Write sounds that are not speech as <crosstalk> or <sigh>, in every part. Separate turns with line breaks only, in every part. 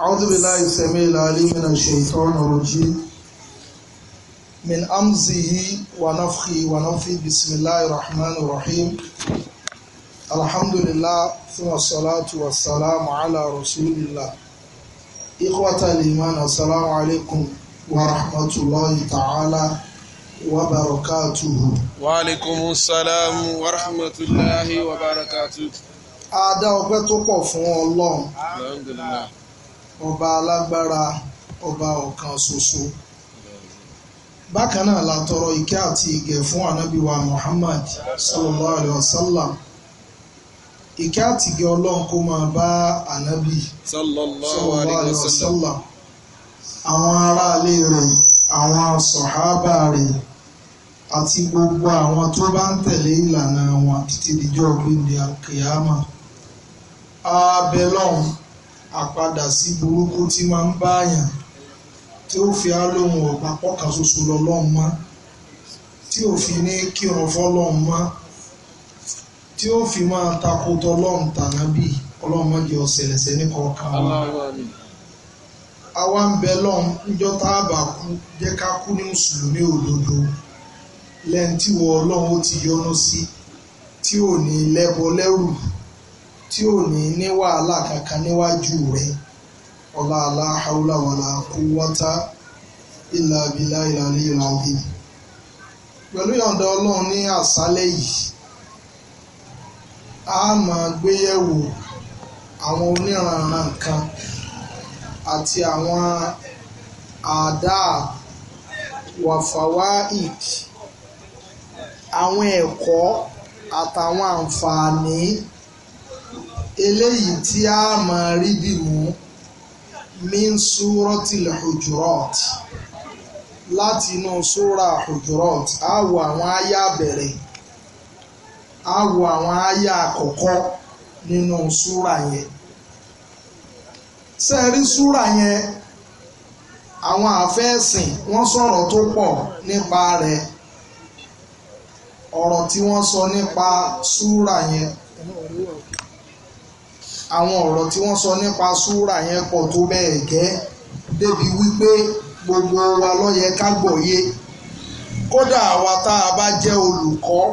أعوذ بالله السميع العليم من الشيطان الرجيم من أمزه ونفخه ونفخه بسم الله الرحمن الرحيم الحمد لله ثم الصلاة والسلام على رسول الله إخوة الإيمان السلام عليكم ورحمة الله تعالى وبركاته وعليكم السلام ورحمة الله وبركاته أعداء بتوقف الله الحمد لله ọba alágbára ọba ọ̀kan ṣoṣo bákanáà la tọrọ àti ìgẹ̀ fún ànábìwá Muhammad sallallahu alayhi wa sallam ike àti ìgẹ̀ ọlọ́run kó máa bá ànábì sallallahu alayhi wa sallam àwọn àwọn sọ̀hábà rẹ̀ àti gbogbo àwọn tó bá ń tẹ̀lé ìlànà wọn títí dijọ́ gbẹ̀ndẹ̀ àpadà si burúkú tí máa ń anya ti tí ó fi álóhùn ọ̀gbà pọ́kà ṣoṣo lọ́lọ́run mọ́ tí ò fi ní kírun fọ́lọ́run mọ́ tí ó fi máa takò tọ́lọ́run tànábì ọlọ́run mọ́ jẹ́ ọ̀sẹ̀lẹ̀sẹ̀ ní kọ̀ọ̀kan àwa ń bẹ ti sí tí tí ò ní ní wàhálà kankan níwájú rẹ̀ ọlá aláhàúlà wàlà quwwata ìlà abilà ìlàlẹ ìlàlẹ pẹ̀lú yọ̀ǹda Ọlọ́run ní àṣálẹ́ yìí a máa gbéyẹ̀wò àwọn oníranran kan àti àwọn àdá wàfàwáìd àwọn ẹ̀kọ́ àtàwọn àǹfààní eléyìí tí a máa rí bí mú min súrọ́tìlì hujurat láti inú súra hujurat a wo àwọn àyà bẹ̀rẹ̀ a wo àwọn àyà àkọ́kọ́ nínú súra yẹn sẹ́ẹ̀rí súra yẹn àwọn àfẹ́sìn wọ́n sọ̀rọ̀ tó pọ̀ nípa rẹ̀ ọ̀rọ̀ tí wọ́n sọ nípa súra yẹn àwọn ọ̀rọ̀ tí wọ́n sọ nípa súrà yẹn pọ̀ tó bẹ́ẹ̀ gẹ́ débi wípé gbogbo wa ló yẹ ká gbọ́yé kódà àwa tá a bá jẹ́ olùkọ́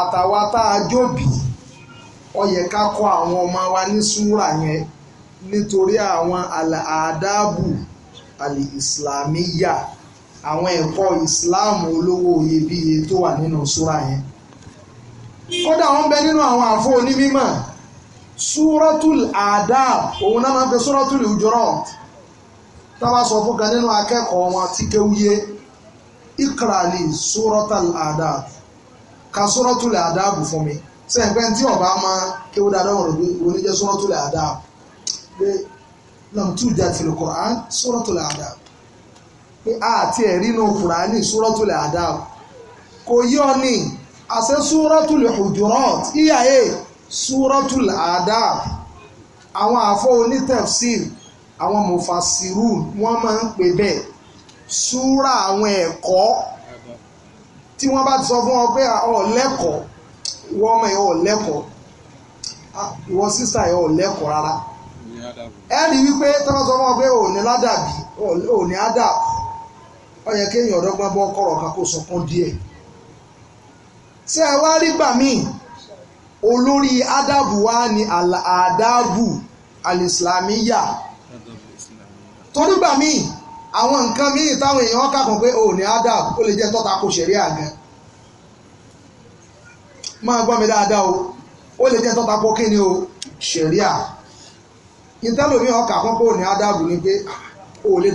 àtàwa tá a jóbi ó yẹ ká kọ́ àwọn ọmọ wa ní súrà yẹn nítorí àwọn àdáàbù àlè ìsìlámíyà àwọn ẹ̀kọ́ ìsìláàmù olówó iyebíye tó wà nínú súrà yẹn kódà wọ́n bẹ nínú àwọn àfọ onímọ̀ súrọ́tùl àdáà òun náà máa ń pe súrọ́tùl hujurat tábà sọ fún kan nínú akẹ́kọ̀ọ́ wọn tí kéwúyé ikrali súrọ́tùl àdáà ka súrọ́tùl àdáà bù fún mi sẹ́ǹpẹ́ tí ọba máa kéwú dáadáa wọn ló ní jẹ́ súrọ́tùl àdáà pé lọ́mtú jàdìfil Qur'an súrọ́tùl àdáà pé àti ẹ̀rí inú Kùránì súrọ́tùl àdáà kò yọ ní àṣẹ súrọ́tùl hujurat ìyá yìí eh suratul adab àwọn àfọ onítẹ̀fsir àwọn mufasiru wọ́n máa ń pè bẹ́ẹ̀ súra àwọn ẹ̀kọ́ tí wọ́n bá ti sọ fún ọ pé ọ lẹ́kọ̀ọ́ ìwọ ọmọ ẹ̀ ọ lẹ́kọ̀ọ́ ìwọ sísà ẹ̀ ọ lẹ́kọ̀ọ́ rárá ẹ rí wípé tọ́lá sọ fún ọ pé ò ní ládàbí ò ádàb ọ kéèyàn ọ̀dọ́gbọ́n bọ́ kọ̀rọ̀ kan kó sọkún díẹ̀ ṣé ẹ wá rí gbà míì olórí ádàbù wa ni Alislamiya. alìsìlámíyà mi, àwọn nǹkan míì táwọn èèyàn kàkàn pé o ní ádàbù ó lè jẹ́ tọ́ta kò ṣẹ̀rí àgàn máa gbọ́ mi o ó lè jẹ́ kí ni o ṣẹ̀rí à ìtẹ́lómi ọkà kan pé o ní ni pé ah, o lè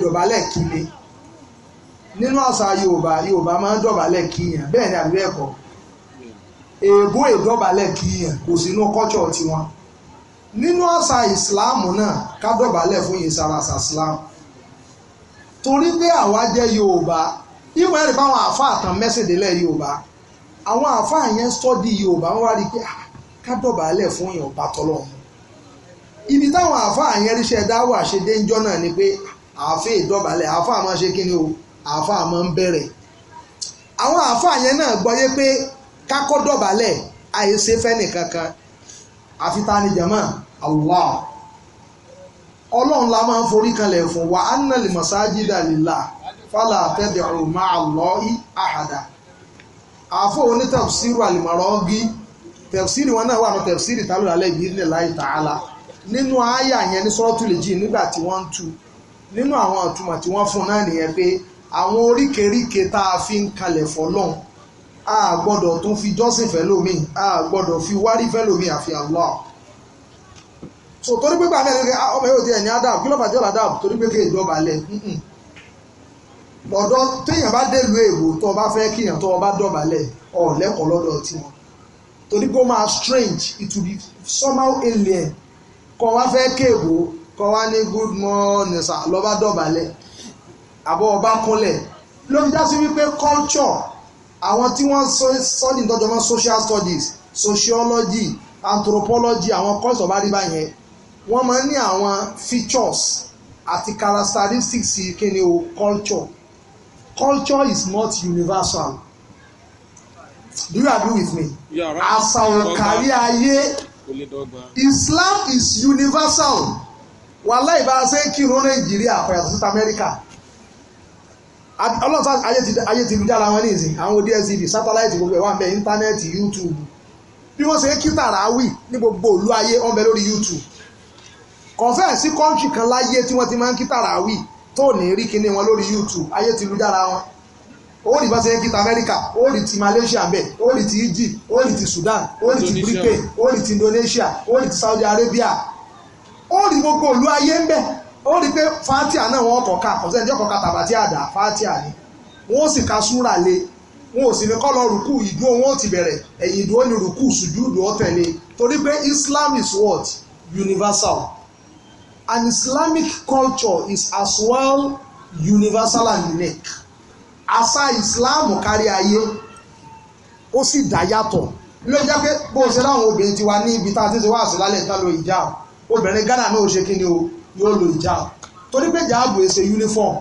ni nínú àṣà Yorùbá Yorùbá máa ń ni èèbó èdọ̀bálẹ̀ kìíyàn kò sínú kọ́tsọ̀ tiwọn nínú àṣà ìsìláàmù náà ká dọ̀bálẹ̀ fún yìí sára àṣà ìsìláàmù torí pé àwa jẹ́ yorùbá ìwọ̀n ẹ̀rí fáwọn àáfàá tán mẹ́sìndínlẹ̀ yorùbá àwọn àáfàá yẹn sọ́ọ́dì yorùbá wọ́n wá rí i pé ah, ká dọ̀bálẹ̀ fún yìí ọba tọ́lọ́mù ibi táwọn àáfàá yẹn ríṣẹ́ dáwọ́ àṣedé ńjọ́ náà ni pé àáfẹ́ ìdọ̀bálẹ̀ àáfàá máa ṣe kí ni o àáfàá máa ń bẹ̀rẹ̀ àwọn àáfàá yẹn náà gbọ́yé pé kákọ́ dọ̀bálẹ̀ àìsè fẹ́nì kankan àfi ta ni jama Allah ọlọ́run la máa ń forí kanlẹ̀ fún wa annali masajida lillah fala tad'u ma'allahi ahada àfọ onítafsiru àlìmọ̀rọ́gí tafsiri wọn náà wà ní tafsiri tálù lálẹ́ ìbí ilẹ̀ láì ta'ala nínú àyà yẹn ní sọ́tùlì jì nígbà tí wọ́n tu nínú àwọn àtúmọ̀ tí wọ́n fún náà nìyẹn pé àwọn oríkèéríkèé tá a fi ń kalẹ̀ fọlọ́run a gbọ́dọ̀ tún fi jọ́sìn fẹ́lómi a gbọ́dọ̀ fi wárí fẹ́lómi àfi Allah so torí pé báyìí lẹ́gbẹ̀ẹ́ ọmọ yóò di ẹ̀yìn adab kí ló fàájọ́ adab torí pé kéèyàn lọ́ba lẹ̀ ọ̀dọ́ téèyàn bá délùú èèwò tó ọba fẹ́ kíyàn tó ọba dọ̀bà lẹ̀ ọ̀ lẹ́kọ̀ọ́ lọ́dọ̀ tí wọn torí pé ó máa strange it will be somehow alien kọ́ wá fẹ́ kéèwò kọ́ wá ní good morning sir lọ́ba dọ̀bà lẹ̀ àbọ̀ ọba kúnlẹ̀ ló ń dá sí wípé culture àwọn tí wọ́n study tọ́jọ́ mọ́ social studies sociology anthropology àwọn course of àríbá yẹn wọ́n máa ń ní àwọn features àti characteristics kíni o culture culture is not universal do you agree with me àṣà ò kárí ayé Islam is universal wàhálà ìbáṣe kírun Nàìjíríà pẹ̀lú South America ọlọ́sà ayé ti dára wọn ní ìsìn àwọn DSTV sátáláìtì gbogbo ẹ̀ wà ń bẹ íńtánẹ́ẹ̀tì YouTube bí wọ́n ṣe kí tàràwì ní gbogbo ìlú ayé wọ́n bẹ lórí YouTube kọ̀fẹ́ sí kọ́ńtì kan láyé tí wọ́n ti máa ń kí tàràwì tó ní rí kíní wọn lórí YouTube ayé ti dára wọn ó rí bá ṣe kí ta Amẹ́ríkà ó rí ti Malaysia bẹ̀ ó rí ti Egypt ó rí ti Sudan ó rí ti Britain ó rí ti Indonesia ó rí ti Saudi Arabia ó rí gbogbo ìlú ayé ń bẹ̀ ó rí i pé fatia náà wọ́n kọ̀ ká ọ̀sẹ̀ ìjọ́ kọ̀ ká tàbátí àdá fatia ni wọ́n sì ka súra lé wọn ò sì ní kọ́ lọ rùkú ìdúró wọn ò ti bẹ̀rẹ̀ ẹ̀yìn ìdúró ni rùkú sùjúdù ó tẹ̀lé torí pé Islam is what universal and Islamic culture is as well universal and unique Asa Islam kárí ayé ó sì dá yàtọ̀ ló jẹ́ pé bó o ṣe láwọn obìnrin ti wá ní ibi tá a ti ṣe wá àṣìlálẹ̀ tán lo ìjà obìnrin Ghana náà ó ṣe kí ni o yóò lo ìjáàbù torí pé is a uniform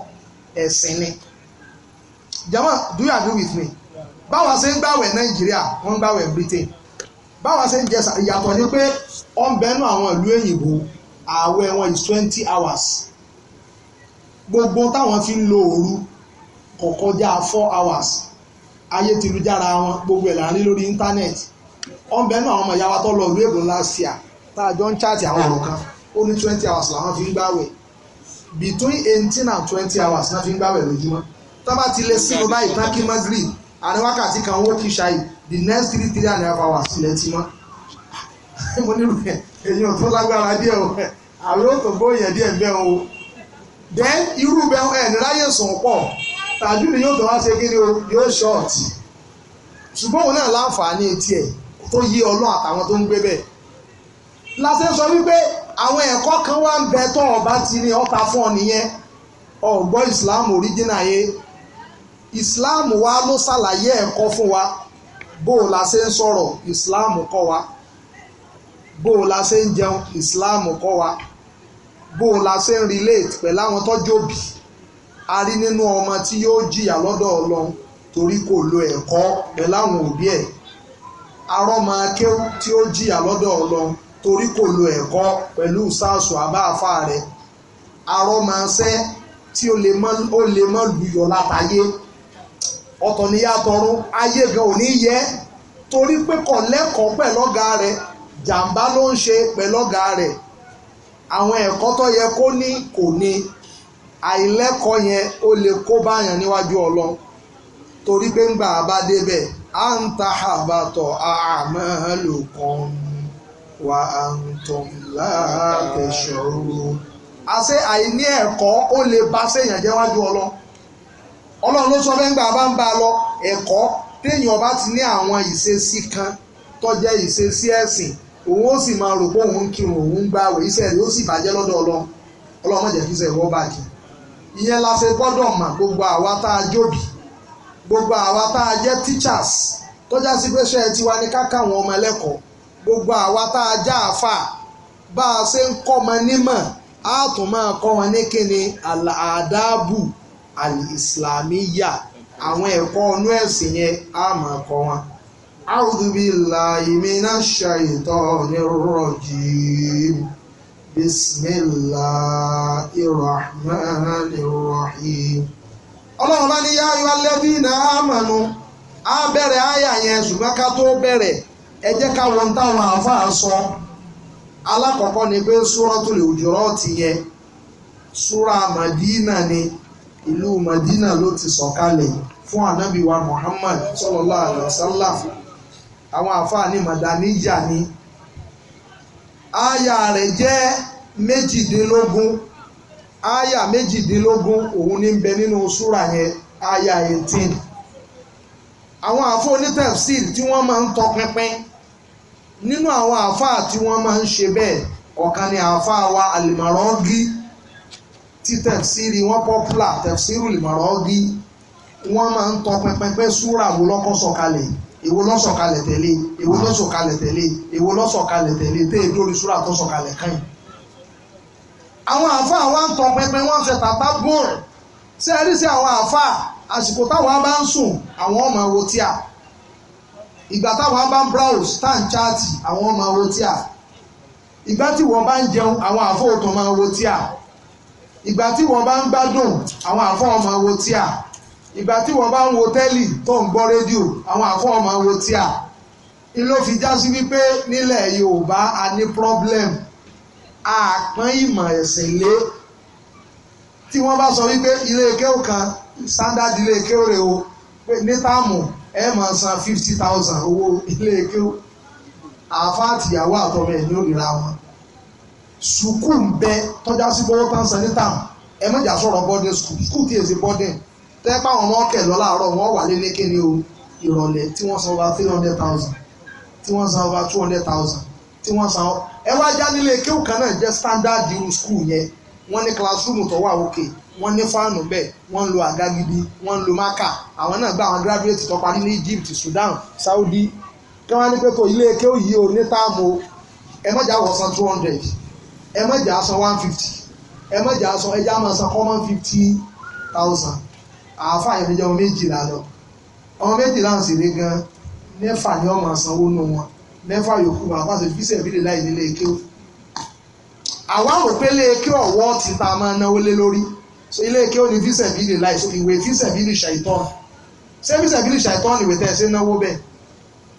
ẹ̀sìn ni jama do you agree with me báwa ṣe ń gbàwẹ̀ nàìjíríà wọ́n ń gbàwẹ̀ britain báwa ṣe ń jẹ ìyàtọ̀ ni pé wọ́n bẹnu àwọn ìlú òyìnbó ààwẹ̀ wọn is twenty hours gbogbo táwọn fi ń lo òru kò kọjá four hours ayé ti lu jára wọn gbogbo ẹ̀ là ń rí lórí íńtánẹ́ẹ̀tì wọ́n bẹnu àwọn ọmọ ìyá wa tó lọ ìlú èbó last year tá a jọ ń chaàtì àwọn ọ̀rọ̀ kan Only ní twenty hours làwọn fi ń gbàwẹ̀ between eighteen and twenty hours náà fi ń gbàwẹ̀ lójúmọ́ tábà ti lè sínú báyìí tákì magrib àní wákàtí kan owó kì í ṣayì the next three three and a half hours ilẹ̀ ti mọ́ <laughs> mo nílò ẹ̀yin ọ̀tún lágbára díẹ̀ o àwọn yóò tó bóyá díẹ̀ bẹ́ẹ̀ o then irú bẹ́ẹ̀ ẹ̀ ní ráyè sùn pọ̀ tàbí ni yóò tó wá ṣe kí ni yóò ṣọ́ọ̀tì ṣùgbọ́n òun náà láǹfààní tiẹ̀ tó yí ọlọ́ àtàwọn tó ń gbé bẹ́ẹ̀ lásán sọ wípé àwọn ẹ̀kọ́ kan wá ń bẹ tó ọba ti ní ọta fún ọ nìyẹn ọgbọ́ islam original yẹ islam wa ló ṣàlàyé ẹ̀kọ́ fún wa bó o la ṣe ń sọ̀rọ̀ islam kọ́ wa bó o la ṣe ń jẹun islam kọ́ wa bó o la ṣe ń relate pẹ̀lú àwọn tọ́jú òbí a rí nínú ọmọ tí yóò jìyà lọ́dọ̀ ọlọ́run torí kò lo ẹ̀kọ́ pẹ̀lú àwọn òbí ẹ̀ arọ́mọ akéwù tí ó jìyà lọ́dọ̀ ọlọ́run torí kò lo ẹ̀kọ́ pẹ̀lú sars àbáfà rẹ̀ arọ́mọṣẹ́ tí ó lè mọ́ lùyọ̀ látàyé ọ̀tọ̀ níyàtọ̀rún ayé gan ò ní yẹ torí pé kò lẹ́kọ̀ọ́ pẹ̀lọ́gà rẹ̀ jàǹbá ló ń ṣe pẹ̀lọ́gà rẹ̀ àwọn ẹ̀kọ́ tó yẹ kó ní kò ní àìlẹ́kọ̀ọ́ yẹn ó lè kó báyàn níwájú ọlọ́run torí pé ń gbà bá débẹ̀ à ń ta àbàtọ̀ àmọ́ lò kàn án wà á ń tọ́ látẹ̀sọ̀rọ̀. àṣé àìní ẹ̀kọ́ ó lè ba séèyàn jẹ́ wájú ọlọ́ ọlọ́run ló sọ fẹ́ ń gbà bá ń bá lọ ẹ̀kọ́ téèyàn bá ti ní àwọn ìṣesí kan tó jẹ́ ìṣesí ẹ̀sìn òun ó sì máa rò pé òun ń kírun òun ń gbààwẹ̀ iṣẹ́ rẹ̀ ó sì bàjẹ́ lọ́dọ̀ ọlọ́run ọlọ́run má jẹ́ kí ìwọ́ bàjẹ́ ìyẹn la ṣe gbọ́dọ̀ mà gbogbo àwa tá a jóbi gbogbo àwa tá a jẹ́ teachers tọ́já sí pé ṣe é tiwa ní ká káwọn ọmọ ẹlẹ́kọ̀ọ́ gbogbo àwa tá a já àfà bá a ṣe ń kọ́ ọmọ nímọ̀ á tún máa kọ́ wọn ní kíni àdáàbù alìsìlámíyà àwọn ẹ̀kọ́ ọnú ẹ̀sìn yẹn á máa kọ́ wọn. A'udhu billahi minash shaitonir rajim. Bismillahir rahmanir rahim. ọlọ́run bá ní yáyọ alẹ́bí náà á mọ̀nù á bẹ̀rẹ̀ áyà yẹn ṣùgbọ́n ká tó bẹ̀rẹ̀ ẹ jẹ́ káwọn táwọn àáfàá sọ alákọ̀ọ́kọ́ ni pé Suratul Hujurat yẹ súra Madina ni ìlú Madina ló ti sọ̀kalẹ̀ fún anabiwa Muhammad sallallahu alaihi àwọn àáfàá ní madaniya ni aya rẹ̀ jẹ́ méjìdínlógún aya méjìdínlógún òun ní bẹ nínú súra yẹn aya àwọn àfọ onítẹ̀fsìn tí wọ́n máa ń tọpinpin nínú àwọn àfáà tí wọ́n máa ń ṣe bẹ́ẹ̀ ọ̀kan ni àfáà wa àlìmọ̀rọ́gí tí tẹ̀fsìrì wọ́n pọ́pùlà tẹ̀fsìrì lìmọ̀rọ́gí wọ́n máa ń tọpinpin pé súrà wo lọ́kọ́ sọ̀kalẹ̀ èwo ló sọ̀kalẹ̀ tẹ̀lé èwo ló sọ̀kalẹ̀ tẹ̀lé èwo ló sọ̀kalẹ̀ tẹ̀lé tẹ́ èdè orí súrà tó sọ̀kalẹ̀ kàn àwọn àfáà wa ń tọpinpin wọ́n fẹ́ tàbá bọ́ọ̀rù sí ẹ̀rí sí àwọn àfáà àsìkò táwọn bá ń sùn àwọn ọmọ wo tí a ìgbà táwọn bá ń browse tá ń chaati àwọn ọmọ wo tí a ìgbà tí wọ́n bá ń jẹun àwọn àfọwọ́tò ọmọ wo tí a ìgbà tí wọ́n bá ń gbádùn àwọn àfọ́ ọmọ wo tí a ìgbà tí wọ́n bá ń wo tẹ́lì tó ń gbọ́ rédíò àwọn àfọ́ ọmọ wo tí a ló fi já sí wípé nílẹ̀ Yorùbá a ní problem àpọ́n ìmọ̀ ẹ̀sìn lé tí wọ́n bá sọ wípé ilé kéwù standard ilé kéwòrè o pé ní táàmù ẹ máa san fifty thousand owó ilé kéwò àáfàá àtìyàwó àtọmọ ẹ̀ ní òrìra wọn sùkúù ń bẹ tọ́já sí bọ́wọ́ tán san ní táàmù ẹ mọ̀jà sọ̀rọ̀ boarding school school tí èsì boarding tẹ́ páwọn ọmọ ọkẹ̀ lọ láàárọ̀ wọn wà lé ní kíni o ìrọ̀lẹ́ tí wọ́n san over three hundred thousand tí wọ́n san over two hundred thousand tí wọ́n san ẹ wá já nílé kéwù kan náà jẹ́ standard irú school yẹn wọ́n ní classroom tó wà òkè. Okay wọ́n ní fáànù bẹ́ẹ̀ wọ́n ń lo àga gidi wọ́n ń lo mákà àwọn náà gba àwọn graduate tó parí ní Egypt Sudan Saudi kí wọ́n ní pé tó ilé eke òyì o ní táàmù o ẹ mọ̀jà wọ̀ san two hundred ẹ mọ̀jà san one fifty ẹ mọ̀jà san ẹja máa san common fifty thousand àáfà ìfẹjọ ọmọ méjìlá lọ ọmọ méjìlá ń ṣeré gan mẹ́fà ni wọ́n máa sanwó nù wọn mẹ́fà yòókù máa pàṣẹ fíṣẹ̀ ìbílẹ̀ láì nílé eke o àwa rò pé lé eke ọ̀wọ́ ti ta máa náwó lé lórí ilé ike ó ní fíṣẹ̀bílì láì ìwé fíṣẹ̀bílì ṣàìtọ́n ṣé fíṣẹ̀bílì ṣàìtọ́n ìwé tẹ̀ ṣe náwó bẹ́ẹ̀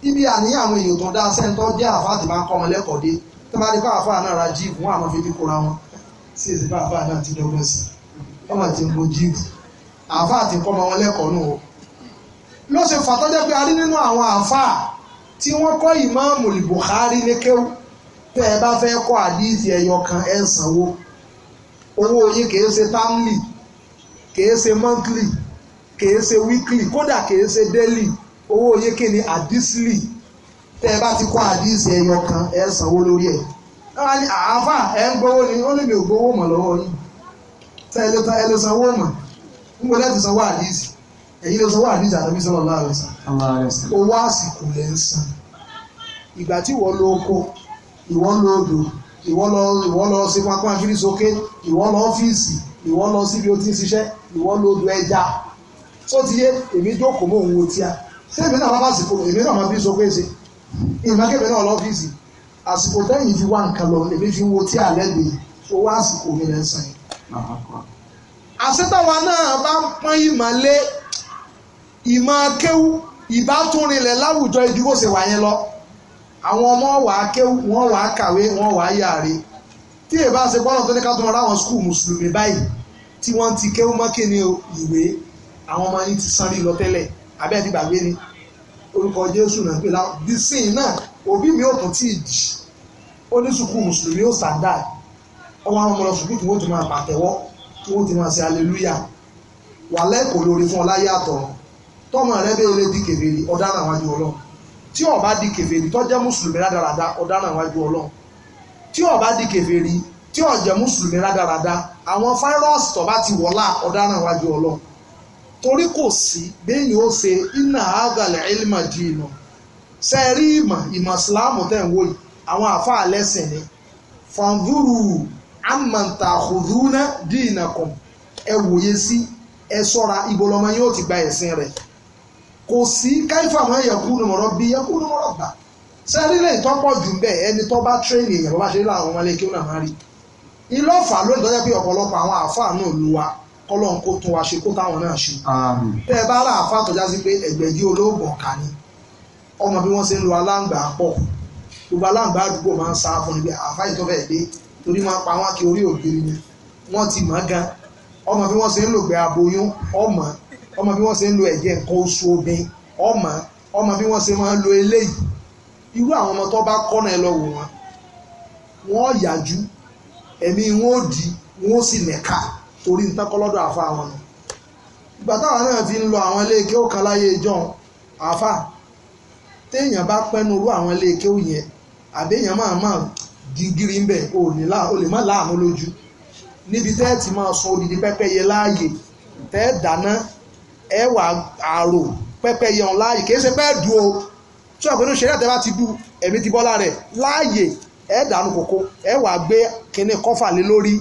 ibi àníyàn àwọn èèyàn tó ń dá sẹ́ńtọ́ jẹ́ àfa àti máa ń kọ́ wọn lẹ́kọ̀ọ́ dé tó bá dé kó àfa náà ra jíìpù wọn àmọ́ fi dé kóra wọn sí èsì bá àfa náà ti dọ́gbọ́n sí ọmọ ti ń bo jíìpù àfa àti kọ́ wọn lẹ́kọ̀ọ́ nù ló ṣe fàtọ́jẹ́ pé a rí nínú àwọn àfa tí wọ́n kọ́ ìmáàmù Bukhari ní kéwù tẹ́ ẹ bá fẹ́ kọ́ àdíìsì ẹyọ kan ẹ̀ sanwó owó yín kìí ṣe támlì kìí ṣe mọ́ńtìlì kìí ṣe wíkìlì kódà kìí ṣe délì owó yín kì ní àdísìlì tẹ́ ẹ bá ti kọ́ àdísì ẹyọ kan ẹ sanwó lórí ẹ̀ àáfà ẹ ń gbowó ni ó lè mi ò gbowó mọ̀ lọ́wọ́ yín tẹ́ ẹ lè tán ẹ lè sanwó mọ̀ ń gbọ́dọ̀ ti sanwó àdísì èyí lè sanwó àdísì àtàbí sọ́lọ́ láàrin sàn owó àsìkò lẹ́ ń san ìgbà tí ìwọ lọ oko ìwọ lọ odò ìwọ lọ ìwọ lọ sí pápá fírí ìwọ lọ ọ́fíìsì ìwọ lọ síbi ó ti ń ṣiṣẹ́ ìwọ ló du ẹja tó ti yé èmi jókòó mọ́ òun wo tíya sẹ́mi náà bá bá sìkò èmi náà máa fi sọ pé ṣe ìmọ̀kẹ́mi náà lọ́fíìsì àsìkò tẹ́yìn fi wá nǹkan lọ èmi fi wo tíya lẹ́gbẹ̀ẹ́ owó àsìkò mi lẹ́ sàn yìí. àṣetàwa náà bá ń pọ́n ìmọ̀lẹ́ ìmọ̀ akéwú ìbátúrinlẹ̀ láwùjọ ìdúgbòsèwà yẹn lọ àwọn ọmọ wàá kéwú wọ́n wàá kàwé wọ́n wàá yàrá tí èèbá ṣe pọ́nà tó ní ká tó mọ ráwọn skul mùsùlùmí báyìí tí wọ́n ti kéwú mọ́kè ní ìwé àwọn ọmọ yìí ti sanrí lọ tẹ́lẹ̀ abẹ́ àti gbàgbé ni orúkọ Jésù náà pé láwọn bí sìn náà òbí mi ò tún tí ì jì ó ní sùkúù mùsùlùmí ó sàdá ọmọ àwọn ọmọ lọ sùkúù tí wọ́n ti máa pàtẹ́wọ́ tí wọ́n ti máa ṣe aleluya wà lẹ́kọ̀ọ́ lórí fún ọ láyé tí ó bá di kèfèrí tí ó jẹ́ mùsùlùmí rádaràda àwọn fáírọ́ọ̀sì tó bá ti wọ̀lá ọ̀daràn wájú ọlọ́run torí kò sí bẹ́ẹ̀ni ó ṣe iná àgàlẹ̀ ilmà di iná ṣe rí ìmọ̀ ìmọ̀ síláàmù tẹ̀ ń wò yìí àwọn àfáà lẹ́sìn ni fàǹdúrù amanta òdúnà di iná kan ẹ wòye sí ẹ sọ́ra ibolọmọ yóò ti gba ẹ̀sìn rẹ̀ kò sí káífà mọ́ ẹ̀yẹ̀kú ni bí ẹ̀kú ni mọ̀rọ̀ sẹ́rílẹ̀ ìtọ́pọ̀ jù ń bẹ̀ ẹni tó bá tírẹ̀nì èèyàn bá ṣe láwọn ọmọ lẹ́kẹ́ náà máa rí ìlọ́fà lónìí tó jẹ́ pé ọ̀pọ̀lọpọ̀ àwọn àáfàá náà lu wa kọ́lọ́n kó tún wa ṣe kó táwọn náà ṣe tẹ́ ẹ bá rà àáfàá tó já sí pé ẹgbẹ̀dí olóògbọ̀n kà ní ọmọ bí wọ́n ṣe ń lu aláǹgbà pọ̀ gbogbo aláǹgbà àdúgbò máa ń sá fún ibi àáfàá ìtọ́fẹ́ dé torí wọn pa wọn kí orí ògiri ni wọ́n ti mọ̀ gan ọmọ bí wọ́n ṣe ń lògbé aboyún ọmọ ọmọ bí wọ́n ṣe ń lo ẹ̀jẹ̀ nǹkan oṣù obìnrin ọmọ ọmọ bí wọ́n ṣe máa ń lo eléyìí irú àwọn ọmọ tó bá kọ́nà ẹ lọ́wọ́ wọn wọ́n yájú ẹ̀mí wọn ò di wọn ò sì nẹ̀ka torí nǹkan kọ́ lọ́dọ̀ àfa àwọn nù ìgbà táwọn náà fi ń lọ àwọn ilé ike òkan láyé john àfa téèyàn bá pẹ́nu àwọn ilé ike òyìn àbẹ́yàn máa máa gírígírí ń bẹ̀ o lè má láàánú lójú níbi tẹ́ẹ̀ ti máa sọ odidi pẹ́pẹ́yẹ láàyè tẹ́ẹ̀ dáná ẹ̀wà àrò pẹ́pẹ́yẹ ọ̀hún láàyè kì í ṣe pẹ́ẹ́ dùn o tí ọ̀pẹ̀lú ṣe rẹ̀ tẹ́ bá ti bú ẹ̀mí ti bọ́lá rẹ̀ láàyè ẹ̀ dànù kòkó ẹ̀ wà gbé kíní kọ́fà lé lórí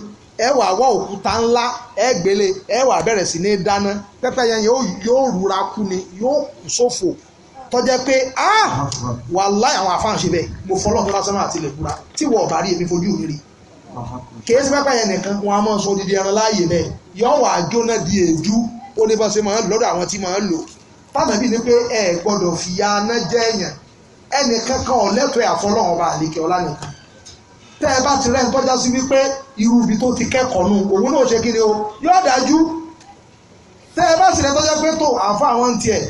ẹ̀ wà wá òkúta ńlá ẹ̀ gbélé ẹ̀ wà bẹ̀rẹ̀ sí ní dáná pẹ́pẹ́yẹ yóò rúra kú ni yóò kù sófò tọ́jẹ́ pé ah, wàláhì àwọn àfáàn ṣe bẹ́ẹ̀ mo fọ́ lọ́kọ́ lásán àti ilẹ̀ kúra tí wọ́n ọ̀bá rí èmi fojú mi rí kìí sí pẹ́pẹ́yẹ nìkan wọn a máa sọ odidi ẹran láàyè bẹ́ẹ̀ yọ̀ wà jóná di èédú ó ní bá ṣe máa ń lọ́dọ̀ àwọn tí máa ń lò tàbí ni pé ẹ gbọ́dọ̀ fìyà aná jẹ èèyàn ẹnì kankan ọ̀lẹ́tọ̀ ẹ̀ àfọlọ́hún ọba àlekè ọlá nìkan tẹ́ ẹ bá ti rẹ́ ń tọ́já sí wípé irú ibi tó ti kẹ́kọ̀ọ́ nù òun náà ṣe kíni o yóò dájú tẹ́ ẹ bá sì rẹ́ tọ́já pé tó àfa àwọn tiẹ̀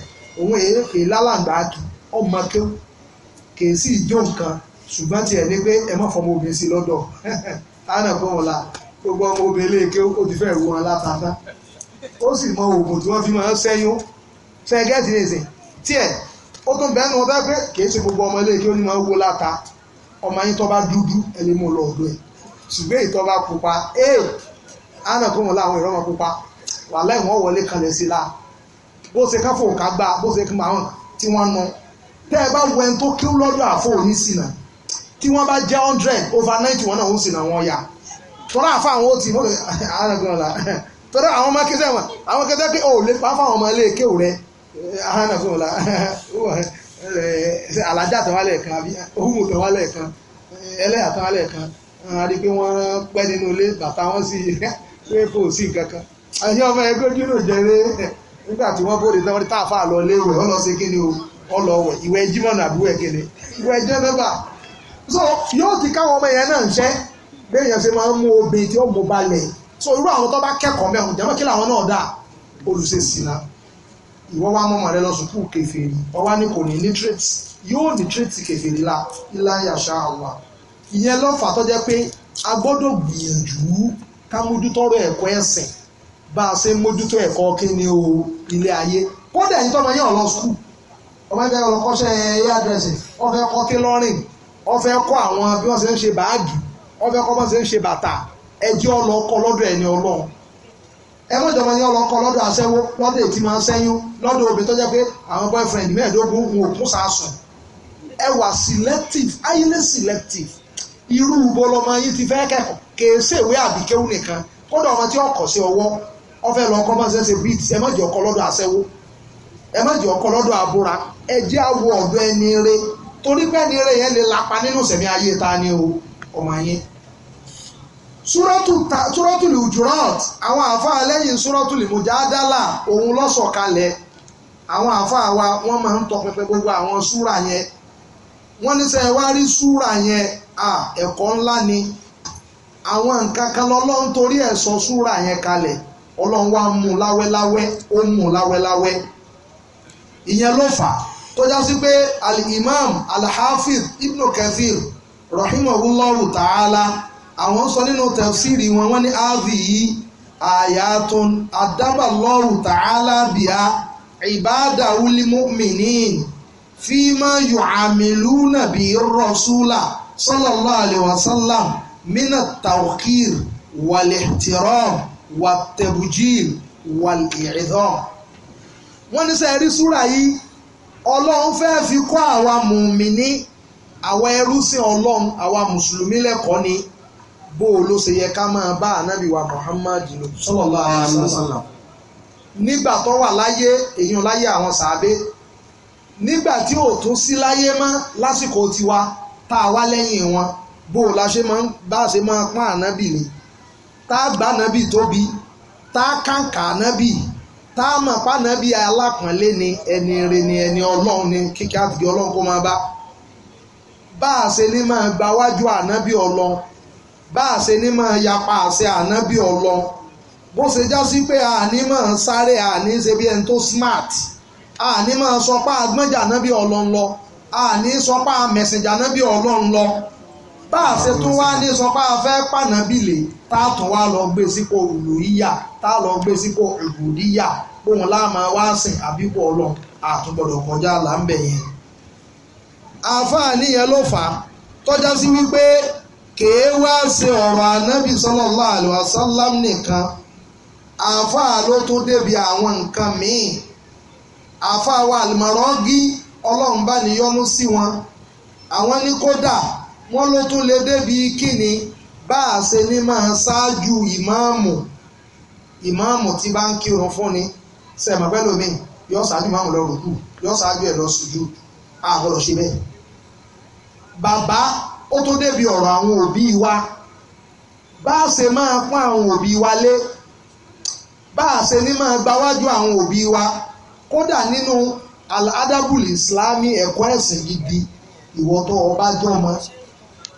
òun èèfè lálàǹgbà kì ọmọ kéwù kì í sì jó nǹkan ṣùgbọ́n tiẹ̀ ní pé ẹ má fọmọ obìnrin sí lọ́dọ̀ ánà kọ́ wọn la gbogbo ọmọ obìnrin lè ké ó ti fẹ́ rú wọn látàtà ó sì mọ oògùn tí wọ́n fi máa ń ṣẹ́yún sẹ́gẹ́tì nìsín tiẹ̀ ó tún bẹ́ẹ̀ nu ọbẹ̀ pé kìí ṣe gbogbo ọmọ ilé kí ó ní máa wó láta ọmọ yín tó bá dúdú ẹ lè mú lọ ọ̀dọ̀ ẹ̀ ṣùgbọ́n èyí tó bá pupa ee àna kó wọn láwọn ìrọ́mọ pupa wà láì wọ́n wọlé kalẹ̀ sí la bó ṣe káfọ òǹkà gbá bó ṣe máa hàn tí wọ́n nu tẹ́ ẹ bá wọ ẹni tó kí lọ́dọ̀ àfọ òní sínà tí wọ́n bá jẹ́ hundred over ninety wọn náà ó sìnà wọn yà tọ́lá àfa àwọn ó ti mọ́lẹ̀ àna kó wọn là tọ́lá àwọn ọmọ kẹsẹ̀ wọn àwọn kẹsẹ̀ pé ó lè pa fáwọn ọmọ ilé kéwù rẹ̀ ahánàsọ́ọ̀la <laughs> eh, alájà tán wálẹ̀ kan ohun tán wálẹ̀ kan eh, ẹlẹ́yà tán kan pé wọ́n pẹ́ nínú ilé bàtà wọn <laughs> pé kò sí ọmọ ẹgbẹ́ jẹrẹ nígbà tí wọ́n bóde tán lọ léwẹ̀ lọ sí kíni o lọ wẹ̀ ìwẹ̀ kíni ìwẹ̀ so yóò ti káwọn ọmọ yẹn náà ń ṣẹ́ ṣe máa ń mú obìnrin tí ó mú balẹ̀ so irú àwọn tó bá kẹ́kọ̀ọ́ mẹ́rin jẹ́mọ́ kí làwọn náà dà ìwọ wá mọ́mọ́ rẹ lọ sùkúù kẹfẹ́rì wọ́n wá ní kò ní nitrate yóò nitrate kẹfẹ́rì la iláyà ṣáàlà ìyẹn lọ́fà tó jẹ́ pé a gbọ́dọ̀ gbìyànjú ká mójútó ọ̀rọ̀ ẹ̀kọ́ ẹ̀sìn bá a ṣe mójútó ẹ̀kọ́ kíni o ilé ayé kódà ẹ̀yin tọ́mọ yẹn lọ sùkúù ọmọ ẹgbẹ́ ọlọ́kọ́ṣẹ́ hairdressing ó fẹ́ kọ́ tailoring ó fẹ́ kọ́ àwọn bí wọ́n ṣe ń ṣe báàgì ó kọ́ bọ́n ṣe ń ṣe bàtà ẹjẹ́ ọlọ́kọ́ lọ́dọ̀ ẹni ọlọ́run ẹ mọ̀ ìjọba yẹn ọlọ́kọ lọ́dọ̀ aṣẹ́wó lọ́dọ̀ ètí máa ń ṣẹ́yún lọ́dọ̀ obì tó jẹ́ pé àwọn boyfriend mẹ́ẹ̀ẹ́dógún wọn ò kún sàásùn ẹ wà selective highly selective irú ibo lọmọ yín ti fẹ́ kẹ́kọ̀ọ́ kèé ṣèwé àbíkéwù nìkan kódà ọmọ tí ọkọ̀ sí ọwọ́ ọfẹ́ lọ ọkọ̀ máa ṣe ṣe bíi ẹ má jẹ́ ọkọ̀ lọ́dọ̀ aṣẹ́wó ẹ má jẹ́ ọkọ̀ lọ́dọ̀ abúra ẹ jẹ́ àwọ̀ ọ̀dọ̀ ẹni rẹ torí pé ẹni yẹn lè lapa nínú sẹ̀mí ayé ta ni o ọmọ yín súrọ́tùlì ùjúrọ́t àwọn àáfàá lẹ́yìn súrọ́tùlì mùjádálà òun lọ́sọ̀kalẹ̀ àwọn àáfàá wa wọ́n máa ń tọpinpin gbogbo àwọn súra yẹn wọ́n ní sẹ́ wá rí súra yẹn à ẹ̀kọ́ ńlá ni àwọn nǹkan kan lọ́lọ́run torí ẹ̀ sọ súra yẹn kalẹ̀ ọlọ́run wa mú láwẹ́láwẹ́ ó mú láwẹ́láwẹ́ ìyẹn ló fà tó já sí pé al-imam al-hafiz ibn kathir rahimahullahu ta'ala. àwọn sọ nínú tafsiri wọn wọ́n ní aviyi ayatun adabalọ́rù ta'ala bíá ìbáàdà ulimuminin fíìmá yu'amiluna bí rọ́ṣúlà sallallahu alayhi wa sallam mina tawkir wal-ihtiram wat-tabjil wal-i'dham. wọ́n ní sẹ́ rí súra yìí ọlọ́run fẹ́ fi kọ́ àwa mùmíní àwa ẹrú sí ọlọ́run àwa mùsùlùmí lẹ́kọ̀ọ́ ni. Sahari, bó o ló ṣe yẹ ká máa bá ànábì wa Muhammad lò sallallahu alaihi wasallam nígbà tó wà láyé èèyàn láyé àwọn sàábé nígbà tí ò tún sí láyé mọ́ lásìkò tiwa tá a wá lẹ́yìn wọn bó o la ṣe máa ń bá a ṣe máa pọ́n ànábì ni tá a gbà ànábì tóbi tá a kàǹkà ànábì tá a mọ̀ pa ànábì alápọ̀nlé ni ẹni rere ni ẹni ọlọ́run ni kíkẹ́ àtìgẹ́ ọlọ́run kó máa bá bá a ṣe ní máa gba wájú ànábì ọlọ́run bá a ṣe ní máa yapa àṣẹ ànábì ọlọ bó ṣe já sí pé àní máa sáré àní ṣe bí ẹni tó smart àní máa sọ pé àgbọ̀njà ànábì ọlọ ń lọ àní sọ pé àmẹ̀sìnjà ànábì ọlọ ń lọ bá a ṣe tún wá ní sọ pé a fẹ́ pànábìlè tá a tún wá lọ gbé sípò olùyíyà tá a lọ gbé sípò ìbùdíyà bóun láàmú wá sìn àbíkú ọlọ àtúgbọ̀dọ̀ kọjá là ń bẹ̀ yẹn àfáà níyẹn ló fà á tọ́já sí wípé kèé wá ṣe ọ̀rọ̀ nìkan àáfàá ló àwọn nǹkan míì àáfàá wa àlùmọ̀rọ́gí ọlọ́run bá níyọ́nú wọn àwọn ní kódà wọ́n ló tún lè débi kíni tí bá fún ni sẹ̀mọ̀ pẹ́ lómi yọ ṣáájú ìmáàmù lọ rùkú yọ lọ ṣe bàbá ó tó débi ọ̀rọ̀ àwọn òbí wa bá a ṣe máa pọ́n àwọn òbí wa lé bá a ṣe ní máa gbáwájú àwọn òbí wa kódà nínú aládábùl ìsìlámì ẹ̀kọ́ ẹ̀sìn gidi ìwọ tó o bá jọ mọ́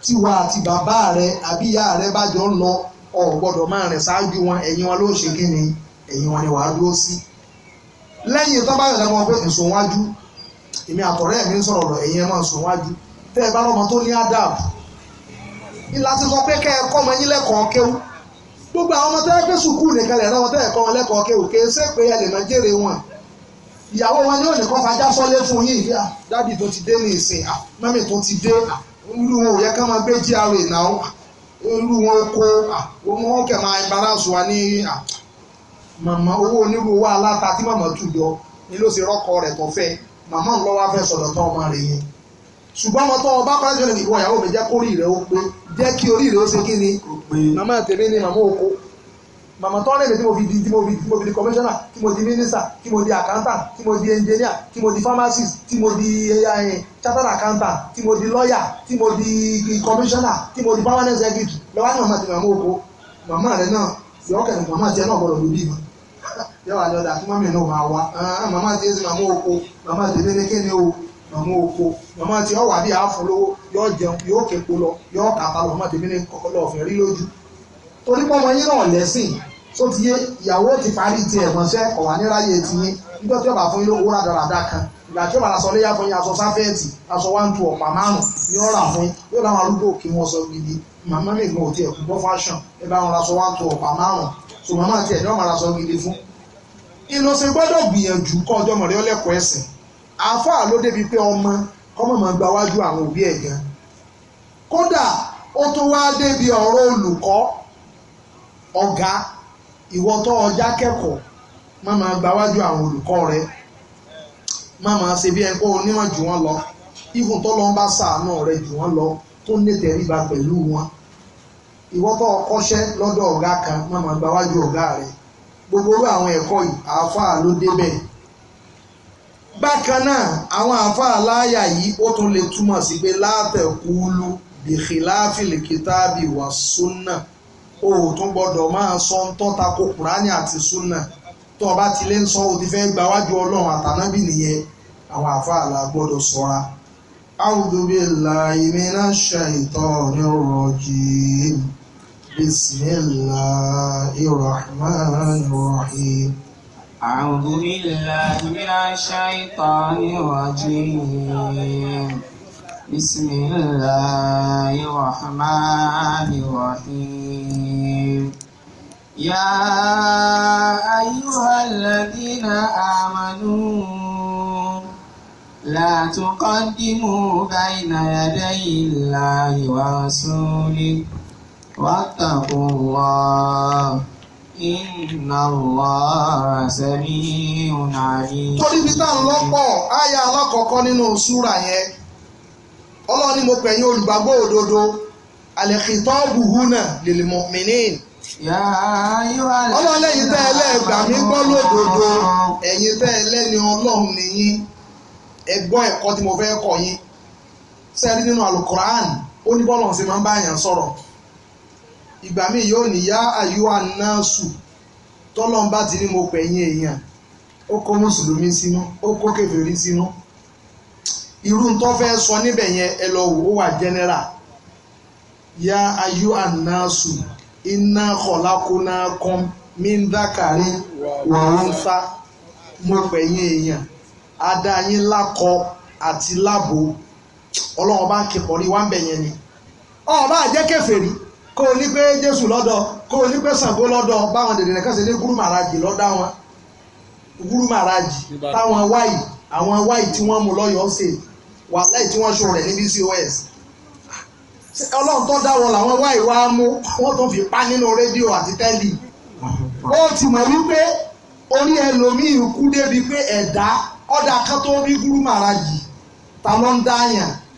tiwa àti bàbá rẹ àbí ìyá rẹ bá jọ ń lọ o gbọ́dọ̀ máa rìn ṣáájú wọn ẹ̀yìn wọn ló ń ṣe kíni ẹ̀yìn wọn ni wàá dúró sí. lẹ́yìn tó bá yọ̀dá wọn pé ìsòwájú èmi àtọ̀rẹ́ mi ń sọ̀rọ̀ ẹ̀yìn ẹ̀ máa sòwájú tẹ́ ẹ bá lọ́mọ tó ní adab ìlà ti sọ pé kẹ́ ẹ kọ́ ọmọ yín lẹ́kọ̀ọ́ kéwú gbogbo àwọn ọmọ tẹ́lẹ̀ pé sùkúù nìkan lẹ̀ náà tẹ́lẹ̀ kọ́ wọn lẹ́kọ̀ọ́ kéwú kì í ṣe pé ẹ lè máa jèrè wọn ìyàwó wọn ni ó nìkan fajá sọlé fún yín ìyá dádì tó ti dé ní ìsìn mọ́mì tó ti dé olú wọn ò yẹ ká máa gbé gra náà olú wọn kó wọn kẹ̀ máa embarrass wa ní màmá owó onírúurú aláta tí màmá tù jọ ni ló ṣe rọ́kọ rẹ̀ tó fẹ́ màmá ńlọ́wọ́ fẹ́ sọ̀dọ̀ tó ọmọ rẹ̀ yẹn ṣùgbọ́n ọmọ tó ọba kọ́lá ìjọba ìwọ ìyàwó mi jẹ́ kó orí rẹ̀ ó pé jẹ́ kí orí rẹ̀ ó ṣe kí ni màmá tèmi ni màmá oko màmá tó rẹ̀ mi tí mo fi di tí mo fi tí mo fi di commissioner tí mo di minister tí mo di accountant tí mo di engineer tí mo di pharmacist tí mo di chartered accountant tí mo di lawyer tí mo di commissioner tí mo di permanent secretary lọ́wọ́ ni màmá tèmi màmá oko màmá rẹ̀ náà yọ̀ọ́ kẹ̀lẹ́ màmá tiẹ̀ náà gbọ́dọ̀ lóbi mọ́ yọ̀ọ́ àjọ dà kí mọ́mí náà wà wá màmá tiẹ̀ sí màmá oko màmá tèmi ní kíni o màmá oko màmá tí ọ wà bí àáfọ lówó yóò jẹun yóò képo lọ yóò kàtà lọ mọ̀tẹ́mí ní kọ́kọ́lọ́ ọ̀fẹ́ rí lójú torí pọ́nmọ yín náà lẹ́sìn tó ti yé ìyàwó ti parí ti ẹ̀gbọ́nṣẹ́ ọ̀wà níráyè ti yín nígbà tí ọba fún yín lówó rádaràdà kan ìgbà tí ọba aṣọ léyà fún yín aṣọ sáfẹ́ẹ̀tì aṣọ wá ń tu ọ̀pá márùn ní ọ̀rà fún yín yóò láwọn arúgbó kí wọ́n sọ gidi màmá mi gan òtí ẹ̀kú bọ́ fashion ẹ bá wọn aṣọ wá ń tu ọ̀pá márùn so màmá tiẹ̀ ní ọ̀mà aṣọ gidi fún. inú ṣe gbọ́dọ̀ gbìyànjú kọ́ ọjọ́ mọ̀rẹ́ ọlẹ́kọ̀ọ́ àáfàá ló débi pé ọmọ kọ́mọ̀ máa gba wájú àwọn òbí ẹ̀ gan kódà ó tún wá débi ọ̀rọ̀ olùkọ́ ọ̀gá ìwọ ọjà kẹ́kọ̀ọ́ má máa gba wájú àwọn olùkọ́ rẹ má máa ṣe bí onímọ̀ jù wọ́n lọ ìfún tó lọ ń bá sàánú rẹ jù wọ́n lọ tó ń ríba wọn lọ́dọ̀ ọ̀gá kan má máa gba wájú gbogbo àwọn ẹ̀kọ́ yìí àáfàá ló bákan náà àwọn àáfàá aláyà yìí ó tún lè túmọ̀ sí pé látẹ̀kúlú bìkìláfìlì kìtàbí wà súnà o ò tún gbọdọ̀ máa sọ ń tọ́ta kó kùránì àti súnà tó o bá ti lè sọ o ti fẹ́ gba wájú ọlọ́run àtànábì nìyẹn àwọn àáfàá alá gbọdọ̀ sọ́ra. أعوذ بالله من الشيطان الرجيم بسم الله الرحمن الرحيم أعوذ بالله من الشيطان الرجيم بسم الله الرحمن الرحيم يا أيها الذين آمنوا لا تقدموا بين يدي الله ورسوله واتقوا الله Inna Torí bí táwọn lọ́pọ̀ àyà alákọ̀ọ́kọ́ nínú súra yẹn. Ọlọ́run ni mo pè olùgbàgbọ́ òdodo. huna lil mu'minin. Ọlọ́run lẹ́yìn tẹ́ ẹ lẹ́ẹ̀gbà mí gbọ́ lódodo. Ẹ̀yin tẹ́ ẹ lẹ́ni Ọlọ́run nìyín. fe ẹ̀kọ́ tí mo fẹ́ kọ́ yín. Sẹ́ẹ̀rí nínú al ìgbà mi yóò ní yá ayú anáṣù tọ́lọ́n bá ti ní mo pẹ̀yìn èèyàn ó kó mùsùlùmí sínú ó kó kèfèrí sínú irú tó fẹ́ sọ níbẹ̀ yẹn ẹ lọ wò ó wà general ayú iná kọ̀lákúná kan ni Ọba kó o ní pé jésù lọ́dọ̀ kó o ní pé ṣàngó lọ́dọ̀ báwọn dèdèrè kan ṣe ní gúrú màràjì lọ́dọ̀ àwọn gúrú màràjì táwọn wáyì àwọn wáyì tí wọ́n mú lọ́yọ̀ọ́ ṣe wàhálà tí wọ́n ṣòro rẹ̀ níbi cos ọlọ́run tó dáwọ́ làwọn wáyì wá mú wọ́n tó fi pa nínú rédíò àti tẹ́lì ó ti mọ̀ wípé orí ẹlòmíì kú débi pé ẹ̀dá ọ̀dà kan tó rí gúrú màràjì ta ló ń dáyàn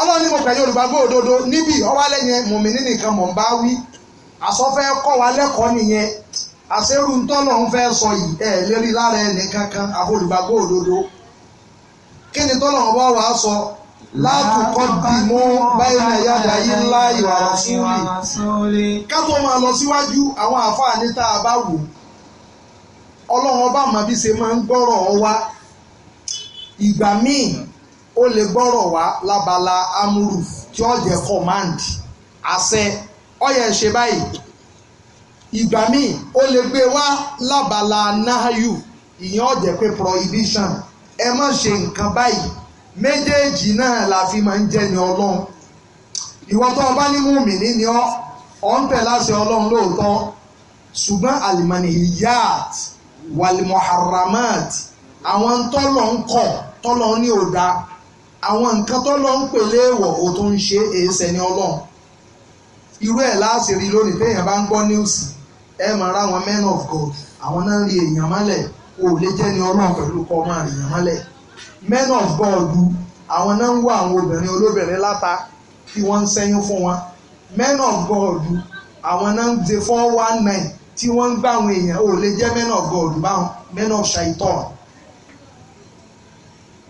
ọlọ́run ní mo pẹ̀lú olùgbàgbọ́ òdodo níbi ọwọ́ alẹ́ yẹn nìkan mọ̀ ń bá wí àsọfẹ́ kọ́ wa lẹ́kọ̀ọ́ nìyẹn àṣẹrù ńtọ́lọ̀ ń fẹ́ sọ yìí ẹ̀ lérí lára olùgbàgbọ́ òdodo kí ni ọba wa sọ
látùkọ́ bímọ báyìí náà yáda
ọba àmàbí ṣe máa ń gbọ́rọ̀ ọ ó lè gbọ́rọ̀ wá lábala amúrù tí ó jẹ́ command àṣẹ ó ṣe báyìí ìgbà míì ó lè gbé wá lábala nahayu ìyẹn ó jẹ́ prohibition ẹ má ṣe nǹkan báyìí méjèèjì náà la fi máa ń jẹ́ ni ọlọ́run ìwọ tó o bá ní mùmíní ni ọ́ ọ̀ ń tẹ̀ láṣẹ ọlọ́run lóòótọ́ ṣùgbọ́n alimani àwọn nǹkan tó lọ ń pè léèwọ̀ o tó ń ṣe èèṣẹ̀ ni ọlọ́run irú ẹ̀ láti lónìí téèyàn bá ń gbọ́ níwùsì ẹ máa rá àwọn men of God àwọn náà rí èèyàn mọ́lẹ̀ o ò lè jẹ́ ni ọlọ́run pẹ̀lú kọ́ máa rí èèyàn mọ́lẹ̀ men of God àwọn náà ń wá àwọn obìnrin olóbìnrin láta tí wọ́n ń sẹ́yìn fún wọn men of God àwọn náà ń de four one nine tí wọ́n ń gbà àwọn èèyàn o lè jẹ́ men of God báwọn men of shaitan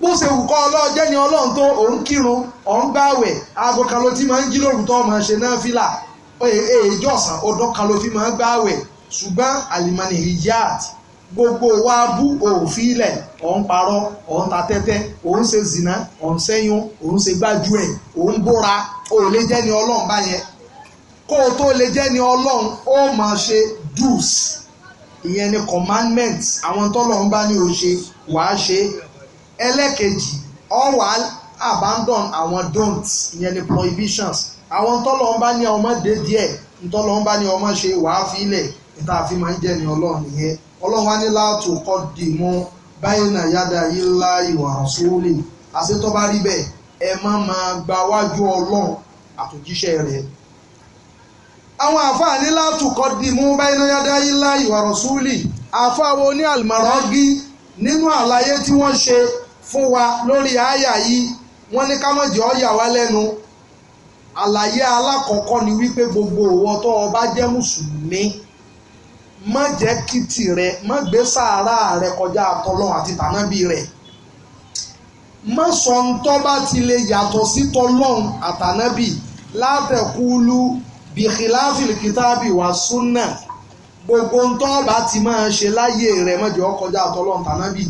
bó ṣe wù kọ́ ọlọ́ọ̀jẹ́ ni ọlọ́run tó òun kírun òun gbààwẹ̀ aago kan ló ti máa ń jí lóru tó máa ṣe náfìlà èèjọ́ ọ̀sán ọdún kan ló fi máa ń gbààwẹ̀ ṣùgbọ́n àlìmọ́nì hijab gbogbo wa bú òfin ilẹ̀ òun parọ́ òun ta tẹ́tẹ́ òun ṣe zina òun ṣẹ́yún òun ṣe gbájú ẹ̀ òun bóra ó lè jẹ́ ni ọlọ́run bá yẹn kó o tó lè jẹ́ ni ọlọ́run ó máa ṣe do's ìyẹn ni commandments àwọn tọ́lọ́run bá ní o ṣe wàá ṣe ẹlẹ́kejì ọ̀wà abandon àwọn don'ts ìyẹn ni prohibitions àwọn tọ́lọ́ ń bá ní ọmọ dé díẹ̀ ntọ́lọ́ ń bá ní ọmọ ṣe wàá fílẹ̀ ìta àfi máa ń jẹ́ ní ọlọ́run nìyẹn ọlọ́run á ní láàtò kọ́ dì mú báyìí náà yáda yìí lá ìwà sóòlì àṣetọ́ bá rí bẹ́ẹ̀ ẹ má máa gba wájú ọlọ́run àtòjíṣẹ́ rẹ̀ àwọn àfáàní látùkọ́ di mú báyìí náà yáda yìí lá ìwà rọ̀súlì àfáàwọ̀ ní àlùmọ̀ràn gí nínú àlàyé tí wọ́n ṣe fún wa lórí àyà yìí wọ́n ní ká má jẹ́ ó yà wá lẹ́nu àlàyé alákọ̀ọ́kọ́ ni wípé gbogbo ìwọ tó o bá jẹ́ mùsùlùmí má jẹ́ kí tìrẹ má gbé sàárà rẹ kọjá àtọlọ́ àti tànábì rẹ̀ má sọ ń tọ́ bá ti lè yàtọ̀ sí tọlọ́hun àtànábì látẹ̀kúlú bìkìláfìlì kìtàbì wà súnà gbogbo ń bá ti máa ṣe láyé rẹ̀ má jẹ́ kọjá àtọlọ́hun àtànábì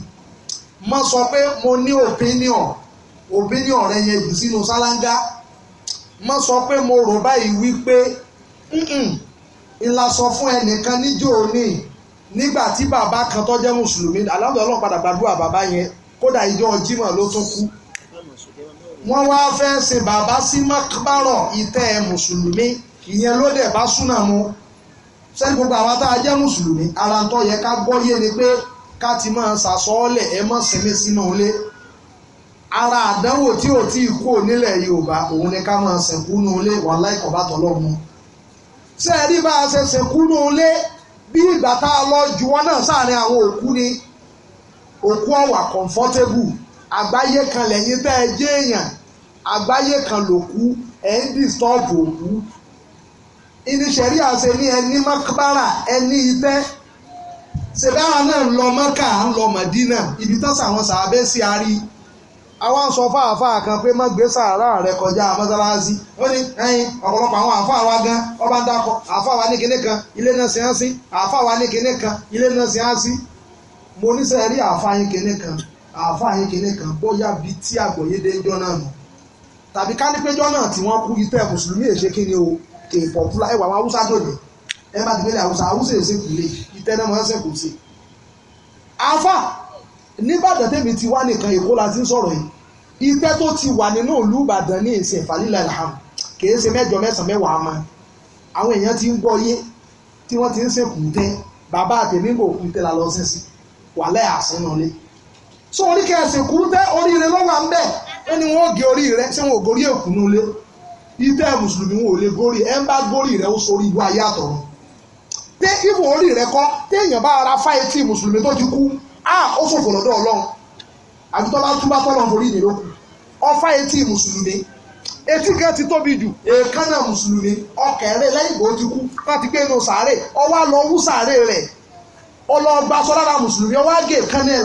má sọ pé mo ní opinion opinion rẹ yẹn jù sínú sálángá má sọ pé mo rò báyìí wípé ńlá sọ fún ẹnìkan níjó òní nígbà tí bàbá kan tó jẹ́ mùsùlùmí aláwọ̀ ọlọ́run padà gbàdúrà bàbá yẹn kódà ìjọ Jímọ̀ ló tún kú wọ́n wá fẹ́ sin bàbá sí makbaro ìtẹ́ mùsùlùmí ìyẹn ló bá súnà mu sẹ́ni gbogbo àwa tá a jẹ́ mùsùlùmí ara ń tọ́ yẹ ká gbọ́ yé ni pé ká ti máa ṣàsọ́ọ́lẹ̀ ẹ mọ̀ sinmi sínú ilé ara àdánwò tí ò tí ì kú nílẹ̀ Yorùbá òun ni ká máa sìnkú nù ilé wàláì kọ̀bá tọ́lọ́mù ṣé ẹ rí bá a ṣe sìnkú nù ilé bí ìgbà tá a lọ ju wọn náà sáàrin àwọn òkú ni òkú ọ̀wà kọ̀ǹfọ́tébù àgbáyé kan lẹ́yìn tẹ́ ẹ jẹ́ èèyàn àgbáyé kan lòkú ẹ̀ ń dìstọ́ọ̀bù òkú ìníṣẹ̀rí àṣẹ ní ẹni mọ́kábára ẹni itẹ́ ṣe dáhà náà ń lọ mọ́kà ń lọ mọ̀dínà ibi tán sàwọn sàábẹ́ sí ari àwa sọ fáàfáà kan pé má gbé sàárà rẹ kọjá mọ́sálásí ó ní ẹyin ọ̀pọ̀lọpọ̀ àwọn àáfàá wa gan ọba ń dákọ̀ àáfàá wa ní kinní kan ilé náà sì ń sí àáfàá wa ní kinní kan ilé náà sì ń sí mo ní sẹ́ẹ̀ rí àáfàá yín kinní kan àáfàá yín kinní kan bóyá bíi tí àgbọ̀yé dé jọ náà nù tàbí kánípéjọ́ náà tí wọ́n kú ìtẹ́ mùsùlùmí èṣe kí ni o kè pọ̀pùlà ẹwà àwọn haúsá dòde ẹ bá ti gbélé haúsá haúsá èṣe kùlé tẹ́ná máa ń sẹ̀kù sí. afa nígbàdàn tèmi ti wá nìkan èkó la ti ń sọ̀rọ̀ yìí ìpẹ́ tó ti wà nínú ìlú ìbàdàn ní ìsìn ìfàlílà ìlàhàn kì í ṣe mẹ́jọ mẹ́sàn-án mẹ́wàá ma àwọn èèyàn ti ń gbọ́ yé tí wọ́n ti ń sèkù tẹ́ bàbá àtẹ̀mí kò kú tẹ́ la lọ sí sí wà lẹ́ àsínúlé so orí kẹsì kú tẹ́ oríire lọ́wọ́ à ń bẹ̀ wọ́n ni wọ́n gé orí rẹ ṣé wọn ò gorí èkú nulẹ̀ ìtẹ́ mùsùlùmí wọn lè gorí ẹ̀ ń bá gorí rẹ ó sorí ibú ayé àtọ̀run tí ìfò orí rẹ kọ́ téèyàn bá ara fá etí mùsùlùmí tó ti kú á ó fòfò lọ́dọ̀ ọlọ́run àbí tọ́lá túbá tọ́lọ̀ forí ìdè lókun ọfá etí mùsùlùmí etí kan ti tóbi jù èèkánná mùsùlùmí ọkẹ̀rẹ́ lẹ́yìn ìgbò ti kú láti gbé inú sàárè lọ wú sàárè sọ lára mùsùlùmí gé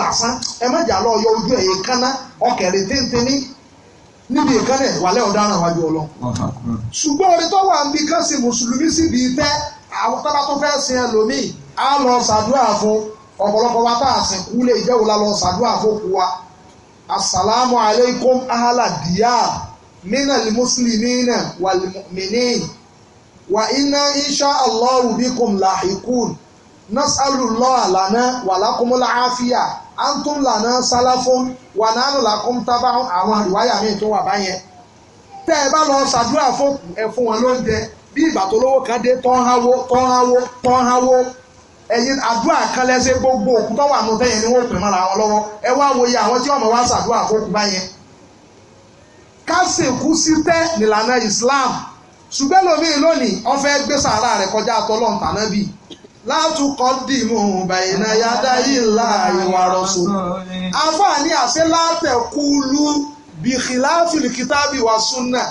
lásán ẹ má jà lọ yọ ojú àwọn tábà tó fẹ́ sin ẹlòmíì á lọ ṣàdúrà fún ọ̀pọ̀lọpọ̀ wa tá a sìn kú lè jẹ́ òun lọ ṣàdúrà fún òkú wa asalaamu aleykum ahala diya mina muslimina wal mu'minin wa inna insha allahu bikum lahikun nasalu lọ́ọ̀ lana wàlákùnmọ́lá àfíà antum lana salafun wà nánú làkùn tábà àwọn àríwáyà míì tó wà báyẹn tẹ́ ẹ bá lọ ṣàdúrà fún ẹ fún wọn lóúnjẹ bí ìgbà tó lówó kan dé tán hánwó tán hánwó tán hánwó ẹ̀yin àdúrà kan lẹ́sẹ̀ gbogbo òkú tó wà nù tẹ́yìn ni wọ́n pè mọ́ra wọn lọ́wọ́ ẹ wá wo iye àwọn tí wọ́n mọ̀ ṣàdúrà fókù báyẹn ká sí tẹ́ nílànà Islam ṣùgbọ́n lómi lónìí ó fẹ́ gbé sàárà rẹ̀ kọjá tọ́lọ́n tàná bì látúkọ́ dìmú bàyìnà yádá yìí láàyè wà rọ̀ṣọ́ àfààní àṣẹ látẹ̀kú lu bìkìláfìlì kìtàbí wà súnà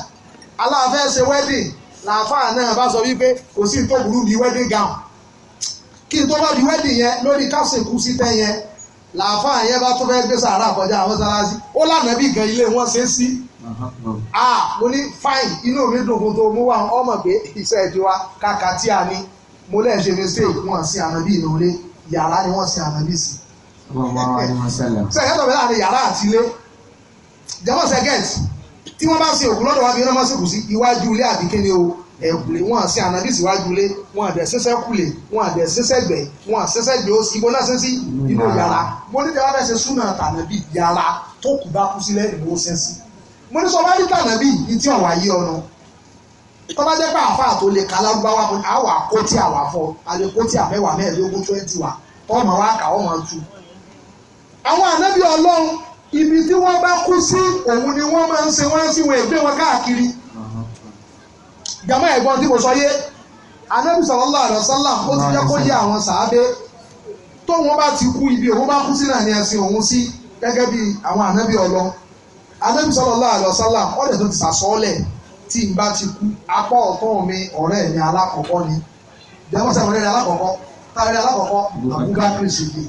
aláàfẹ́ ṣe wedding làáfàá náà bá sọ wípé kò sí tó burú bíi wedding gown kí n tó bá di wedding yẹn lórí kásìnkú sí tẹ́ yẹn làáfàá yẹn bá tó fẹ́ gbé sàárà kọjá àwọn sáláṣí ó lànà bí gan ilé wọn ṣe sí ah mo ní fine inú mi dùn fún tó mú wa ọmọ pé iṣẹ́ ìjọba kàkà tí a ní mo lẹ́ẹ̀ ṣe mistake wọn sí ànábì ìnáwó yàrá ni wọ́n sin ànábì sí. sẹ́yìn tó bẹ̀rẹ̀ àti yàrá àti ilé jẹ́wọ́ sẹ́gẹ̀tì tí wọ́n bá ṣe òkú lọ́dọ̀ wá bí iná mọ́sìkù sí iwájú ilé àbí kíni o ẹ̀kùlé wọn àti ànábì síwájú ilé wọn àdẹ̀ sẹ́sẹ́ kùlé wọn àdẹ̀ sẹ́sẹ́ gbẹ̀ wọn àsẹ́sẹ́ gbẹ̀ ó sì ibo náà sẹ́sí inú yàrá mo ní tẹ́wọ́ fẹ́ ṣe súnà tànàbí yàrá tó kù bá kú sílẹ̀ ìwọ sẹ́sí mo ní sọ wá rí tànàbí ní tí ọ̀wá yé ọ̀nà tó bá jẹ́ pé àfa àtò lè ka lárúbáwá mo ní àwà kóòtì àwà fọ àlè kóòtì àmẹ́wàá mẹ́ẹ̀ẹ́dógún twenty wa tọ́ ibi tí wọ́n bá kú sí òun ni wọ́n máa ń ṣe wọ́n sí wọn ègbé wọn káàkiri jàmọ́ ẹ̀gbọ́n tí mo sọ yé anábì sallallahu alaihi ó ti jẹ́ kó yé àwọn sàábé tó wọn bá ti kú ibi òun bá kú sí náà ni ẹ̀sìn òun sí gẹ́gẹ́ bí àwọn anábì ọlọ anábì sallallahu alaihi wasallam ọ̀dẹ̀ tó ti sàsọ́ọ̀lẹ̀ tí n bá ti kú apá ọ̀tọ̀ mi ọ̀rẹ́ mi alákọ̀ọ́kọ́ ni jẹ́wọ́sẹ̀ ọ̀rẹ́ mi alákọ̀ọ́kọ́ táwọn ọ̀rẹ́ mi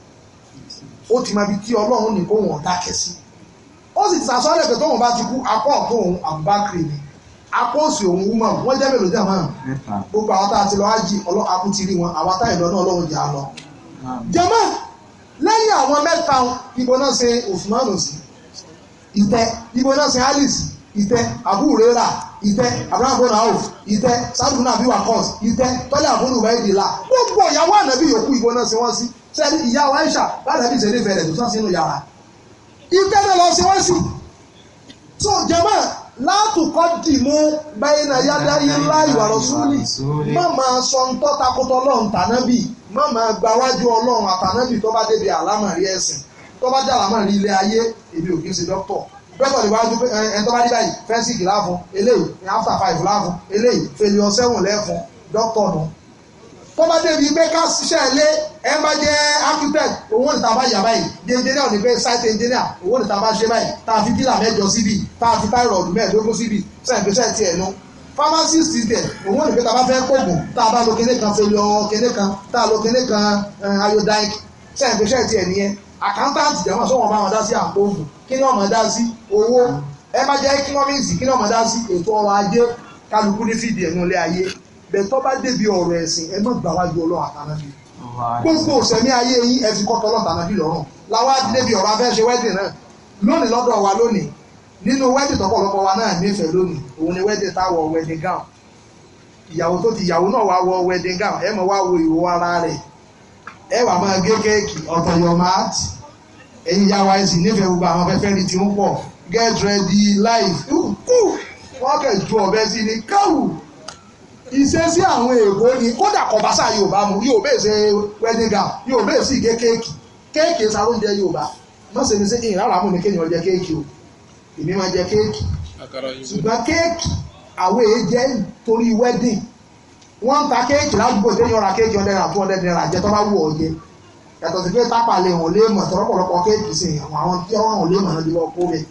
ó ti máa bí tí ọlọ́run ní kó wọn dákẹ́ sí ó sì ti sàsọ́lẹ̀ pé tóun bá ti kú apá ọ̀tún òun àbúbákiri ni apá òsì òun wúmọ̀ wọ́n jẹ́ mélòó jàmọ́ gbogbo àwọn tá a ti lọ ájì akú ti rí wọn àwọn tá ìlọ náà ọlọ́run jà lọ. jẹ́mọ́ lẹ́yìn àwọn mẹ́ta ibo náà ṣe òfìmọ́nù sí ìtẹ́ ibo náà ṣe alice ìtẹ́ àbúrẹ́rà ìtẹ́ abrahamona auf ìtẹ́ saduna abiwakos ìtẹ́ tọ́lẹ̀ àbúrò báyìí dìlà gbogbo ìyàwó ànábì yòókù ibo náà ṣe wọ́n sí sẹ́ni ìyá wa ẹ̀ṣà láti ẹbí ìṣeré ìfẹ́ rẹ̀ tó tán sínú yàrá ìfẹ́ náà lọ sí wọ́n sì so jẹ́mọ́ látùkọ́ dìmú bẹ́yìn náà yáda yé láì wà lọ́sùlì má máa sọ ń tọ́ takótọ́ ọlọ́run tànábì má máa gba wájú ọlọ́run àtànábì tó bá débi àlámọ̀rí ẹ̀sìn tó bá dé àlámọ̀rí ilé ayé èmi ò kí ń ṣe dókítọ̀ dókítọ̀ ni wájú ẹni tó bá dé báyìí fẹ́sìkì láàfún eléyìí ní after five láàfún eléyìí fèlè ọ̀sẹ́wọ̀n lẹ́fún dókítọ̀ nù kọ́mádé bíi pé ká ṣiṣẹ́ ilé ẹ má jẹ́ architect owó níta bá yà báyìí di engineer ní pé site engineer owó níta bá ṣe báyìí tá a fi pílà mẹ́jọ síbi tá a fi táìrọ̀dù mẹ́ẹ̀ẹ́dógún síbi sẹ́ǹpẹ́sẹ́ tiẹ̀ nu pharmacist tẹ̀ owó nípe tá a bá fẹ́ kóògùn tá a bá lo kéde kan fẹlẹ́ ọ kéde kan tá a lo kéde kan eh, iodine sẹ́ǹpẹ́sẹ́ tiẹ̀ nìyẹn accountant jẹ́wọ́n sọ́wọ́n bá wọn dá sí àpò òògùn kí ni wọ́n máa dá sí owó ẹ má jẹ́ economics kí ni wọ́n máa dá sí ètò ọrọ̀ ajé kálukú ní fìdí ẹ̀nu bẹ́ẹ̀ tó bá débi ọ̀rọ̀ ẹ̀sìn ẹ má gbà wájú ọlọ́run àtànábì gbogbo òsèmí ayé yín ẹ ti kọ́kọ́ ọlọ́run àtànábì lọ́rùn làwọn débi ọ̀rọ̀ abẹ́ ṣe wẹ́dìn náà lónìí lọ́dọ̀ wa lónìí nínú wẹ́dìn tọ́pọ̀lọpọ̀ wa náà nífẹ̀ẹ́ lónìí òun ni wẹ́dìn táwọ̀ wẹ́dìn gown ìyàwó tó ti ìyàwó náà wá wọ wẹ́dìn gown ẹ mọ̀ wá wo ìwò ara rẹ̀ ẹ wà máa ya wa ẹ̀sìn nífẹ̀ẹ́ gbogbo àwọn afẹ́fẹ́ rí ti get ready life wọ́n kẹ̀ ju ọ̀bẹ sí ni káwù ìṣesí àwọn èèbó ni kódà kọ̀básà yorùbá mu yorùbá èsè wẹ́dígà yorùbá èsì ìgé kéèkì kéèkì èsà ló ń jẹ yorùbá má ṣe ní sí ìhìn rárá mú ni kéèyàn jẹ kéèkì o èmi máa jẹ kéèkì ṣùgbọ́n kéèkì àwọn èèyàn jẹ torí wẹ́dìn wọ́n ń ta kéèkì ládùúgbò téèyàn ra kéèkì ọ̀dẹ́ náírà two hundred naira jẹ tó bá wù ọ́ jẹ yàtọ̀ sí pé tápà lè hàn lé mọ̀ tọ́lọ́pọ̀lọpọ̀ kéèkì sí àwọn tí wọ́n hàn lé mọ̀ náà ti lọ kó bẹ́ẹ̀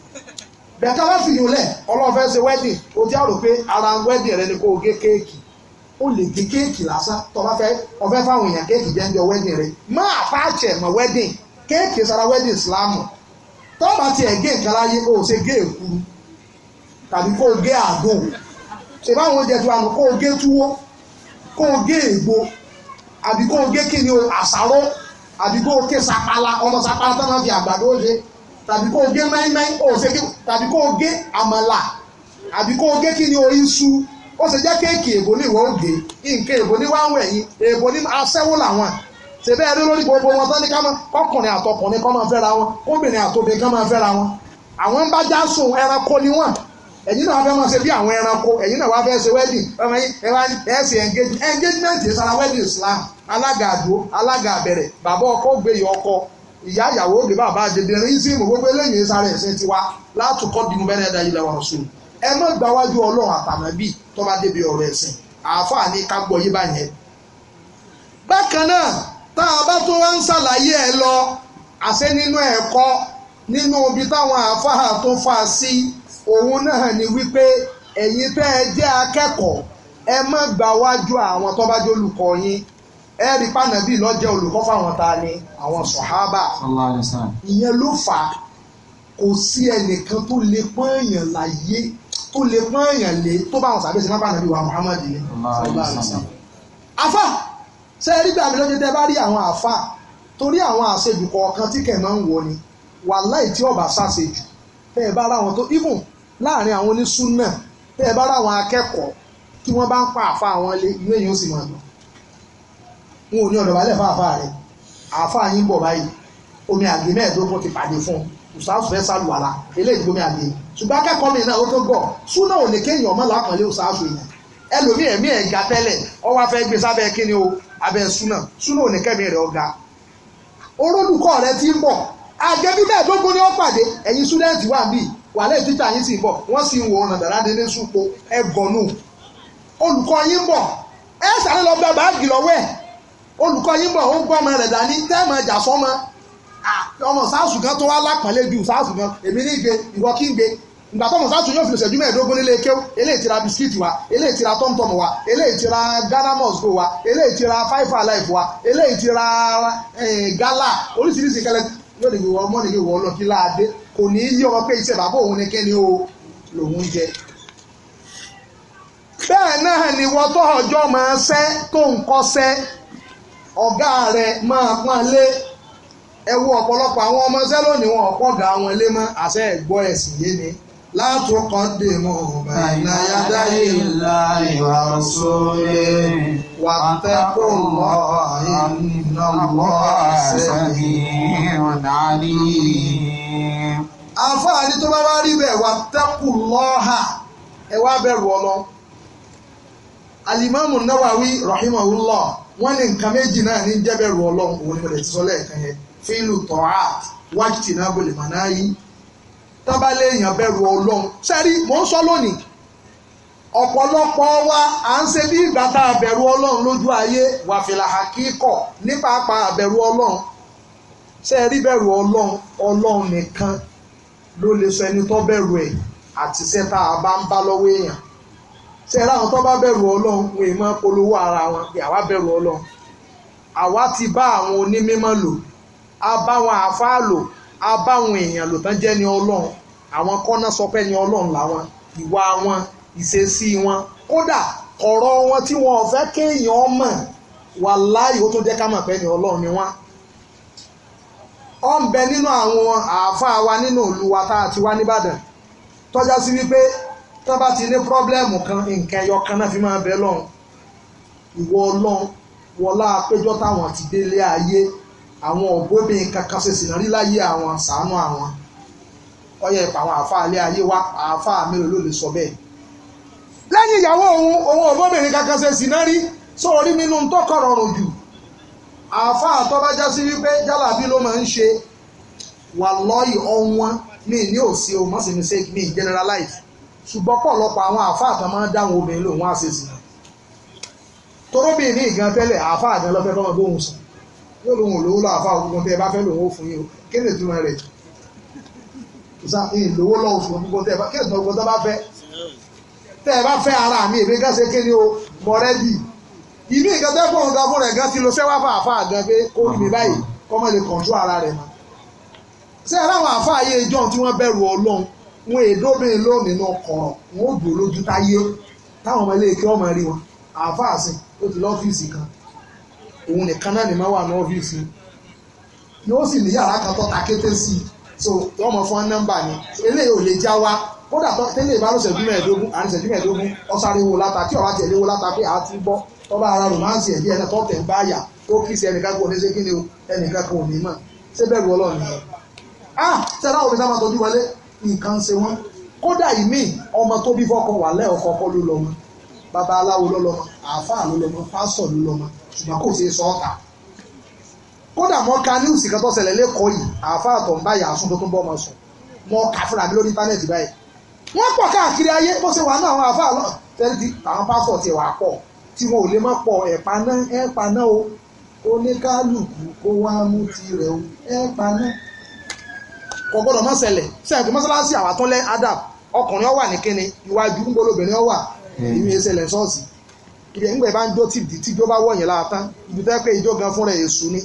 bẹ̀ẹ́ká bá fi yòlẹ̀ ọlọ́fẹ́ ṣe wẹ́dìn o ti àrò pé ara wedding rẹ ni kò gé kéèkì o lè gé kéèkì lásán tó bá fẹ́ ọ̀fẹ́ fáwọn èèyàn kéèkì jẹ́ ń jọ wedding rẹ má àfáàchẹ̀ mọ́ wedding kéèkì sara wedding islam tó bá tiẹ̀ gé nǹkan láyé ó ṣe gé èkuru tàbí kó o gé àgbo ṣe báwọn oúnjẹ tí wà nù kó o gé túwó kó o gé ègbò àbí kó o gé kíni àsáró àbí kó o gé sapala ọmọ sapala tó máa fi àgbàdo ṣe tàbí kó o gé mẹ́ẹ́mẹ́ẹ́ ó ṣe tàbí kó o gé àmàlà àbí kó o gé kíni oríṣu ó ṣe jẹ́ kéèkì èbó ní ìwọ òde nǹkan èbó ní wá ń wẹ̀yìn èbó ní aṣẹ́wó làwọn ṣèbẹ́ ẹ̀rí lórí gbogbo wọn tán ní kámọ́ kọkùnrin àtọkùnrin kọ́ máa fẹ́ra wọn kóbìnrin àtobìnrin kọ́ máa fẹ́ra wọn àwọn ń bá já sùn ẹranko ni wọn ẹ̀yin náà wá fẹ́ máa ṣe bí àwọn ẹranko ẹ̀yin náà wá fẹ́ ṣe wedding ọmọ yín ẹ wá ẹ ṣe engagement engagement yẹn sara wedding Islam alága àdó alága àbẹ̀rẹ̀ bàbá ọkọ gbéyìí ọkọ ìyá ìyàwó òde bàbá àjẹbẹrẹ ìsìn gbogbo eléyìí sara ẹ̀sìn tiwa látùkọ́ dìmú bẹ́ẹ̀ ẹ má gbáwájú ọlọ́run àtànábì tó bá débi ọ̀rọ̀ ẹ̀sìn àáfàá ní ká gbọ́ yé báyẹn. bákan náà tá a bá tó wá ń ṣàlàyé ẹ lọ àṣẹ nínú ẹ̀kọ́ nínú ibi táwọn àáfàá tó fà sí òun náà ni wípé ẹ̀yin tẹ́ ẹ jẹ́ akẹ́kọ̀ọ́ ẹ má gbáwájú àwọn tó bá jẹ́ olùkọ́ yín ẹ rí pànàbí lọ́jẹ́ olùkọ́ fáwọn ta ni àwọn sọ̀hábà ìyẹn ló fà kò sí ẹnìkan tó lè pọ́n èèyàn láyé tó lè pọ́n èèyàn lé tó bá wọn sàbẹ̀sẹ̀ máa bá nàbí wa Muhammad ní afa ṣe rí bí abilọ́jọ́ tẹ bá rí àwọn afa torí àwọn àṣejù kọ̀ọ̀kan tí kẹ̀ máa ń wọ ni wàláì tí ọba ṣàṣejù tẹ́ ẹ bá rá wọn tó even láàrin àwọn onísúnà tẹ́ ẹ bá rá àwọn akẹ́kọ̀ọ́ tí wọ́n bá ń pa àfa àwọn ilé ìlú èyí ó sì máa lọ wọn ò ní ọ̀dọ̀ balẹ̀ fáfá rẹ̀ àfa yín bọ̀ báyìí omi àgbẹ̀ mẹ́ẹ̀ẹ́dógún ti pàdé fún un òṣàṣù ẹ̀ sálù àlà eléyìí gbómi àgbè ṣùgbọ́n akẹ́kọ̀ọ́ mi náà ó tó gbọ́ súnà ò ní kéèyàn ọmọ làákànlé òṣàṣù yẹn ẹlòmíì ẹ̀mí ẹ̀ ga tẹ́lẹ̀ ọ wá fẹ́ gbé sábẹ́ kíni o abẹ́ súnà súnà ò ní kẹ́mi rẹ̀ ọ̀gá orólùkọ́ rẹ ti ń bọ̀ àjẹbí bẹ́ẹ̀ gbogbo ni wọ́n pàdé ẹ̀yin súdẹ́ǹtì wà bíi wàhálẹ̀ títà yín sì ń bọ̀ wọ́n sì ń wo ọ̀nà dàdádé ní súpo ẹ̀gọ́nù olùkọ́ yín bọ̀ ẹ̀ sàlẹ̀ lọ gba báàgì lọ́wọ́ ẹ̀ olùkọ́ yín bọ̀ ó gbọ́ ọmọ rẹ̀ dání tẹ́ẹ̀mọ̀ ẹ̀jà sọ́mọ ọmọ sáàsù kan tó wá lápàlẹ́ ju sáàsù kan èmi ní gbé ìwọ kí n gbé ìgbà tọmọ sáàsù yóò fi lòṣẹ̀jú mẹ́ẹ̀ẹ́dógún nílé wa eléyìí ti wa eléyìí ganamos ra wa eléyìí ti ra life wa eléyìí gala oríṣiríṣi kẹlẹ yóò lè wọ ọmọ nìyí wọ ọlọ́kí láadé kò ní yí ọmọ pé iṣẹ́ bàbá òun ni kẹ́ni o lòun jẹ bẹ́ẹ̀ náà ni wọ́n ọjọ́ máa ṣẹ́ tó ń kọ́ ewu wo ọ̀pọ̀lọpọ̀ àwọn ọmọ sẹ́lò wọn ọ̀pọ̀ ga awọn lé mọ́ àṣẹ ẹ̀gbọ́ ẹ̀sìn yé ni látòkàn dè mọ́ ọ̀bà ìnáyàdá dáyé la ìwà sóyè wà tẹ́kọ̀ lọ iná tó bá rí bẹ́ẹ̀ wà ẹ ọlọ. alimami Nawawi rahimahullah ní nǹkan méjì náà ní jẹ́bẹ̀rù òun ni mo lè sọ lẹ́ẹ̀kan fílù tọ́hát wájìtì náà bọ̀lẹ̀ mọ̀ náà yí tábàlẹ̀ èèyàn bẹ̀rù ọlọ́run sẹ́rí mò ń sọ lónìí ọ̀pọ̀lọpọ̀ wa à ń ṣe bí ìgbà tá a bẹ̀rù ọlọ́run lójú ayé wàfìlà àkíkọ̀ nípa pa àbẹ̀rù ọlọ́run sẹ́rí bẹ̀rù ọlọ́run ọlọ́run nìkan ló lè sọ ẹni tó bẹ̀rù ẹ̀ àti iṣẹ́ tá a bá ń bá lọ́wọ́ èèyàn sẹ́rí àwọn tó bá bẹ̀rù ọlọ́run wọn ì máa polówó ara wọn àwa bẹ̀rù ọlọ́run àwa ti bá àwọn onímọ̀ lò abáwọn àfáàlò abáwọn èèyàn lò tán jẹ́ ní ọlọ́run àwọn kọ́nà sọ pé ní ọlọ́run làwọn ìwà wọn ìṣesí wọn kódà ọ̀rọ̀ wọn tí wọn ò fẹ́ kéèyàn mọ̀ wà láàyè ó tó jẹ́ ká mọ̀ pé ní ọlọ́run ni wọ́n. ó ń bẹ nínú àwọn àáfàá wa nínú ìlú wa tá a ti wá nìbàdàn tọ́já sí wípé tán bá ti ní pírọ́blẹ́mù kan nǹkan ẹyọ kan náà fi máa bẹ lọ́run ìwọ ọlọ́run wọlá àpéjọ táwọn ti délé ayé àwọn ọ̀bọ́bìn kankan ṣe sìnà rí láyé àwọn sàánú àwọn ọyẹ ìpa àwọn àáfàá ilé ayé wa àáfàá mélòó ló lè sọ bẹ́ẹ̀. lẹ́yìn ìyàwó òun òun ọ̀bọ́bìnrin kankan ṣe sìnà rí sọ̀rọ̀ rí nínú tọkọ̀ rọrùn jù àáfàá tó bá já sí wípé jálàbí ló máa ń ṣe wà lọ́ọ̀yì ọ̀wọ́n mi ní òsì o mọ́sí mistake mi generalize ṣùgbọ́n pọ̀lọpọ̀ àwọn àáfàá tó máa ń dáhùn obìnrin lòun á ṣe sìnà toróbìnrin ìgan tẹ́lẹ̀ àáfàá gan lọ́fẹ́ fọ́mọ bóun sùn yóò lóun ò lówó láàfáà ogun tẹ́ ẹ bá fẹ́ lòun ó fún yín o kéde túmọ̀ rẹ̀ ìsà ìlówó lọ́wọ́ fún ogun tẹ́ ẹ bá kéde túmọ̀ ogun tẹ́ bá fẹ́ tẹ́ ẹ bá fẹ́ ara mi èmi gán ṣe kéde o mọ̀ rẹ́dì ìlú ìgbà tẹ́ fóun gan fún rẹ̀ gan ti lo sẹ́wà fàáfà gan pé kó rí mi báyìí kọ́mọ lè kọ̀ntú ara rẹ̀ mọ́ ṣé aláwọ̀ àfáàyè ìjọ tí wọ́n bẹ̀rù ọlọ́run wọn èdóbìnrin lónìí náà kọ̀rọ̀ wọn ò dùn lójú táyé táwọn ọmọ ilé ìkẹ́ ọmọ rí wọn àfáàsìn ó ti lọ́fíìsì kan òun nìkan náà ni máa wà ní ọ́fíìsì yóò sì ní yàrá kan tó ta kété sí i so wọ́n mọ̀ fún nọ́mbà ni eléyìí ò lè já wa kódà tó tẹ́lẹ̀ ìbá lọ́sẹ̀dún mẹ́ẹ̀ẹ́dógún àrùnsẹ̀dún mẹ́ẹ̀ẹ́dógún ọ̀sáré wo tí ọ̀rá tẹ̀lé wo pé a ti bọ́ tọ́ba ara romance ẹ̀bí ẹ̀ tó tẹ̀ ń bá yà tó kì í ẹnìkan kò ní ṣe kí ni o ẹnìkan kò ní mọ̀ ṣé bẹ́ẹ̀ ah, wọ́n lọ nìyẹn. a tẹ́lá ṣùgbọ́n kò ṣe é sọ ọ́ta kódà mọ́ ka níwùsì kan tó ṣẹlẹ̀ lẹ́kọ̀ọ́ yìí àáfàá àtọ̀ ń báyà sùn tó tún bọ́ ọmọ sùn mọ́ kà fúnra mi lórí íńtánẹ́ẹ̀tì báyìí wọ́n pọ̀ káàkiri ayé bó ṣe wà náà àwọn àáfàá lọ tẹ́lẹ̀ tí àwọn pásọ̀ ti wà pọ̀ tí wọn ò lè má pọ̀ ẹ̀pá náà ẹ̀pá náà o oníkálùkù kó wá mú tirẹ̀ o ẹ̀pá náà kò gbọ́dọ̀ má ṣẹlẹ̀ sẹ́yìn pé mọ́sálásí àwàtúnlẹ̀ adam ọkùnrin ó wà ní kíni iwájú ń gbọ́dọ̀ obìnrin ó wà hmm. èyí ń ṣẹlẹ̀ ṣọ́ọ̀ṣì ilẹ̀ ńgbẹ̀ bá ń jó tìbí tìbí ó bá wọ̀nyẹn lára tán ibi tó yẹ pé ìjó gan fúnra èṣù ni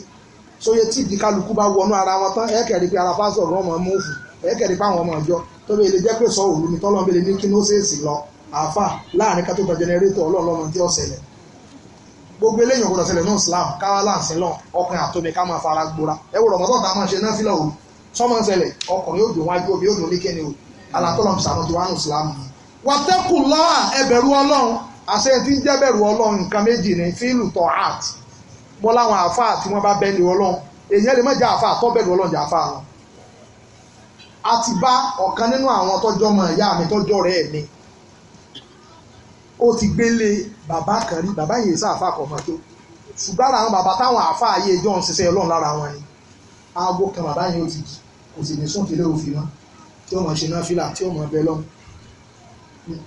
sóye tìbí kálukú bá wọnú ara wọn tán ẹ̀ẹ́kẹ̀rì pé ara pásítọ̀ gan ọmọ mú òfù ẹ̀ẹ́kẹ̀rì pé àwọn ọmọ ìjọ tó bẹ́ẹ̀ lè jẹ́ pé sọ òru ni tọ́lọ́ bẹ́ẹ̀ ní kí ní ó ṣèèṣì lọ àáfà láàrin kátó gba jẹnẹrétọ̀ ọlọ́ọ̀lọ́mọ tí ó ṣẹlẹ̀ gbogbo eléyìn ọ̀gbọ̀dọ̀ ṣẹlẹ̀ náà Islam káwá láǹsìn lọ ọkùnrin àtòmí ká máa fara gbora ẹ wò rọ̀mọ́tọ̀ tá a máa ṣe náà fílẹ̀ òru sọ́mọ́ ṣẹlẹ̀ ọkùnrin yóò dùn wájú omi yóò dùn oníkẹ́ni o alátọ́lọ́mùsàmù tó wà ní Islam. wàtẹ́kùn lọ́wọ́ ẹbẹ̀rù Ọlọ́run àṣẹ tí ń jẹ́bẹ̀rù ọlọ́run nǹkan méjì ní fíìlù tọ́ art mọ́ láwọn àáfàá tí wọ́n bá bẹ́ẹ̀lì ọlọ́run èyàn lè má jẹ́ àáfàá tó bẹ̀rù ọlọ́run jẹ́ àáfàá wọn. a ti bá ọ̀kan nínú àwọn tọ́jọ́ mọ ìyá mi tọ́jọ́ rẹ̀ mi ó ti gbélé bàbá kan rí bàbá yìí sáàfà kọ̀ọ̀kan tó ṣùgbọ́n àwọn bàbá táwọn àáfàá ayé ẹjọ́ ń ṣiṣẹ́ ọlọ́run lára wọn ni aago kan bàbá yẹn ó ti kò sì ní sún kílẹ̀ òfin mọ́ tí ó mọ̀ ṣe náà fìlà tí ó mọ̀ bẹ́ lọ́mù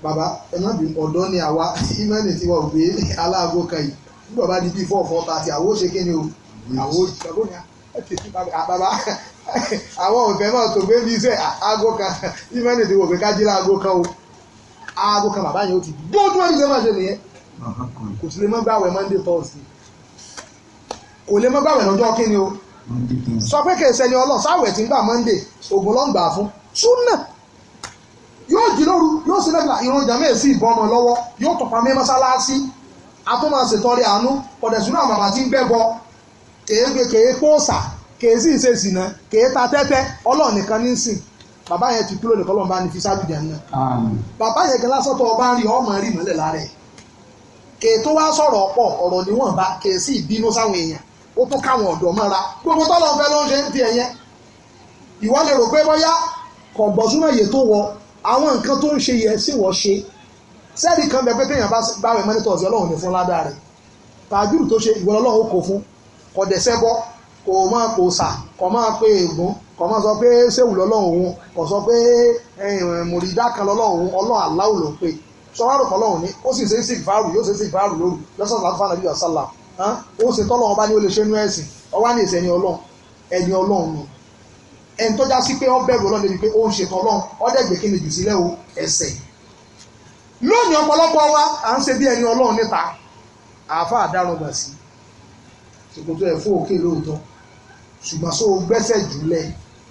bàbá ẹ má bí ọ̀dọ́ ni àwa ìmọ̀ẹ́nì tí wọ́n gbé aláàgó kan yìí nígbà bá di bí four four thirty àwọn ṣe kí ni o àwọn ìṣòro ni bàbá àwọn òfẹ́ náà tó gbé bí iṣẹ́ aago kan ìmọ̀ẹ́nì tí wọ́n gbé kájí láago kan o aago kan bàbá yẹn ó ti gbóòtú ẹni sẹ́wọ́n ṣe nìyẹn kò sí lè mọ́ gbàwẹ̀ monday thursday kò lè mọ́ gbàwẹ̀ lọ́jọ́ kí ni o sọ pé kèsè ni ọlọ́run sáwẹ̀ tí ń gbà monday ògùn ló ń gbà fún súnà yóò sí lẹ́gbà irun jàmá èsì ìbọn ọmọ lọ́wọ́ yóò tọ̀pá mi mọ́sálásí atúmọ̀ ṣètọ́rẹ́ àánú kọ̀dẹ̀sùn náà màmá ti ń gbẹ́bọ kèé kèé pọ́ọ̀sà kèé sì ń ṣe ìsìnà kèé ta tẹ́tẹ́ ọlọ́ọ̀ nìkan ní sìn bàbá yẹn ti kúrò nìkan lọ́nba ní fi sáájú jẹun náà bàbá yẹn gan lásán tó ọba ń rí ọmọ rí mọ́lẹ̀ lára ẹ̀ kèé tó wá sọ̀rọ̀ ọ̀pọ̀ ọ̀rọ̀ níwọ̀nba kèé sì bínú sáwọn èèyàn ó tún káwọn ọ̀dọ́ mọ́ra gbogbo tọ́lọ́ fẹ́ ló ń ṣe ń tiẹ̀ yẹn ìwọ lè rò pé bóyá kọ̀gbọ́súnà yè tó wọ àwọn nǹkan tó ń ṣe yẹ sí wọ́n ṣe sẹ́ẹ̀dì kan bẹ pé téèyàn bá rẹ̀ mọ́nítọ̀ ọ̀sẹ̀ ọlọ́run ní fún ládàá rẹ̀ tàjúrù tó ṣe ìwọ ọlọ́run ó kò fún kò dẹ̀sẹ̀ bọ́ kò máa kò sà kò máa pé ègún kò máa sọ pé sẹ́wù lọ́lọ́run òun kò sọ pé mùrìdá kan lọ́lọ́run òun ọlọ́run aláwò ló ń pè sọ́wárò kọ́lọ́run ní ó sì ṣe sí ìfáàrù yóò ṣe sí ìfáàrù lóru lọ́sàn-án láti fànàbí ọ̀sálà ó sì tọ́lọ́run bá ní ó ẹni tó já sí pé ó bẹ̀rù ọlọ́run débi pé ó ń ṣe tọ́lọ́run ọ̀dẹ́gbẹ́ kí ni jù sílẹ̀ o ẹsẹ̀ lónìí ọ̀pọ̀lọpọ̀ wa à ń ṣe bí ẹni ọlọ́run níta àáfàá dárọgbà sí ṣòkòtò ẹ̀ fún òkè lóòótọ́ ṣùgbọ́n só gbẹ́sẹ̀ jùlẹ̀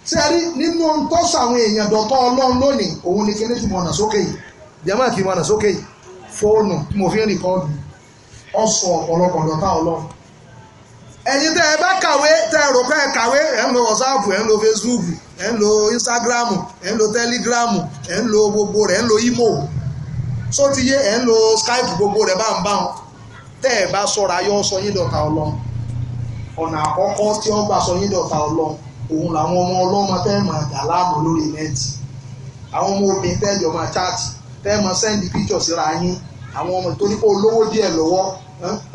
ṣe rí nínú tọ́sí àwọn èèyàn dọ̀tọ́ ọlọ́run lónìí òun ni kíní tí mo nà sókè yìí jẹ́mọ́ àti mo nà sókè yìí fóònù tí mo fi ń rìkọ́ọ̀dù ọ̀sọ̀ ọ̀pọ̀lọpọ̀ dọ̀tá ọlọ́run ẹ̀yin tẹ́ ẹ bá kàwé tẹ́ ẹ rò pé ẹ kàwé ẹ ń lo whatsapp ẹ ń lo facebook ẹ ń lo instagram ẹ ń lo telegram ẹ ń lo gbogbo rẹ̀ ẹ ń lo imo só ti yé ẹ ń lo skype gbogbo rẹ̀ bá ń bá wọn tẹ́ ẹ bá sọ̀rọ̀ ayọ́ sọ yín dọ̀tá ọlọ́run ọ̀nà àkọ́kọ́ tí wọ́n gbà sọ yín dọ̀tá ọlọ́run òun làwọn ọmọ ọlọ́mọ tẹ́ ẹ máa dà láàmú lórí nẹ́ẹ̀tì àwọn ọmọ obìnrin tẹ́ ẹ jọ máa chat tẹ́ ẹ máa send pictures síra yín àwọn ọmọ tó ní kó olówó díẹ̀ lọ́wọ́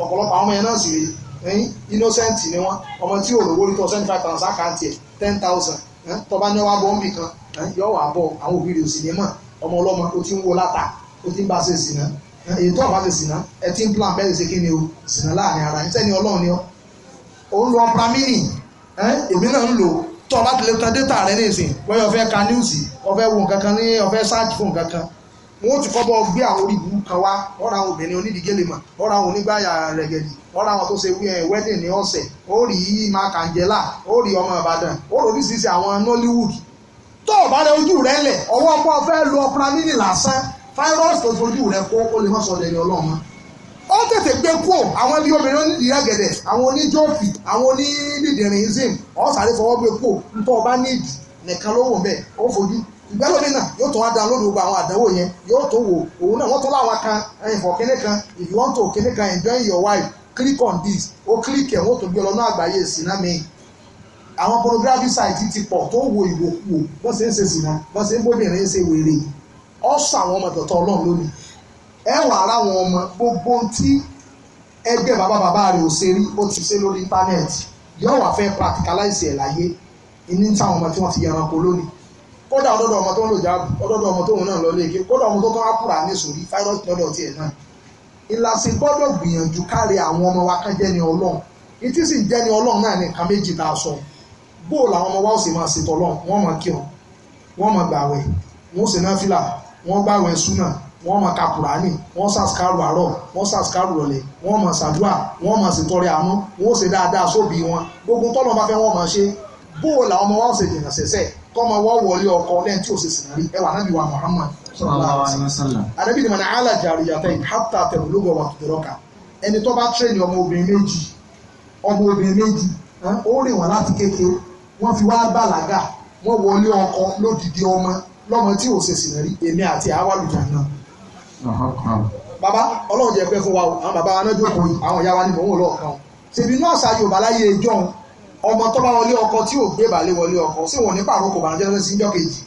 ọ̀pọ̀lọpọ̀ àwọn ọmọ yẹn náà sì rèé innocenti ni wọn ọmọ tí òrówó rí tó seventy five thousand àkáǹtì ẹ̀ ten thousand ní yọ àwọn òbí rẹ̀ ò sì ní ọmọ ọlọmọ o ti ń wo láta o ti ń bá ṣe èyí tó ṣe plan bẹ́ẹ̀ ṣe kí ni o sìnà láàrin ara ọlọ́run ni ọ ń lo ọ̀pá mínì wọ́n ti kọ́bọ̀ gbé àwọn orí ìlú kan wá ọ̀rọ̀ àwọn obìnrin onídìgélèmọ̀ ọ̀rọ̀ àwọn onígbàyà rẹ̀gẹ̀dì ọ̀rọ̀ àwọn tó ṣe eh, wedding ní ọ̀sẹ̀ ó rí ọmọ ìbàdàn ó rí oríṣiríṣi àwọn nollywood tó o bá rẹ ojú rẹ lẹ̀ ọwọ́ pọ́ fẹ́ lu lásán fáírọ́ọ̀sì tó o lè má sọ ní ọlọ́run ó tètè gbé àwọn obìnrin onídìrẹ́gẹ̀dẹ̀ àwọn oníjọ́ọ̀fì àwọn ìgbẹ́lò mi náà yóò tún wá dán lórí gbogbo àwọn àdánwò yẹn yóò tún wò òun náà wọ́n tún láwọn kan kíní kan if you want to kíní kan enjoy your wife click on this ó click ẹ̀ wọ́n tún gbé ọlọ́nà àgbáyé ìsìnà àwọn site ti pọ̀ tó wo wọ́n ń ṣe wọ́n ń bóbìnrin ọmọ tọ̀tọ̀ ọlọ́run lónìí ọmọ gbogbo tí ẹgbẹ́ bàbá bàbá rẹ̀ ò ṣe rí ó ti ṣe lórí íńtánẹ́ẹ̀tì yóò fẹ́ practicalize ẹ̀ láyé táwọn ọmọ tí kódà ọdọdọ ọmọ tó ń lò jáàbù ọdọdọ ọmọ tóun náà lọ léèké kódà ọmọ tó kọ́ ápùrà ní sòrí fáírọ́ọ̀sì lọ́dọ̀ tiẹ̀ náà ìlàsì gbọ́dọ̀ gbìyànjú kárí àwọn ọmọ wa kan jẹ́ni ọlọ́run ìtí sì jẹ́ni ọlọ́run náà ní nǹkan méjì tá a sọ bóò làwọn ọmọ wa ó sì máa ṣètò ọlọ́run wọ́n máa kírun wọ́n máa gbàwẹ̀ wọ́n sì náà fìlà wọ́n gbàwẹ̀ súnà wọ́n máa ka kùránì wọ́n ṣàṣkárù àárọ̀ wọ́n ṣàṣkárù rọ̀lẹ́ wọ́n máa ṣàdúà wọ́n máa ṣètọrẹ àánú wọ́n ó ṣe dáadáa sóbì wọn gbogbo tọ́lọ́ bá fẹ́ wọ́n máa ṣe bóò làwọn ọmọ wa ó ṣe jìnnà ṣẹ̀ṣẹ̀ kọ́mọ wọ́ wọlé ọkọ lẹ́yìn tí o sì sìn rí ẹwà náà bí wa Muhammad sallallahu alaihi wasallam àdébí ni mọ̀nà àlà jariyatayn hatta tabluga wà tó dọ́ka ẹni tó bá tẹ̀lé ọmọ obìnrin méjì ọmọ obìnrin méjì eh, ó rìn wọn láti kékeré wọ́n fi wá bàlágà wọ́n wọlé ọkọ lódìdí ọmọ lọ́mọ tí o sì sìn rí èmi àti àwàlùjà náà bàbá ọlọ́run jẹ́ pẹ́ fún wa àwọn bàbá wa náà jókòó àwọn ìyá ni mò ń wò lọ́ọ̀kan ṣèbí náà ṣáájú ọ̀bàláyé ìjọ́un ọmọ tó bá wọlé ọkọ tí ò gbé ìbàlẹ̀ wọlé ọkọ sí wọn ní pàrókò bàjẹ́ lọ sí ìjọkejì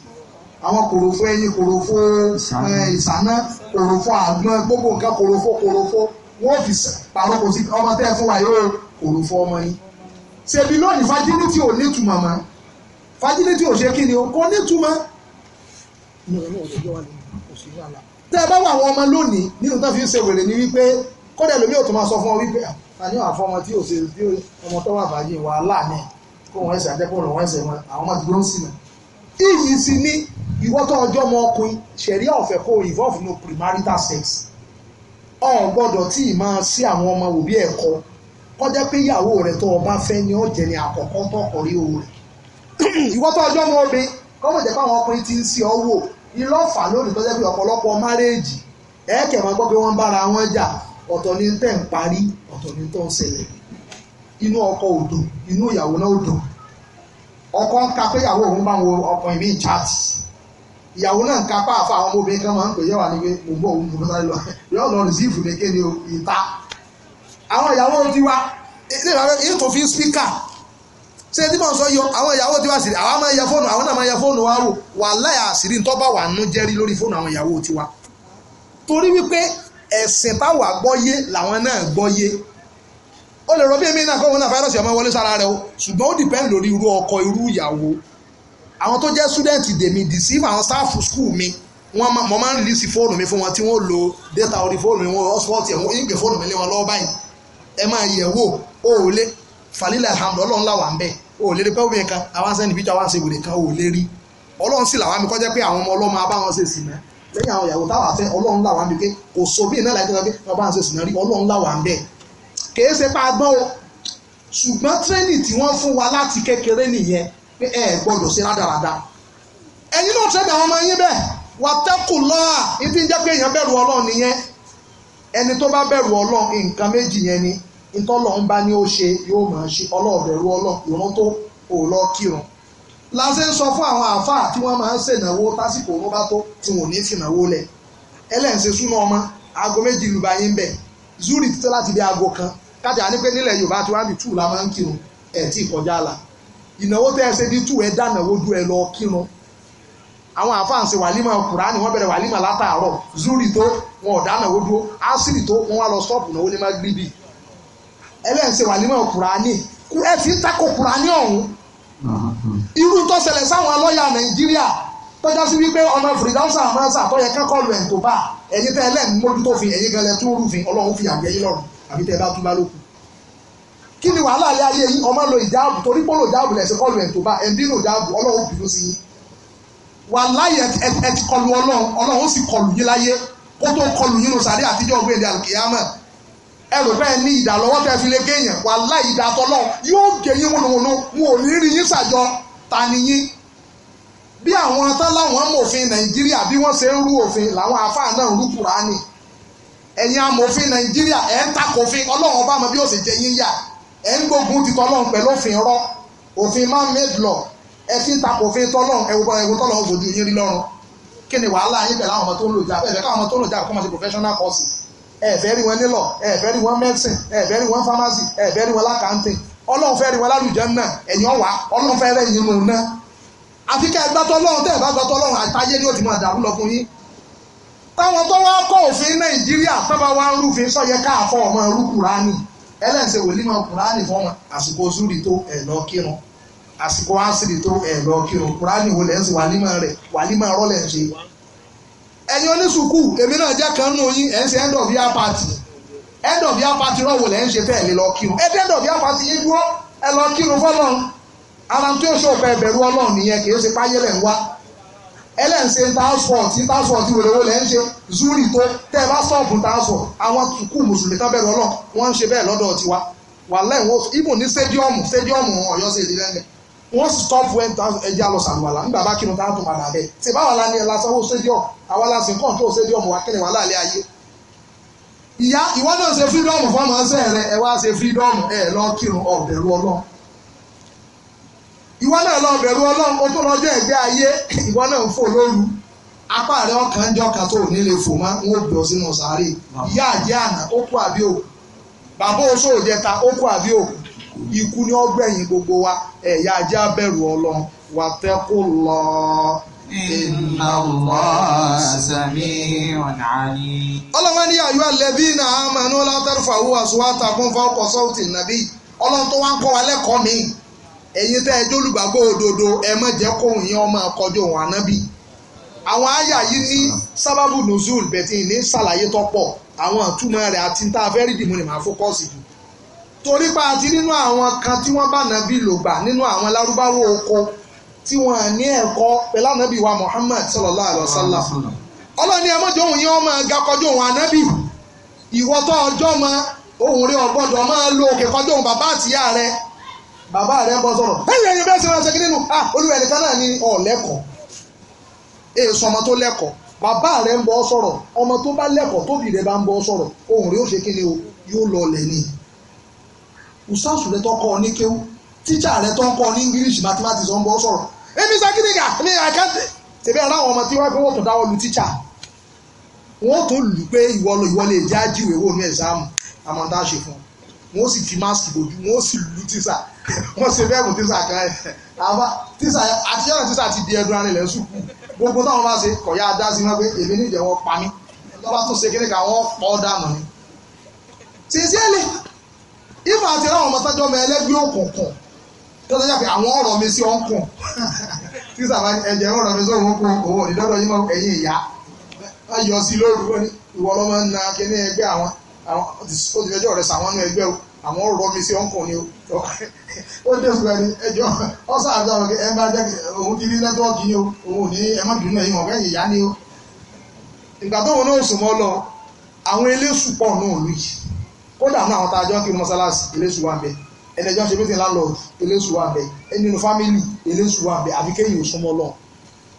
àwọn kòròfó ẹyin kòròfó ìsáná kòròfó àgbọn gbogbo nǹkan kòròfó kòròfó wọn ò fi pàrókò sí ọmọ tẹ́ ẹ fún wa yóò kòròfó ọmọ ni. ṣèbí lónìí fájìlítì ò nítumọ̀ mọ́ fájìlítì ò ṣe kí kò nítumọ̀. tẹ́ ẹ bá wà àwọn ọmọ lónìí nínú tó fi ń ṣe wèrè ni wípé kọ́dà lómi ò tó máa sọ fún ọ wípé ah, àní àfọmọ tí ò ṣe tí ọmọ tó wà fàájì wàhálà ni kó wọn ẹsẹ̀ àjẹpọ̀ lọ́wọ́ ẹsẹ̀ wọn àwọn ọmọ ti ló ń sìn náà. iyì sí ní ìwọ tó ọjọ́ ọmọ ọkùnrin ṣẹ̀ríà ọ̀fẹ́ kó involve no premarital sex ọ̀ gbọ́dọ̀ tí ì máa sí àwọn ọmọ òbí ẹ̀kọ́ kọjá pé ìyàwó rẹ̀ tó ọba fẹ́ ni ó jẹ́ ni àkọ́kọ́ tó ọkọ̀ rí owó rẹ̀ ìwọ tó ọjọ́ ọmọ obìnrin kọ́mọ̀ jẹ́ ọ̀tọ̀ ni tẹ́ ń parí ọ̀tọ̀ ni tọ́ ń ṣẹlẹ̀ inú ọkọ òdò inú ìyàwó náà òdò ọkọ ń ka pé ìyàwó òun bá ń wo ọkùnrin mi chat ìyàwó náà ń ka pa àfa àwọn ọmọbìnrin kan máa ń pè yẹ wà ní pé mò ń bọ̀ òun bùkún sáré lọ yóò lọ rìsíìfù ní kéde ìta àwọn ìyàwó ti wá ilé ìwà yìí tó fi spíkà ṣé tí mò ń sọ yọ àwọn ìyàwó ti wá sí àwọn máa yẹ fóònù àwọn náà máa yẹ fóònù wa wò wàhálà àṣírí ń tọ́ bá wà nú jẹ́rí lórí fóònù àwọn ìyàwó ti wá torí wípé ẹ̀sìn táwa gbọ́yé làwọn náà gbọ́yé ó lè rọ bí èmi náà kọ́wọ́n náà fáírọ́ọ̀sì ọmọ wọlé sára rẹ o ṣùgbọ́n ó dìpẹ́ǹd lórí irú ọkọ irú ìyàwó àwọn tó jẹ́ súdẹ́ǹtì dèmi dìsíf àwọn sáàfù skul mi wọ́n mọ máa ń rìlísì fóònù mi fún wọn tí wọ́n lo data orí fóònù mi wọ́n ọ́sọ́ọ̀tì ẹ̀wọ̀n ìgbè fóònù mi lé wọn lọ́wọ́ báyìí ẹ máa yẹ̀ wò ó ò lé falilẹ̀ alhamdu ọlọ́run là wà ń bẹ̀ ó ò lé rí pé obìnrin kan àwọn sẹ́ni bíjọ́ àwọn àṣewèrè kan ó ò lé rí ọlọ́run sì làwọn mi kọ́ jẹ́ pé àwọn ọmọ ọlọ́mọ abáwọn ṣèṣì mẹ́ lẹ́yìn àwọn ìyàwó táwọn afẹ́ ọlọ́run làwọn àmì pé kò so bí iná láìpẹ́ pé wọ́n bá ń ṣe sìnà rí ọlọ́run làwọn bẹ́ẹ̀ kìí ṣe pa agbọ́n o ṣùgbọ́n tírénì tí wọ́n fún wa láti kékeré nìyẹn pé ẹ gbọ́dọ̀ ṣe rádaràda ẹ̀yin náà tẹ́lẹ̀ àwọn ọmọ yín bẹ́ẹ̀ wà tẹ́kù lọ́à ibi ń jẹ́ pé èèyàn bẹ̀rù ọlọ́run nìyẹn ẹni tó bá bẹ̀rù ọlọ́run nǹkan méjì yẹn ni ìtọ́lọ́run bá ní ó ṣe yóò máa ṣe ọlọ́ọ̀bẹ̀rù ọlọ́run la ṣe ń sọ fún àwọn àáfàá tí wọ́n máa ń ṣènáwó tásìkò òun bá tó tí wọn ní fìnáwó lẹ̀ ẹlẹ́ǹsẹ̀ súná ọmọ aago méjì lùbá yín bẹ̀ zuri títí láti bí aago kan kájà ní pé nílẹ̀ yorùbá tí wọ́n á bí tù la máa ń kírun ẹ̀ tí ìkọjá la ìnáwó tẹ́ ẹ ṣe bí tù ẹ dánáwó ju ẹ lọ kírun àwọn àáfàá ń ṣe wàlímà kùránì wọ́n bẹ̀rẹ̀ wàlímà látàárọ̀ zuri tó wọn ò dánáwó dúró ásírì tó wọn wá lọ sọ́ọ̀pù magribi ẹlẹ́ǹsẹ̀ wàlímà kùránì ẹ ti ń takò kùránì ọ̀hún irú tó ṣẹlẹ̀ sáwọn lọ́ọ̀yà nàìjíríà tọ́já sí wípé ọmọ fìdáwùsà àmọ́sà tó yẹ kẹ́kọ̀ọ́lù ẹ̀ tó bá ẹ̀yin tẹ́ ẹlẹ́ni mójútó fi ẹ̀yin gẹlẹ́ tó rúfin ọlọ́run fi àgbẹ̀ yín lọ́rùn àbí tẹ́ ẹ bá túbá lókun. kí ni wàhálà alẹ́ ayé yìí ọmọ lo ìjáàbù torí pé ó lo ìjáàbù lẹ̀ sí kọ́ọ̀lù ẹ̀ tó bá ẹ̀ dínú ìjáàbù ọlọ́run bínú sí yín. wàláyé ẹ ti kọlu ọlọ́run ọlọ́run sì kọlu yín láyé kó tó kọlu yín lọ sàrí àtijọ́ ọgbẹ́ ìdí àlùkìyámà ẹ rò bẹ́ẹ̀ ní ìdálọ́wọ́ tẹ́ fi lé ta bi yín bí àwọn tán bi mòfin nàìjíríà bí ofin ṣe ń rú òfin làwọn àáfàá náà ń rú kùránì ẹ̀yin amòfin nàìjíríà ẹ̀ ń takòfin ọlọ́run ọba àmọ́ bí ó sì jẹ yín ofin ẹ̀ ń gbógun ti tọ́lọ́run pẹ̀lú òfin rọ́ òfin man made ọmọ tó ń lò ọmọ tó ń lò professional course rí wọn rí medicine rí pharmacy rí wọn ọlọ́run fẹ́ rí wa lálùjẹ́ náà ẹ̀yìn ọ̀wá ọlọ́run fẹ́ rẹ̀ yín nù náà àfi ká ẹgbẹ́ tọ́lọ́run tẹ́ ẹ̀bá tọ́lọ́run àtàyé ni ó ti máa dàrú lọ fún yín táwọn tó wá kọ́ òfin nàìjíríà tọ́ba wá ń rúfin sọ́yẹ káàfọ́ ọmọ ẹrú kùránì ẹlẹ́sẹ̀ wòlí máa kùránì fọ́mọ àsìkò zúrì tó ẹ̀ lọ kírun àsìkò ásìrì tó ẹ̀ lọ kírun kùránì wò lẹ́sìn wàlímọ̀ rẹ̀ wàlímọ̀ rọ́lẹ̀ ṣe ẹ̀yin oníṣùkú èmi náà jẹ́ kan nù yín ẹ̀ ń ṣe end of year party end of year party rọ́wò lẹ́ ń ṣe bẹ́ẹ̀ lè lọ kírun end of year party yín dúró ẹ lọ kírun fọlọ́run ara tí ó ṣòfẹ́ ẹ̀bẹ̀rù ọlọ́run nìyẹn kì í ṣe páyé lẹ̀ ń wá ẹlẹ́nse transport transport ìwòlewò lẹ́ ń ṣe zuri tó tẹ́ ẹ bá stop transport àwọn kù mùsùlùmí kan bẹ̀rù ọlọ́run wọ́n ń ṣe bẹ́ẹ̀ lọ́dọ̀ tiwa wà lẹ́yìn wọ́n ibù ní stadiumu stadiumu ọ̀yọ́ sí ìdílé ẹ̀ wọ́n stop when ẹja lọ sàlùwàlà nígbà bá kírun táwọn tó padà bẹ́ẹ̀ ṣe báwa la ní ẹ lásán owó stadium àwa la sì ń kọ́ńtò stadium wa kí ni wàhálà alẹ́ ayé ìyá ìwọ náà ṣe fírídọ́ọ̀mù fọmọ ọsẹ rẹ ẹ wá ṣe fírídọ́ọ̀mù ẹ lọ kírun ọ̀bẹ̀rù ọlọ́run ìwọ náà lọ bẹ̀rù ọlọ́run ó tó lọ́jọ́ ayé ìwọ náà ń fò lóru apá rẹ ọkàn jọ tó nílé fò má ń ó bọ̀ sínú sàárè ìyá àjẹ́ àná gbogbo wa ẹ̀yà àjẹ́ ọlọ́run wàtẹ́kù lọ́ọ́ Inna Allah sami'un alim. ní ayọ́ àlẹ́bí náà amanu la tarfa'u aswatakum fawqa sawti nabi ọlọ́run tó wá ń kọ́ wa lẹ́kọ̀ọ́ mi ẹ̀yin tẹ́ ẹ jẹ́ olùgbàgbọ́ òdodo ẹ má jẹ́ kóhùn yẹn ọmọ akọjọ òun ànábì. àwọn àyà yìí ní sábàbù nùzúl bẹ̀tì ní sàlàyé tọ́pọ̀ àwọn àtúmọ̀ rẹ̀ àti tá a fẹ́ rí dìmú ni màá fókọ́sì jù. torí pa àti nínú àwọn kan tí wọ́n bá nàbí lògbà nínú àwọn lárúbáwò oko tí wọ́n ní ẹ̀kọ́ pẹ̀lú ànábì wa Muhammad sallallahu alayhi wa sallam ọlọ́ni ya òun yẹn ọmọ ẹ̀ga kọjú òun ànábì ìwọ́tọ́ ọjọ́ ma òun rí ọgbọ́dọ̀ máa lo òkè kọjú òun bàbá àtìyá rẹ bàbá rẹ ń bọ́ sọ̀rọ̀ ẹ̀yìn ẹ̀yìn bẹ́ẹ̀ ṣẹ́gi nínú ah, olúwa náà ní ọmọ tó lẹ́kọ̀ọ́ bàbá rẹ ń ọmọ tó bá lẹ́kọ̀ọ́ tóbi rẹ bá ń bọ́ sọ̀rọ̀ òun rí ó o yóò lọ ọ̀lẹ̀ èmi sọ kí nìkà ní àkáǹtì tèmi ara àwọn ọmọ tí wọ́n fi wọ́n tó dáwọ́ lu tíṣà wọ́n tó lù pé ìwọ ìwọ lè jẹ́ àjíwèé wò ní ẹ̀sáàmù àmọ́tá ṣe fún wọn sì fi máàsì bójú wọn sì lu tíṣà wọ́n ṣe bẹ́ẹ̀ mú tíṣà kan ẹ̀ àbá tíṣà àti yọ̀rọ̀ tíṣà ti di ẹdun arinlẹ̀ sùkú gbogbo táwọn bá ṣe kọ̀yà ajá sí wọn pé èmi níjẹ̀ wọn pa mí lọ́ba tó ṣe kíníkà wọ́n pọ̀ dànù ni. sincerely ifá tó sọ́jà pé àwọn ọ̀rọ̀ mi sí ọ̀nkùn tí sábà ẹ̀jẹ̀ ọ̀rọ̀ mi sọ̀rọ̀ ọ̀nkùn òun òní dọ́dọ̀ yín mọ́ ẹ̀yìn ìyá wọ́n yọ sí lóru wọn ni ìwọ lọ́mọ ń na kíní ẹgbẹ́ àwọn ó ti fẹjọ́ sàwọn nú ẹgbẹ́ o àwọn ọ̀rọ̀ mi sí ọ̀nkùn ni ó ti rí nẹ́tíwọ́ọ̀kì ni o o ìgbà náà sùn mọ́ lọ àwọn eléṣù pọ̀ náà kódà náà àwọn tá a jọ kí mọ́sálásì ẹnìjọ́ ṣe meeting landlord eléṣù wà bẹ́ẹ̀ ẹni nínú family eléṣù wà bẹ́ẹ̀ àbí kéyìn òsúnmọ́ lọ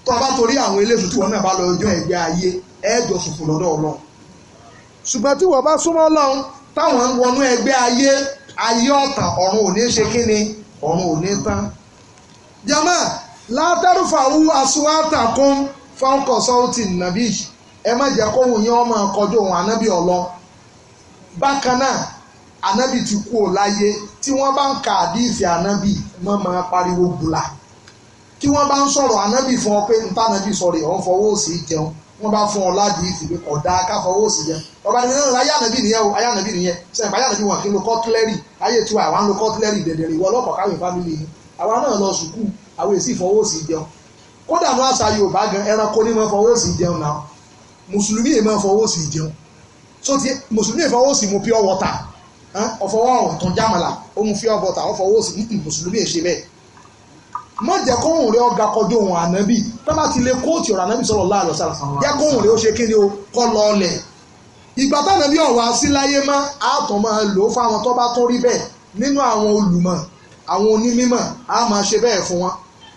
tó o bá torí àwọn eléṣù tí wọn náà bá lọ ọjọ́ ẹgbẹ́ ayé ẹ̀ẹ́dọ̀ sùfù lọ́dọ̀ ọlọ́run ṣùgbọ́n tí wọ́n bá súnmọ́ ọlọ́run táwọn ń wọnú ẹgbẹ́ ayé ayé ọ̀tàn ọ̀run ò ní ṣe kí ni ọ̀run ò ní tán jama látàrúfà wú aṣọ́wátà consulting nàbí ẹ má jẹ́ kóhùn yín ọmọ ọkọjọ́ Anabi ti kú ò láyé tí wọ́n bá ń ka àdíìsì ànábì mọ́ máa pariwo gbùlà tí wọ́n bá ń sọ̀rọ̀ ànábì fún ọ pé níta ànábì sọ̀rọ̀ ìhàn fọwọ́ òsì jẹun wọ́n bá fún ọ ládìísì pé kódà ká fọwọ́ òsì jẹun ọba ní náà ayé ànábì nìyẹn o ayé ànábì nìyẹn sẹ́yìn ayé ànábì wọn kì í lo kọ́tílẹ́rì ayé tiwa àwọn lo kọ́tílẹ́rì dẹ̀dẹ̀rẹ̀ ìwọ ọlọ́pàá káwé fámìlì yìí àwa náà lọ sùkúù àwọn èsì fọwọ́ òsì jẹun kódà ní àṣà Yorùbá gan ẹranko ní máa fọwọ́ òsì jẹun náà mùsùlùmí yìí máa fọwọ́ òsì jẹun so ti mùsùlùmí yìí fọwọ́ òsì mu pure water ọfọwọ́ ọ̀hún tó ń jámàlà ó mu fi ọ̀bọ̀tà ọfọwọ́ òsì mùsùlùmí èṣe bẹ́ẹ̀ má jẹ́ kóhùn rẹ ọ̀gá kọjú òun ànábì tọ́lá ti lè kóòtù ọ̀rọ̀ ànábì sọ̀rọ̀ láàrọ̀ sára jẹ́ kóhùn rẹ ó ṣe kíni o kọ́ lọ ọlẹ̀ ìgbà tánàbí ọ̀wá sí láyé má àtọ̀ máa lò ó fáwọn tó bá tó rí bẹ́ẹ̀ nínú àwọn olùmọ̀ àwọn onímọ̀ á máa ṣe bẹ́ẹ̀ fún wọn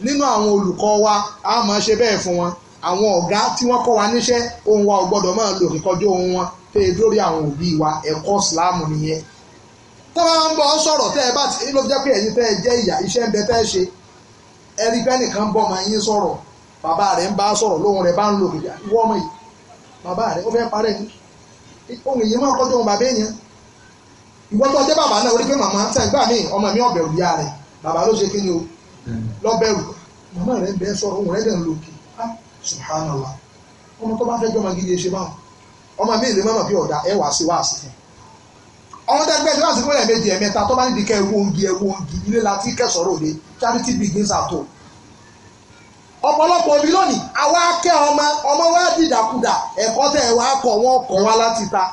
nínú àwọn olùkọ́ wa á máa ṣe bẹ́ẹ̀ fún wọn àwọn ọ̀gá tí wọ́n kọ́ wa níṣẹ́ ohun wa ò gbọ́dọ̀ máa lò kíkọjú ohun wọn tẹ́ dórí àwọn òbí wa ẹ̀kọ́ ìsìláàmù nìyẹn tọ́ba ń bọ́ sọ̀rọ̀ tẹ́ ẹ bá ti ló jẹ́ pé ẹ̀yin jẹ́ ìyá iṣẹ́ ń bẹ tẹ́ ẹ ṣe bẹ́ẹ̀ nìkan bọ́ máa yín sọ̀rọ̀ bàbá rẹ̀ ń bá sọ̀rọ̀ lóhùn rẹ̀ bá ń lò kìjà ìwọ ọmọ yìí bàbá rẹ̀ ó fẹ́ parẹ́ ohun èyí máa kọjú ohun bàbá èèyàn ìwọ tó bàbá náà pé màmá gbà mí ọmọ mi rẹ̀ bàbá ló ṣe kí ni o hmm. lọ́bẹ̀rù ọmọ dẹgbẹ tí wọn sì gbọdọ méjì ẹ̀mẹ́ta tó bá nídìí kẹ ewu ogi ewu ogi ilé láti kẹsọrọ òde charity begins at home ọ̀pọ̀lọpọ̀ òbí lónìí àwa kẹ́ ọmọ ọmọ wa dìdàkudà ẹ̀kọ́ tẹ̀ wá kọ̀ wọ́n kọ̀ wá láti ta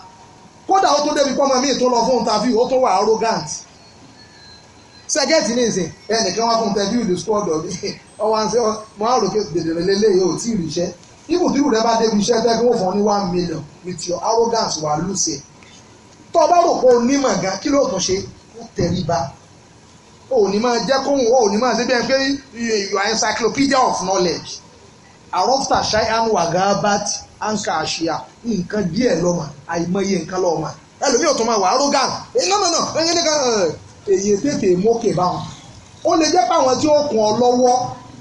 kódà ó tó débi pọ́nmọ míì tó lọ fún interview ó tó wà arrogant sẹ́gẹ́tì ní ìsìn ẹnìkan wá fún interview the squad of ọwọ́ àǹsẹ́ mọ́ àròkè dèdèrè lélẹ́yìí ò tí ì ríṣẹ́ ibùdó rẹ bá débi iṣẹ́ tẹ́gbẹ́ ó million with arrogance wà lùsẹ̀ tó o bá rò pé o ní màgá kí ló tún ṣe ó tẹrí ba o máa jẹ́ kóhùn o ò máa ṣe bí ẹni pé you are encyclopedia of knowledge àròftà ṣáíhán wàgábàt anka àṣìyà nǹkan díẹ̀ lọ́mọ àìmọye nǹkan lọ́mọ ẹlòmíì ò tún máa wà arrogant iná mọ̀nà ẹ̀yìn nìkan èyí tètè mókè báwọn ó lè jẹ́ pé àwọn tí ó kún ọ lọ́wọ́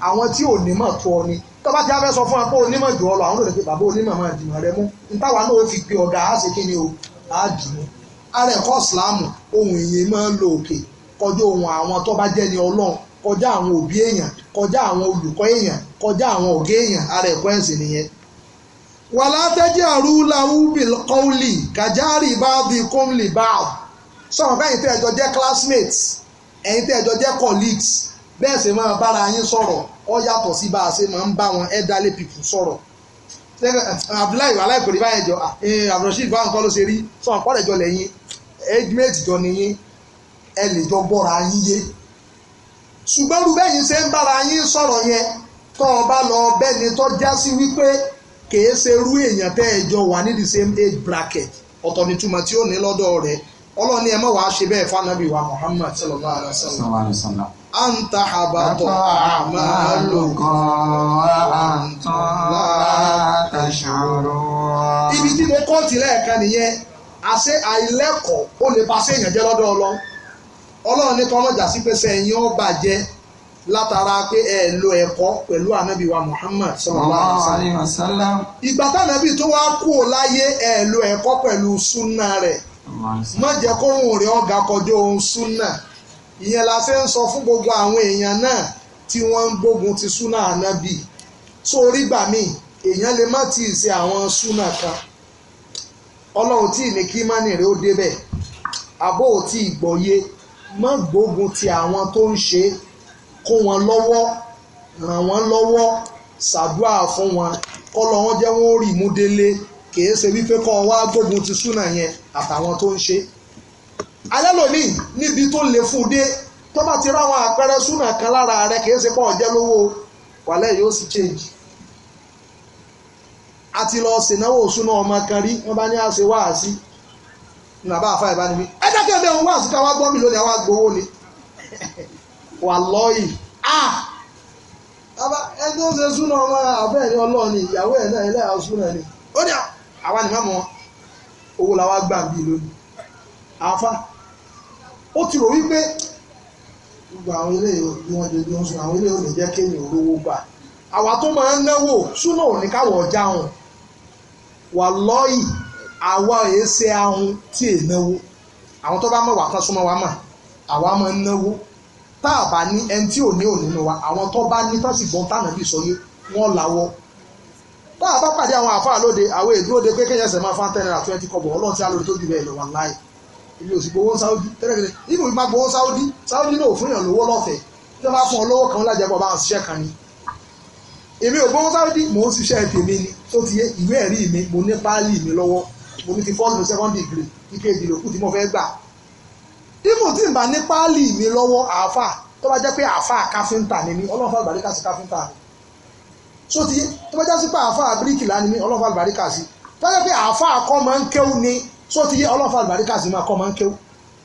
àwọn tí ò ní mọ̀ tó ọ ni tọ́ba tí a fẹ́ sọ fún wa pé onímọ̀ jù ọ lọ àwọn olùdókè bàbá onímọ̀ máa dìmọ̀ rẹ mú ntáwa náà ó fi gbé ọ̀gá á ṣe kí ni o á dùn ún ara ẹ̀kọ́ ìsìláàmù ohun èèyàn máa ń lo òkè kọjá ohun àwọn tó bá jẹ́ ni ọlọ́run kọjá àwọn òbí èèyàn kọjá àwọn olùkọ́ èèyàn kọjá àwọn ọ̀gá èèyàn ara ẹ̀kọ́ ẹ̀sìn nìyẹn. wàlá tẹ́jẹ́ àrú làwù bìkọ́lì kàjárì bá di kọ́mlì bá a sọ̀rọ̀ bẹ́ẹ̀ yìí tẹ́ ẹjọ́ jẹ́ classmates ẹ̀yin tẹ́ ẹjọ́ jẹ́ colleagues bẹ́ẹ̀ sì máa bára yín sọ̀rọ̀ ọ yàtọ̀ sí bá a ṣe máa ń bá wọn elderly people sọ̀rọ̀ abdullahi aláìkòrí báyẹn jọ ah, eh, abdulrasheed báwọn kọ́ ló ṣe rí sọ̀rọ̀ pọ́ọ̀lẹ́jọ lẹ́yìn méjìjọ nìyí ẹ lè jọ gbọ́ra yín yé ṣùgbọ́n rú bẹ́yìn ṣe ń bára yín sọ̀rọ̀ yẹn tó o bá lọ bẹ́ni tó já sí wípé kèé ṣe rú èèyàn tẹ́ ẹ jọ wà ní the same age bracket ọ̀tọ̀ ni túmọ̀ tí ó ní lọ́dọ̀ ọlọ́run Muhammad sallallahu alayhi wa anta Ase àìlẹ́kọ̀ọ́ ó lè ba séèyàn jẹ́ lọ́dọ̀ ọlọ́run ọlọ́run ní kọ́lọ́jà sí pé sẹ́yìn ó bàjẹ́ látara pé ẹ lo ẹ̀kọ́ pẹ̀lú ànábì wa Muhammad sallallahu alaihi wasallam ìgbà tánàbì tó wá kú ò láyé ẹ lo ẹ̀kọ́ pẹ̀lú súnà rẹ̀ má jẹ́ kóhùn rẹ̀ ọ̀gá kọjá ohun súnà ìyẹn la fẹ́ ń sọ fún gbogbo àwọn èèyàn náà tí wọ́n ń gbógun ti súnà ànábì sórí gbà míì èèyàn lè má tíì ṣe àwọn súnà kan ọlọ́run tí ní kí mánì rẹ̀ ó débẹ̀ àbó ò tí ì gbọ́yé má gbógun ti àwọn tó ń ṣe kó wọn lọ́wọ́ ràn wọ́n lọ́wọ́ ṣàdúrà fún wọn kọ́ lọ wọ́n jẹ́ wọ́n ó rí ìmúdélé kìí ṣe wípé kọ́ wá gbógun ti súnà yẹn àtàwọn tó ń ṣe. alẹ́ lòní níbi tó lè fún un dé tó bá ti ráwọn àpẹẹrẹ súnà kan lára rẹ̀ kìí ṣe pọ̀ jẹ́ lówó wàlẹ́ yóò sì change a ti lọ ṣènáwó súná ọma kan rí bá ní àṣẹ wáàsí nàbá àfa ìbá níbi ẹ dákẹ́ ẹgbẹ́ òun wáàsí mi lónìí àwa gbowó ni <laughs> wà a ẹ tó ṣe súná ọmọ àbẹ́ ẹ̀rí ọlọ́ọ̀ni ìyàwó náà ni ó ní àwa ni owó gbà bí lónìí ó ti rò wípé gbogbo àwọn jẹ jẹ kéèyàn olówó gbà àwa tó wà lọ́ọ̀yì àwa èé ṣe ahun tí è náwó àwọn tó bá mọ̀ wà kan súnmọ́ wa mà àwa máa ń náwó tá a bá ní ẹni tí ò ní òní nu wa àwọn tó bá ní tó sì gbọ́n tànà bí sọ yé wọ́n làwọ́ tá a bá pàdé àwọn àfáà lóde àwọn èdúró de pé kéèyàn ẹsẹ̀ máa fán ten naira twenty kọ́bọ̀ ọlọ́run tí a lóde tó ju bẹ́ẹ̀ lọ wà láì èmi ò sì gbowó sáúdí tẹ́lẹ̀tẹ́lẹ̀ ibùdó máa gbowó sáúdí sáúdí náà ò èmi ò gbowó sáwọ́dì mò ń ṣiṣẹ́ tèmi ni tó ti yé ìwé ẹ̀rí mi mo ní páálí mi lọ́wọ́ mo ní ti fọ́ọ̀nù second degree ike ìdìbò kù tí mo fẹ́ gbà dípò tí n bá ní páálí mi lọ́wọ́ àáfà tó bá jẹ́ pé àáfà káfíńtà ni mí ọlọ́run fún àgbàríkà sí káfíńtà ni tó ti yé tó bá jẹ́ sí pé àáfà bíríkìlà ni mí ọlọ́run fún àgbàríkà sí tó bá jẹ́ pé àáfà kọ́ máa ń kéwù ni tó ti yé ọlọ́run fún àgbàríkà sí máa kọ́ máa ń kéwù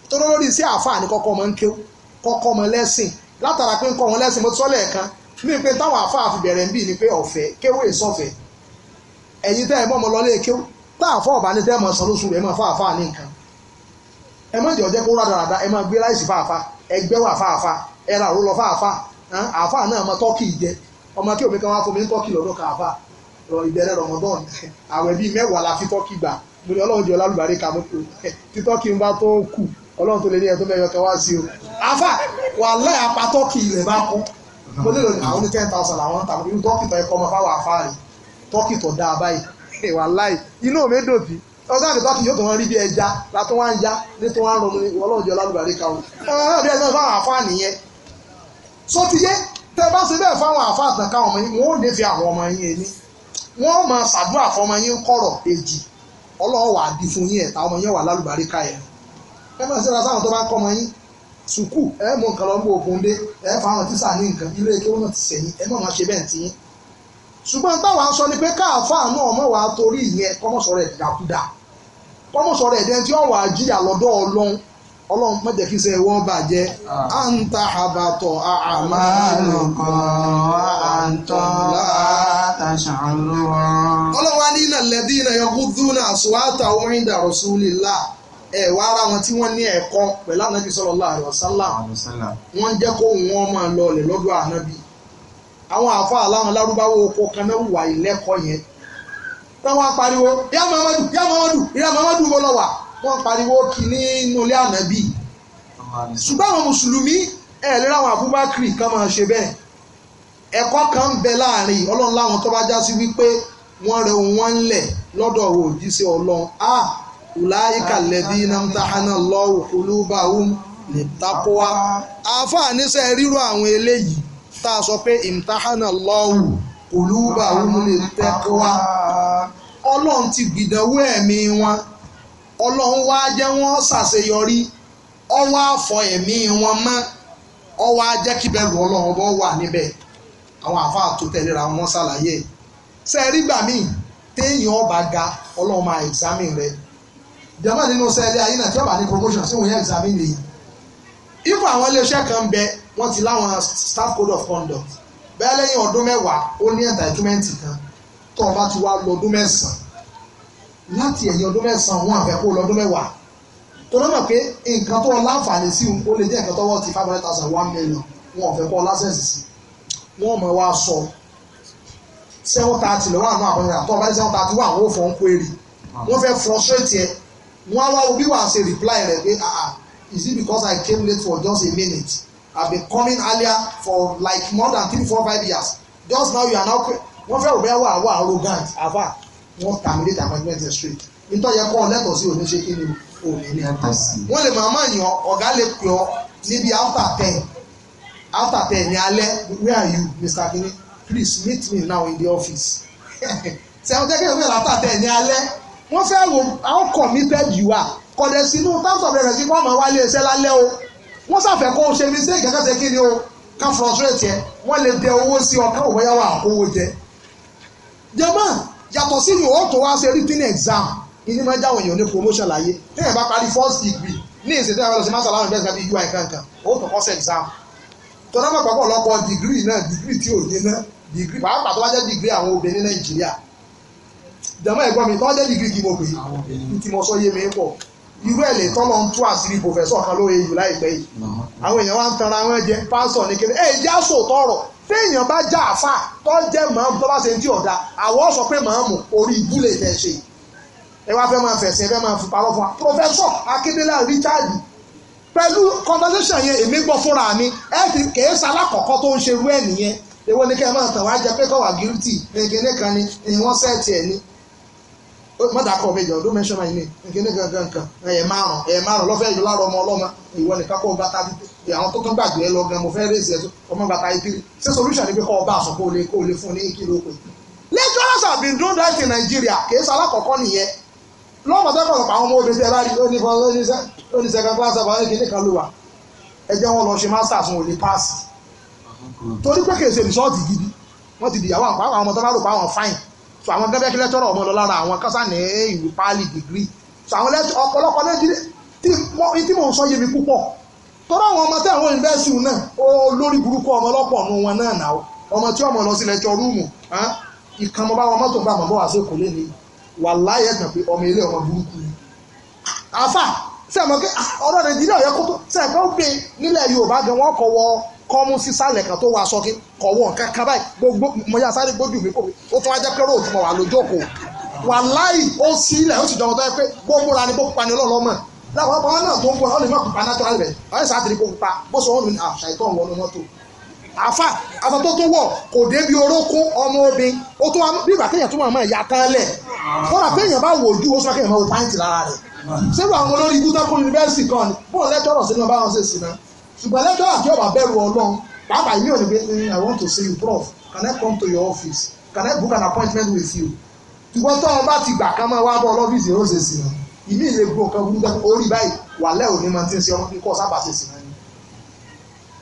tó lórí sí àáfà ni kọ́kọ́ máa ń kéwù kọ́kọ́ máa lẹ́sìn látara pé ń kọ́ wọn lẹ́sìn mo ti sọ mi pé táwọn àfáà fi bẹ̀rẹ̀ ofe ni pé ọ̀fẹ́ kéwé sọ̀fẹ́ ẹ̀yin tẹ́ ẹ mọ́ ọmọ lọ e kéw táàfọ́ ọ̀bá ní tẹ́ ẹ mọ̀ san lóṣù rẹ̀ ẹ mọ̀ fáàfáà ní nǹkan ẹ mọ̀ jẹ́ kó rà ẹ gbé láìsí ẹgbẹ́ wà fáàfáà ẹ ra òrùlọ fáàfáà àfáà náà tọ́kì jẹ ọmọ kí omi kan wá fún mi ń tọ́kì lọ́dọ̀ káàfà ìbẹ̀rẹ̀ <laughs> àwẹ̀ bíi mẹ́wàá la fi tọ́kì gbà mo ní ọlọ́run jẹ́ ọlálùbárí <laughs> tí tọ́kì ń bá tó mo lérò àwọn ní ten thousand làwọn ń ta mo fi tọ́kì tó ẹkọ ọmọ fáwọn afáàrí tọ́kì tó dáa báyìí ìwà láì inú mi dùn bí ọgá àti tọ́kì yóò tó wọn rí bí ẹja látọ́ wá ń já létọ́ wá ń rọmú ní ọlọ́ọ̀jọ́ lálùbárí káwọn ọ̀hún bí ẹja fáwọn afáàní yẹn sọ ti yé tẹ bá ṣe bẹ́ẹ̀ fáwọn àfáàtàn káwọn ọmọ yín wọn ò nífẹ̀ẹ́ àwọn ọmọ yín ẹni wọn ò máa ṣàdúrà fọmọ yín kọ̀rọ̀ èjì ọlọ́wọ́ wà á di fún yín ẹ̀ta ọmọ yín wà lálùbárí ká yẹn ẹ má ṣe ra sáwọn tó bá ń kọ́ ọmọ yín sùkú ẹ mú nǹkan lọ ń ahụ òkun sà ní nǹkan ilé ike wọn ti sẹ̀yìn ẹ mọ̀ ṣe bẹ́ẹ̀ tí yín ṣùgbọ́n táwa ń sọ ni pé káàfà náà mọ̀ torí ìyẹn kọ́mọ̀sọ̀ rẹ̀ dàkúdà tí wà jìyà ẹ wá ara wọn tí wọ́n ní ẹ̀kọ́ pẹ̀lú ànábì sallallahu alaihi wasallam wọ́n wọn ma lọ ọ̀lẹ̀ lọ́dọ̀ ànábì àwọn àfáà láwọn lárúbáwò oko kan wà yẹn táwọn apariwo yá mamadu yá mamadu mamadu lọ wà wọ́n pariwo kì ní ṣùgbọ́n àwọn mùsùlùmí ẹ̀ abubakar kan máa ṣe bẹ́ẹ̀ ẹ̀kọ́ kan bẹ láàrin ọlọ́run láwọn tó bá já sí wípé wọ́n wọ́n ń lẹ̀ ulaika alladhina imtahana Allahu qulubahum littaqwa àáfàá níṣẹ́ ríro àwọn eléyìí tá sọ pé imtahana Allahu lè littaqwa ọlọ́run ti gbìdánwó ẹ̀mí wọn ọlọ́run wá jẹ́ wọ́n ṣàṣeyọrí ọwọ́ àfọ ẹ̀mí wọn mọ́ ọwọ́ ajẹ́ kí bẹ́ẹ̀ ọlọ́run bọ́ wà níbẹ̀ àwọn àfáà tó tẹ̀léra jama nínú sẹ́ẹ̀lì ayé náà tí ó bá ní promotion sí wọn yẹn examine èyí ifo àwọn iléeṣẹ́ kan bẹ wọ́n ti láwọn staff code of conduct bẹ́ẹ̀ lẹ́yìn ọdún mẹ́wàá ó ní entitlement kan tó o bá ti wá lọ ọdún mẹ́sàn-án láti ẹ̀yìn ọdún mẹ́sàn-án wọn àfẹ́ kó lọ ọdún mẹ́wàá tó lọ́mọ̀ pé nǹkan tó láǹfààní sí o lè jẹ́ nǹkan tọ́wọ́ ti five hundred thousand one million wọn ò fẹ́ kọ́ lásẹ̀sì sí wọn ò mọ̀ wá sọ seven thirty lọ́wọ́ àwọn àbọ̀nyẹ̀rẹ̀ àtọ́ ọ̀bá ní seven thirty wà wọ́n fọ́ ń kó èrè wọ́n fẹ́ frustrate yẹn wọ́n wá bí wàá ṣe reply rẹ̀ pé ah, ah is it because I came late for just a minute I been coming earlier for like more than three four five years just now you are now wọ́n fẹ́ òbí ẹwà àwọn arrogant àfà wọ́n terminate appointment straight nítorí ẹ̀kọ́ ọ̀lẹ́tọ̀ sí oníṣe kí ni òní ní ẹ̀kọ́ wọ́n lè máa máa yàn ọ̀gá lè pè ọ́ níbi after ten after ten ní alẹ́ where are you Mr. Kini please meet me now in the office ṣe àwọn kẹ́kẹ́ ìwé after ten ní alẹ́ wọ́n fẹ́ wo how committed you are kọ̀dẹ̀ sínú terms of reference kọ́ ọmọ wálé ẹsẹ̀ lálẹ́ o wọ́n sàfẹ́ kó o ṣe mi sí ìkẹ́kẹ́sẹ̀ kí ni o ká frustrate yẹ wọ́n lè dẹ owó sí ọ káwọ̀ bóyá wà owó jẹ. jẹ́mọ́ yàtọ̀ sí ni òótọ́ wá ṣe written exam ìní máa jáwọ̀ èèyàn ní promotion láyé téèyàn bá parí first degree ní ìsìn téèyàn bá lọ sí master láwọn ìgbésẹ̀ bíi ui kankan òótọ́ kọ́ sí exam. tọ́lá mọ̀ pàpọ̀ lọ́pọ̀ degree náà degree tí ò ní degree pàápàá tó bá jẹ́ degree àwọn obìnrin Nàìjíríà jàmọ́ ẹ̀gbọ́n mi tọ́jẹ́ dìgírì kí mo pè é ntí mo sọ yé mi pọ̀ irú ẹ̀ lè tọ́lọ ń tú àṣírí pòfẹ́sọ̀ kan lóye yìí láìpẹ́ yìí àwọn èèyàn wá ń tanra wọn jẹ pásítọ̀ ní kéde ẹ̀ já sò tọrọ téèyàn bá já àfà tọ́jẹ́ màámu tó bá ṣe ń tí ọ̀dà àwọn sọ pé màámu orí ibú lè fẹ́ ṣe ẹ wá fẹ́ máa fẹ̀sìn ẹ fẹ́ máa fi parọ́ fún wa pòfẹ́sọ̀ Akíndélé Richard pẹ̀lú conversation yẹn èmi gbọ́ fúnra mi ẹ ti kèé salákọ̀ọ́kọ́ tó ń ṣerú ẹ̀ nìyẹn èwo ni kẹ́ ẹ máa tàn wá jẹ pé kọ́ wà guilty ẹ̀kẹ́ nìkan ni ìwọ́n sẹ́ẹ̀tì ẹ̀ ni Oh, mọ́tà kọ́ méjọ don't mention my name nkíní gangan kan ẹ̀yẹ márùn ẹ̀yẹ márùn lọ́fẹ́ ìlú láàrọ̀ ọmọ ọlọ́mọ ìwọ nìkan kọ́ gba tàbí àwọn tó tún gbàgbé ẹ lọ gan mo fẹ́ rèézi ẹ tó ọmọ gba tàbí tiri ṣé solution ni pé kọ́ ọba àsọ̀kọ́ olè kó olè fún ní kíló pé. lecturers have been doing that in Nigeria kèésì alákọ̀ọ́kọ́ nìyẹn lọ́mọdé pọ̀lọpọ̀ àwọn ọmọ obìnrin bá rí lóní second class àbá kíní kan ló wà ẹ jẹ́ wọn lọ ṣe masters wọn ò lè pass torí pé kèésì rìsọ́ọ̀tì gidi wọ́n ti so àwọn gẹ́gẹ́ kí lẹ́tọ́rọ̀ ọmọ lọ lára àwọn kásá ní ìwé páálí dìgírì so àwọn ọ̀pọ̀lọpọ̀ lẹ́tọ́rọ̀ tí mò ń sọ yé mi púpọ̀ tọ́rọ àwọn ọmọ tẹ́wọ̀n yunifásitì náà olórí burúkú ọmọ ọlọ́pọ̀ nù wọn náà náà ọmọ tí ọmọ lọ sí lẹ́tọ́ rúùmù ìkànnì bá wọn mọ́tò gbà mọ́ bọ́ wá lé ní wàláyé ni àfà sẹ́ẹ̀mọ́ pé ọ̀rọ̀ kọ́ mú sísàlẹ̀ kan tó wọ aṣọ kọ̀wọ́ nǹkan kan báyìí gbogbo mọ̀yá sáré gbójú mi kò ó tún wá jẹ́ pé róòtù mọ̀ wà lójókòó wà láì ó sí ilẹ̀ ó sì jọmọ tó yẹ pé bó múra ni bó pupa ni láwọn ọmọ náà tó ń bọ̀ ọ́ lè natural rẹ̀ ọ̀yẹ́ sáà tẹ̀lé kó pupa bó sọ wọn nù ní àṣà ah, ìtọ́ wọn ní mọ́tò àfà aṣọ tó tún wọ̀ kò débi orókún ọmọ obìn ó tún wá bí ìgbà kéèyàn tún máa ya tán lẹ̀ kódà kéèyàn bá wò ojú ó sọ kéèyàn máa wo pàǹtì lára rẹ̀ sẹ́wọ̀n àwọn olórí ibùdókòó yunifásitì kan ni bóun lẹ́jọ́rọ̀ sínú ọba wọn ṣe sí náà ṣùgbọ́n lẹ́jọ́ àti ọ̀bà bẹ̀rù ọlọ́run pàápàá yìí ò ní bẹ́ẹ̀ ni eh, i want to see you prof can i come to your office can i book an appointment with you ṣùgbọ́n tó ọba ti gbà ká máa wá bọ́ ọlọ́fíìsì ó ṣe sí náà ìmí ìlẹ̀ gbọ́ kan gbúgbà orí báyìí wàlẹ́ òní máa ti ń ṣe ọmọ kíkọ́ sábà ṣe sí náà ni.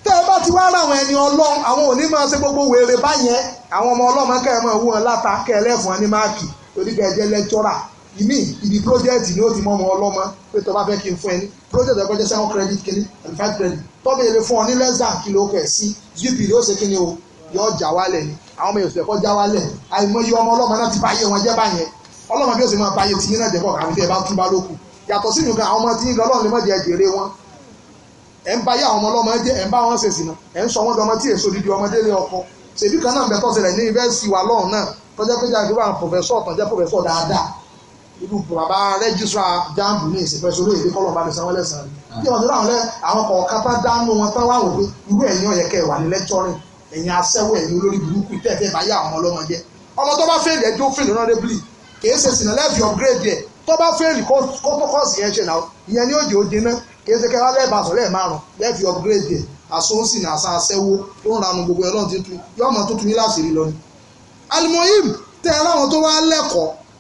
tẹ́ ẹ bá ti wá ráwọn ẹni ọlọ́run àwọn òní máa ṣe gbogbo wèrè báyẹn àwọn ọmọ ọlọ́mọ kẹ́ ẹ máa wú wọn láta kẹ́ ẹ lẹ́fún wọn ní máàkì torí kẹ́ ẹ jẹ́ lẹ́tọ́rà ìmí ibi project ni ó ti mọ́ ọmọ ọlọ́mọ pé tó bá fẹ́ kí n fún ẹ ní project ẹ̀kọ́ jẹ́ seven credit kìíní and five credit tọ́bí ilé fún ọ ní less than kìló kẹ̀ sí gp ló ṣe kí ni o yọ ọjà wálẹ̀ ni àwọn ọmọ èèyàn ẹ̀kọ́ já wálẹ̀ àìmọye ọmọ ọlọ́mọ náà ti bá yé wọn jẹ́ báyẹn ọlọ́mọ bí ó sì máa bá yé tiyín náà jẹ́ bọ̀ àwọn tẹ́ ẹ bá tún bá lókù yàtọ̀ sí nìkan àwọn ọmọ tiyín lọ́lọ́run lè má jẹ́ ṣèbí kan náà ń bẹ ní yunifásitì wa lọ́run náà tọ́jọ́ pé jáde wà pòfẹ́sọ̀ tọ́jọ́ pòfẹ́sọ̀ dáadáa irú bàbá rẹ́gísírà jambu ní ìsìnfẹ́sọ lóye kọ́ lọ́ba ní sanwó lẹ́sàn-án bí wọ́n ti rà wọ́n lẹ́ àwọn kọ̀ọ̀kan tá dánú wọn tán wà wò pé irú ẹ̀yin ọ̀yẹ́kẹ́ wà ní lẹ́tọ́rìn ẹ̀yin asẹ́wọ̀ ẹ̀yin olórí burúkú tẹ́ẹ̀fẹ́ bá yá àwọn ọlọ́mọ ọmọ tó bá fẹ́ẹ̀lì ẹjọ́ fẹ́ẹ̀lì honorably kìí ṣe sìnà lẹ́ẹ̀fì upgrade yẹ tó bá fẹ́ẹ̀lì kó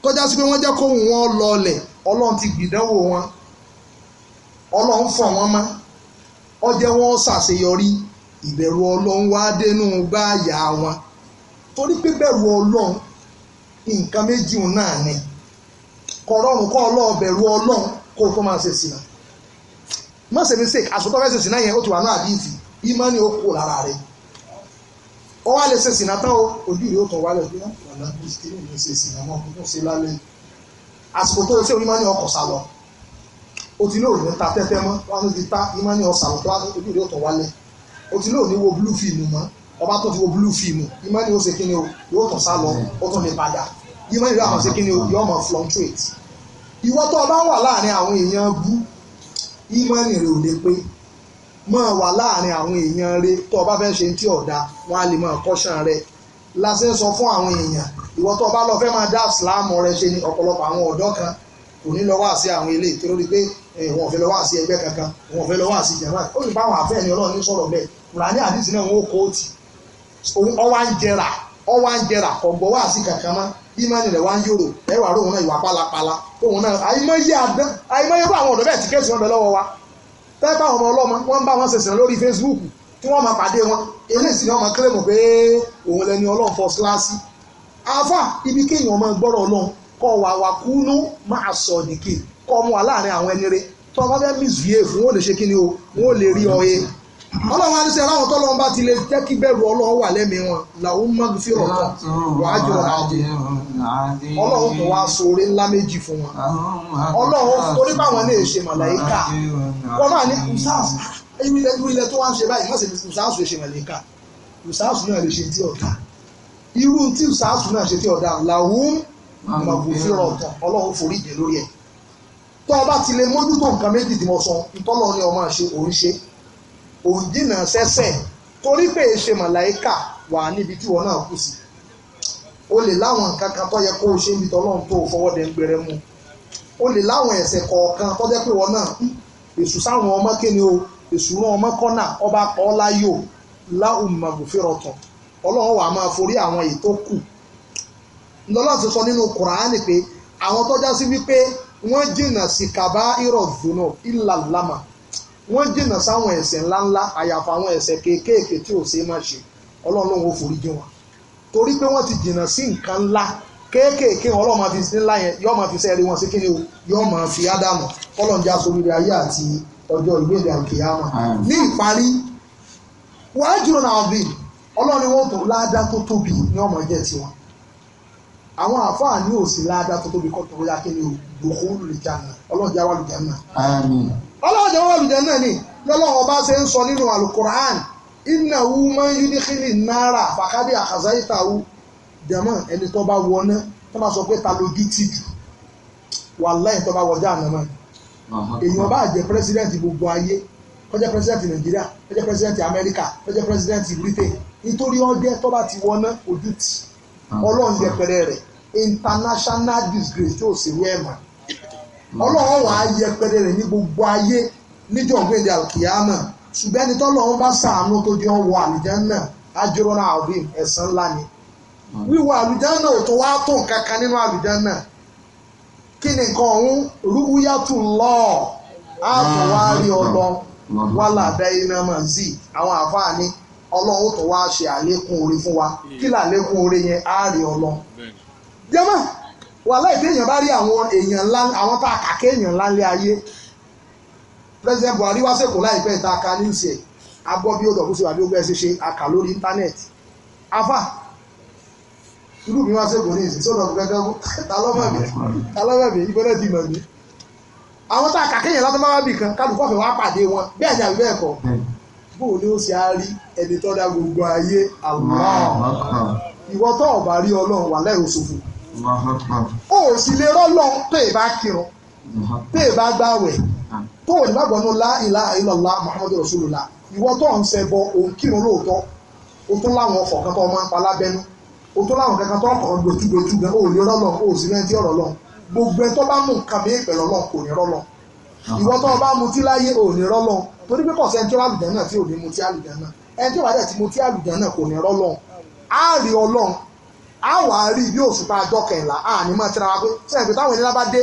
kọjá sí pé wọ́n jẹ́ kó wọn lọlẹ̀ ọlọ́run ti gbìdánwò wọn ọlọ́run fọ̀ wọ́n mọ́ ọjẹ́ wọn ṣàṣeyọrí ìbẹ̀rù ọlọ́run wá dénú bá àyà wọn torí pé bẹ̀rù ọlọ́run nǹkan méjì náà ni kọ̀rọ̀rùn kọ́ ọlọ́run bẹ̀rù ọlọ́run kó o tó máa ṣe sìnà má mistake àsopọ̀ fẹ́ ṣe sìnà yẹn ó ti wà náà àdìsí ìmọ̀ ni ó kó lára rẹ̀ ó wá lè ṣe sìnà tán o ojú yóò tàn wálẹ̀ bí wọ́n wà lábí kí ni mo ṣe sìnà mọ́ kó ṣe lálẹ́ àsìkò tó ṣe onímọ̀ ní ọkọ̀ sálọ o ti lóòrùn ní ta tẹ́tẹ́ mọ́ wọn ti ta ìmọ̀ ní ọ̀sàlọ̀ tó ojú yóò tàn wálẹ̀ o ti lóòrùn ní wo blue film mọ́ ọba tó ti wo blue film ìmọ̀ ní o ṣe kí ni o yóò tàn sálọ ó tún lè padà ìmọ̀ ní ìlànà ṣe kí ni o yóò mọ̀ fluctuate ìwọ tó wà láàrin àwọn èèyàn bú ìmọ̀ ní rẹ̀ ò lè pé máa wà láàrin àwọn èèyàn rẹ tó o bá fẹ́ ṣe tí ọ̀dà wọn á lè máa kọ́ṣàn rẹ láti sọ fún àwọn èèyàn ìwọ tó o bá lọ fẹ́ máa dá ìsìláàmù rẹ ṣe ni ọ̀pọ̀lọpọ̀ àwọn ọ̀dọ́ kan kò ní lọ wá àwọn ilé tó lórí pé eh, wọn ò fẹ́ lọ wá ẹgbẹ́ kankan wọn ò fẹ́ lọ wá sí ó sì báwọn àfẹ́ ẹni ọlọ́run ní sọ̀rọ̀ bẹ́ẹ̀ rani àdìsí náà wọn ò kóòtì ọwá ń jẹrà ọwá ń jẹrà ọ̀gbọ́ wá sí kankan mọ́ ìmọ̀ni rẹ̀ wá ń yòrò ẹ̀wà ròhun náà ìwà pálapàla òhun náà àìmọye àdán àìmọye irú àwọn ọ̀dọ́ bẹ́ẹ̀ ti kéèsì tẹ́pà ọmọ ọlọ́mọ wọ́n bá wọn ṣẹ̀ṣẹ̀ lórí Facebook tí wọ́n máa pàdé wọn eléyìí ni wọ́n máa kílẹ̀mù pé òun lẹni ọlọ́run fọ́ síláàsì afa ibi kéèyàn máa gbọ́rọ̀ ọlọ́run kọ́ wà wà kúnú máa sọ nìkì kọ́ ọmọ wà láàrin àwọn ẹni rẹ tí wọ́n bá fẹ́ mí zùyè fún wọn ò lè ṣe kí ni o wọn ò lè rí ọ ọlọ́run á ní sẹ́yìn láwọn tọ́lọ́run bá ti lè jẹ́ kí bẹ̀rù ọlọ́run wà lẹ́mí wọn làwọn mọ́gì fi rọ̀ tán wàájọ àdé ọlọ́run kò wá sóore ńlá méjì fún wọn ọlọ́run torí báwọn lè ṣe màláìka wọn náà ní ṣáàsù irú ilẹ̀ tó wá ń ṣe báyìí má ṣe ní ṣáàsù ṣe màláìka ṣáàsù náà lè ṣe tí ọ̀tá irú tí ṣáàsù náà ṣe tí ọ̀dà làwọn mọ́gì fi rọ̀ tán ọlọ́run forí jẹ lórí ẹ̀ tó o bá ti lè mójútó nǹkan méjì tí mo sọ ìtọ́lọ́ ni ọmọ àṣe òun ṣe òun jìnnà torí pé èṣe e màláìkà wà níbi tí wọn náà kù sí o lè láwọn nǹkan kan tó yẹ kó o ṣe tó o fọwọ́ dẹ̀ ń gbẹrẹ mu o lè láwọn ẹ̀ṣẹ̀ kọ̀ọ̀kan tó jẹ́ pé wọn náà hmm, èṣù sáwọn ọmọ kéde o èṣù rán ọmọ kọ́nà ọba kọ́ láyò ọlọ́run wà máa forí àwọn èyí tó kù ti sọ wọ́n jìnnà sáwọn ẹ̀ṣẹ̀ ńláńlá àyàfà àwọn ẹ̀ṣẹ̀ kéékèèké tí ò ṣeé má ṣe ọlọ́run ò forí jìn wọn torí pé wọ́n ti jìnnà sí nǹkan ńlá kéékèèké ọlọ́run máa fi sí ńlá yẹn yọ́ máa fi sẹ́ẹ̀rí wọn sí kí ni o yọ́ máa fi ádámù ọlọ́run já sórí ayé àti ọjọ́ ìgbéde àkèyàmọ̀ ní ìparí wàá jùlọ náà bí ọlọ́run wọn tó ládàá tó tóbi ní ọmọ ẹ̀jẹ̀ tiwọn àwọn àfáà ní òsì ládàá tó tóbi kọ́ tó yá kí ni o dòkó lùjànà ọlọ́run já wà lùjànà. àmín ọlọ́run jẹ́ wọn àlùjẹ́ náà ni lọ́lọ́run ọba ṣe ń sọ nínú alukur'an iná wu máa ń yúdíkìlì náírà fàkàdé àkàzá ìta wu jẹ̀mọ́ ẹni tó bá wọ náà tó bá sọ pé ta lójú tì jù wàláhì tó bá wọjá àná mọ́ èèyàn bá jẹ́ pírẹsidẹ́ǹtì gbogbo ayé kó jẹ́ pírẹsidẹ́ǹtì nàìjíríà kó jẹ́ pírẹsidẹ́ǹtì amẹ́ríkà kó jẹ́ pírẹsidẹ́ǹtì britain nítorí ọjẹ́ tó bá ti wọ náà ojú tì ọlọ́run yẹpẹrẹ rẹ̀ international disgrace tí ò sí wẹ́ẹ̀mọ̀ ọlọ́run wà á yẹpẹrẹ rẹ̀ ní gbogbo ayé níjọ́ gbèdé àkìyámọ̀ ṣùgbọ́n ẹni tọ́lọ́run bá sàánú tó jẹ́ ọwọ́ náà, ajuruna azim ẹ̀san ńlá ni wíwọ àlùjánnà ò tó wá tó nǹkan nínú kí ni nǹkan ọ̀hún àtọ̀wárí ọlọ àwọn àfáàní ọlọ́run tó wá ṣe àlékún fún wa kí làlékún yẹn ọlọ wàláhì téèyàn bá rí àwọn èèyàn ńlá àwọn tá a kà kéèyàn ńlá ńlé ayé president buhari wá sèkó láìpẹ́ ìta aka ní ìsẹ̀ abọ́ bí ó dọ̀ kó sì wà bí ó gbẹ́ ṣe ṣe aka lórí íńtánẹ́ẹ̀tì afa irú mi wá sèkó ní ìsìn sódò gẹ́gẹ́ <laughs> ta lọ́mọ̀ mi ìbẹ́lẹ̀ ti mọ̀ mi àwọn tá a kà kéèyàn látọ́ máa bì kan kálukọ́ fẹ́ wá pàdé wọn bẹ́ẹ̀ ni àbí bẹ́ẹ̀ kọ́ bóun ni ó ṣe á rí ẹni tó dá gbogbo ayé Allah ìwọ tó ọ̀bà rí ọlọ́run wà lẹ́rù o ò sì lè rọ́lọ́ pé ìbá kírun pé ìbá gbàwẹ̀ ah. tó o nígbàgbọ́ ní la ilaha illallah muhammadu rasulullah ìwọ tó ń ṣẹbọ òun kírun lóòótọ́ o tún láwọn ọkọ̀ kan tó máa ń pa lábẹ́nú o tún láwọn kankan tó ọkọ̀ dojúdojú gan o ò lè rọ́lọ́ o ò sì rẹ́ntí ọ̀rọ̀ lọ gbogbo ẹ tó bá mú nǹkan mi ìpẹ̀lọ́ lọ kò ní rọ́lọ́ ah. ìwọ tó bá mutí láyé ò ní rọ́lọ́ torí pé kọ̀ọ̀sẹ̀ ẹni tí ó àlùjá náà tí ò ní mutí àlùjá náà ẹni tí ó wà dẹ̀ tí mutí àlùjá náà kò ní rọ́lọ́ á rí ọlọ́run a wà á rí bí òṣùpá ọjọ́ kẹ̀ńlá a ní máa tẹ́ra wa pé sẹ́yìn pé táwọn ìlera bá dé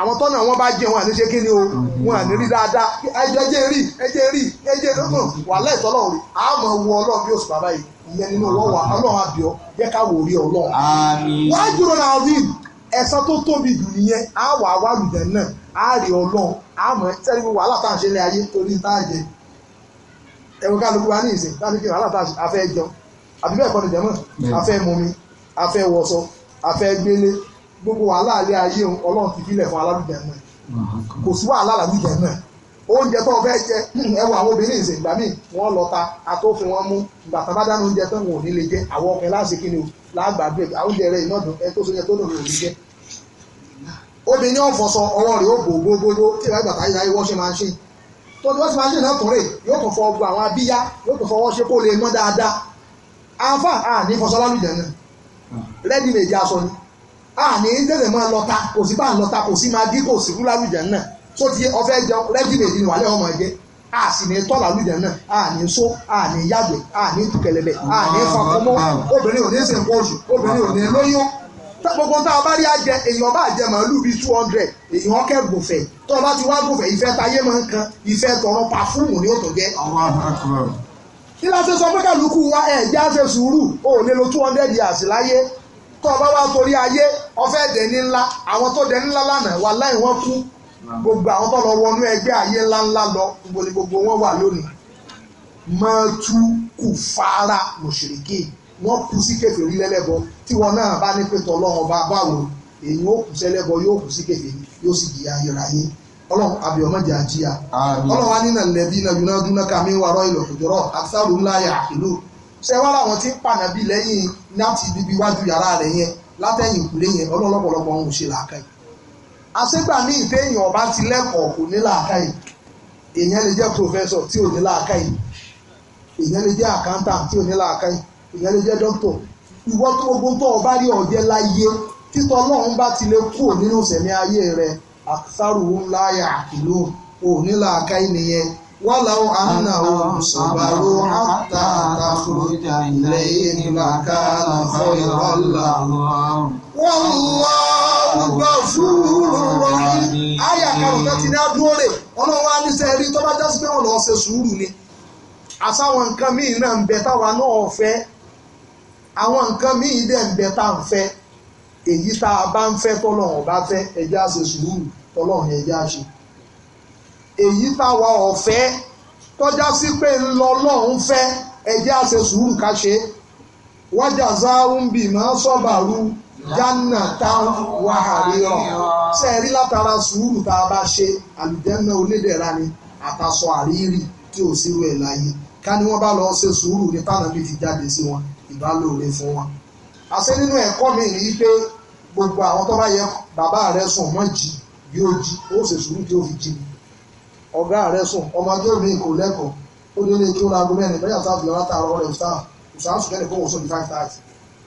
àwọn tọ́nà wọn bá jẹun àníṣe kí ni o wọn àní rí dáadáa ẹjẹ rí ẹjẹ rí ẹjẹ lọ́gbọ̀n wà lẹ́ẹ̀tọ́ lọ́wọ́ rí a máa wọ ọlọ́run bí òṣùpá báyìí ìyẹn nínú ọwọ́ wa ọlọ́run àbíọ́ jẹ́ ká wò rí ọlọ́run. wọ́n á jùlọ náà rí ẹ̀san tó tóbi jù nìyẹn á wà wá lùdẹ̀ náà á rí ọlọ́run á mọ̀ sẹ́ni pé wàhálà tá à ń ṣe ní ayé torí tá à ń jẹ ẹ̀wọ̀n kálukú wa ní ìsìn láti fi wàhálà tá à fẹ́ jẹun àbí bẹ́ẹ̀ kọ́ ni jẹ́ mọ̀ àfẹ́ mumi afẹ́ wọṣọ afẹ́ gbélé gbogbo wàhálà alẹ́ ayé ọlọ́run ti fílẹ̀ fún alálùjẹ náà kò sí wàhálà alálùjẹ náà oúnjẹ tó fẹ́ jẹ ẹwọ àwọn obìnrin ìsìn ìgbà míì wọ́n lọ ta atófin wọn mú ìgbà tá a bá dáná oúnjẹ tán wọn ò ní lè jẹ àwọn ọkùnrin láti kí ni o lágbàgbé oúnjẹ rẹ iná dùn ẹ tó so yẹ tó dùn ní òní jẹ obìnrin yóò fọṣọ ọwọ́ rẹ̀ yóò bò gbogbogbò tí ìwà ìgbàta ìyá ìwọ́ṣe máa ń ṣe tó ti wọ́ṣe máa ń ṣe náà tún yóò kàn fọ ọgbọ àwọn abíyá yóò kàn fọwọ́ ṣe kó lè mọ́ dáadáa ready made aṣọ ni àní tẹ̀sẹ̀ máa lọ́ta kò sí bá ń lọ́ta kò sí máa dí kò sí rúlá lùjẹ̀ náà tó ti ọfẹ́ jẹun ready made ni wàlẹ́ ọmọ ẹ̀jẹ̀ a sì ní tọ́lá lùjẹ̀ náà a ní so a ní yàgbẹ́ a ní tukẹ̀lẹ̀lẹ̀ a ní fakọmọ́ obìnrin ò ní ṣe nǹkan oṣù obìnrin ò ní lóyún gbogbo tá a bá rí àjẹ èèyàn bá jẹ màálù bíi two hundred èèyàn kẹ gbòfẹ tó o bá ti wá gbòfẹ ìfẹ́ tayé máa ń kan ìfẹ́ tọrọ pàfúùmù ni ó tó jẹ kí lásán sọ pé kálukú wa ẹ̀ já ṣe sùúrù o ò lè lo two hundred years láyé tó o bá wá torí ayé ọfẹ́ dẹni ńlá àwọn tó dẹni ńlá lánàá wà láì wọ́n kú gbogbo àwọn tó lọ wọnú ẹgbẹ́ ayé ńláńlá lọ gbogbo ni gbogbo wọn wà lónìí máa tú kù fara mùsùlùkì wọ́n kú sí kèfèrí lẹ́lẹ́bọ tí wọn náà bá ní pé tọ́lọ́run bá báwo èyí ó kù sẹ́lẹ́bọ yóò kù sí kèfèrí yóò sì jìyà ayérayé ọlọ́run abiyọ̀mọ́jà àjíyà ọlọ́run wa nínà lẹ́bí náà yúnádúnà kàmí wàrọ̀ ìlọ̀kùjọ́rọ̀ àti ńlá yà ìlú ṣé wá láwọn tí ń pànà bíi lẹ́yìn láti ibi iwájú yàrá rẹ̀ yẹn látẹ̀yìn ìkúlé yẹn ọlọ́lọ́pọ̀lọpọ̀ ń ṣe làákàyè àṣegbà ní ìtẹ̀yìn ọba ti lẹ́kọ̀ọ́ kò ní làákàyè èèyàn lè jẹ́ professor tí ò ní làákàyè èèyàn lè jẹ́ accountant tí ò ní làákàyè èèyàn lè jẹ́ doctor ìwọ tó gbogbo tó ọba rí ọ̀jẹ́ láyé títọ́ ọlọ́run bá ti lè kú nínú sẹ̀mí ayé rẹ̀ àṣàrò ńlá yà àkìlò ò ní làákàyè nìyẹn ولو أنهم صبروا حتى تخرج إليهم لكان خيرا لهم والله غفور رحيم a èyí táwa ọ̀fẹ́ tọ́já sí pé ńlọ ọlọ́run fẹ́ ẹjẹ́ àṣẹ sùúrù ká ṣe wájà záúmbì máa sọ̀bàrú jánà táwọn wàhálì ọ̀ sẹ́ẹ̀rí látara sùúrù tá a bá ṣe àlùjẹ́nà onídẹ̀ra ni àtàsọ àríyìrì tí ò sí rẹ̀ láyé ká ní wọ́n bá lọ ṣe sùúrù ní tánà bí ti jáde sí wọn ìbálòore fún wọn. àṣẹ nínú ẹ̀kọ́ mi rí i pé gbogbo àwọn tó bá yẹ bàbá rẹ̀ sùn mọ́ jí yóò jí ó ṣe sùúrù tí ó fi jí ni ọ̀gá rẹ̀ sùn ọmọ akẹ́rù mi kò lẹ́kọ̀ọ́ ó dé lé kí ó lago mẹ́rin bẹ́ẹ̀ yàtọ̀ àfihàn látàrọ rẹ̀ ṣáà ṣáà sùn kẹ́lẹ̀ kó wọ́n sọ di five thirty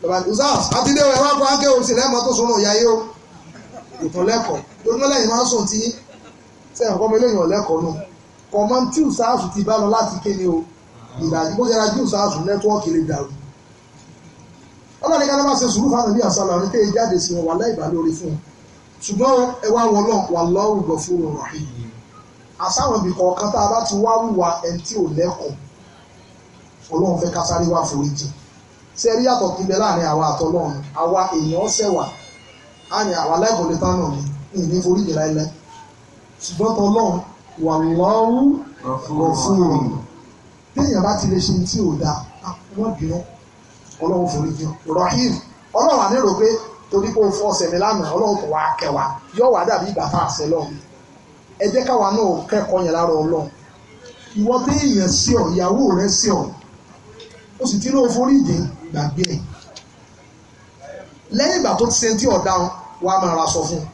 lọ́ba ṣáà àti ilé ẹ̀rọ akọ akẹ́rù sí lẹ́mọ tó sọnù ìyá yóò ìtàn lẹ́kọ̀ọ́ lójúmọ́ lẹ́yìn máa ń sùn tí sẹ́yìn kọ́mọ eléyìn ọ̀lẹ́kọ̀ọ́ nù kọ̀mọ́ tí ṣáàsù ti bá lọ láti kéde o ìdájú bó yẹra jù ṣáàsù nẹ́tíwọ́ọ̀kì lè dàrú ọlọ́ni ká ló máa ṣe sùúrù fáwọn ìbí àṣà làwọn tẹ́ ẹ jáde sí wọn wà láì bá lórí fún un ṣùgbọ́n ẹ wá wọn náà wà lọ́rùn gọ̀fúrò rọ̀hìn àsáwọn ibì kọ̀ọ̀kan tá a bá ti wá wùwà ẹni tí ò lẹ́kọ̀ọ́ ọlọ́run fẹ́ ká sáré wá foríjì ṣe rí yàtọ̀ tó bẹ láàrin àwa àtọlọ́run àwa èèyàn ṣẹ̀wà á àwa lẹ́kọ̀ọ́ lè ni ní ìní foríjì láìlẹ́ ṣùgbọ́n tọlọ́run wà lọ́rùn rọ̀ fún òun téèyàn bá ti lè ṣe tí ò dáa wọ́n bínú ọlọ́run foríjì rahim ọlọ́run àní rò pé torí pé o fọ́ ọ̀sẹ̀ mi lánàá ọlọ́run kò wá kẹwàá yọ̀ wá dàbí ìgbà tá a ẹ jẹ́ káwa náà kẹ́kọ̀ọ́ yẹn lára ọlọ́run ìwọ tí èèyàn sí ọ ìyàwó rẹ sí ọ ó sì ti lóò foríjì gbàgbé ẹ lẹ́yìn ìgbà tó ti ṣe ti ọ̀daràn wàá máa ra sọ fún un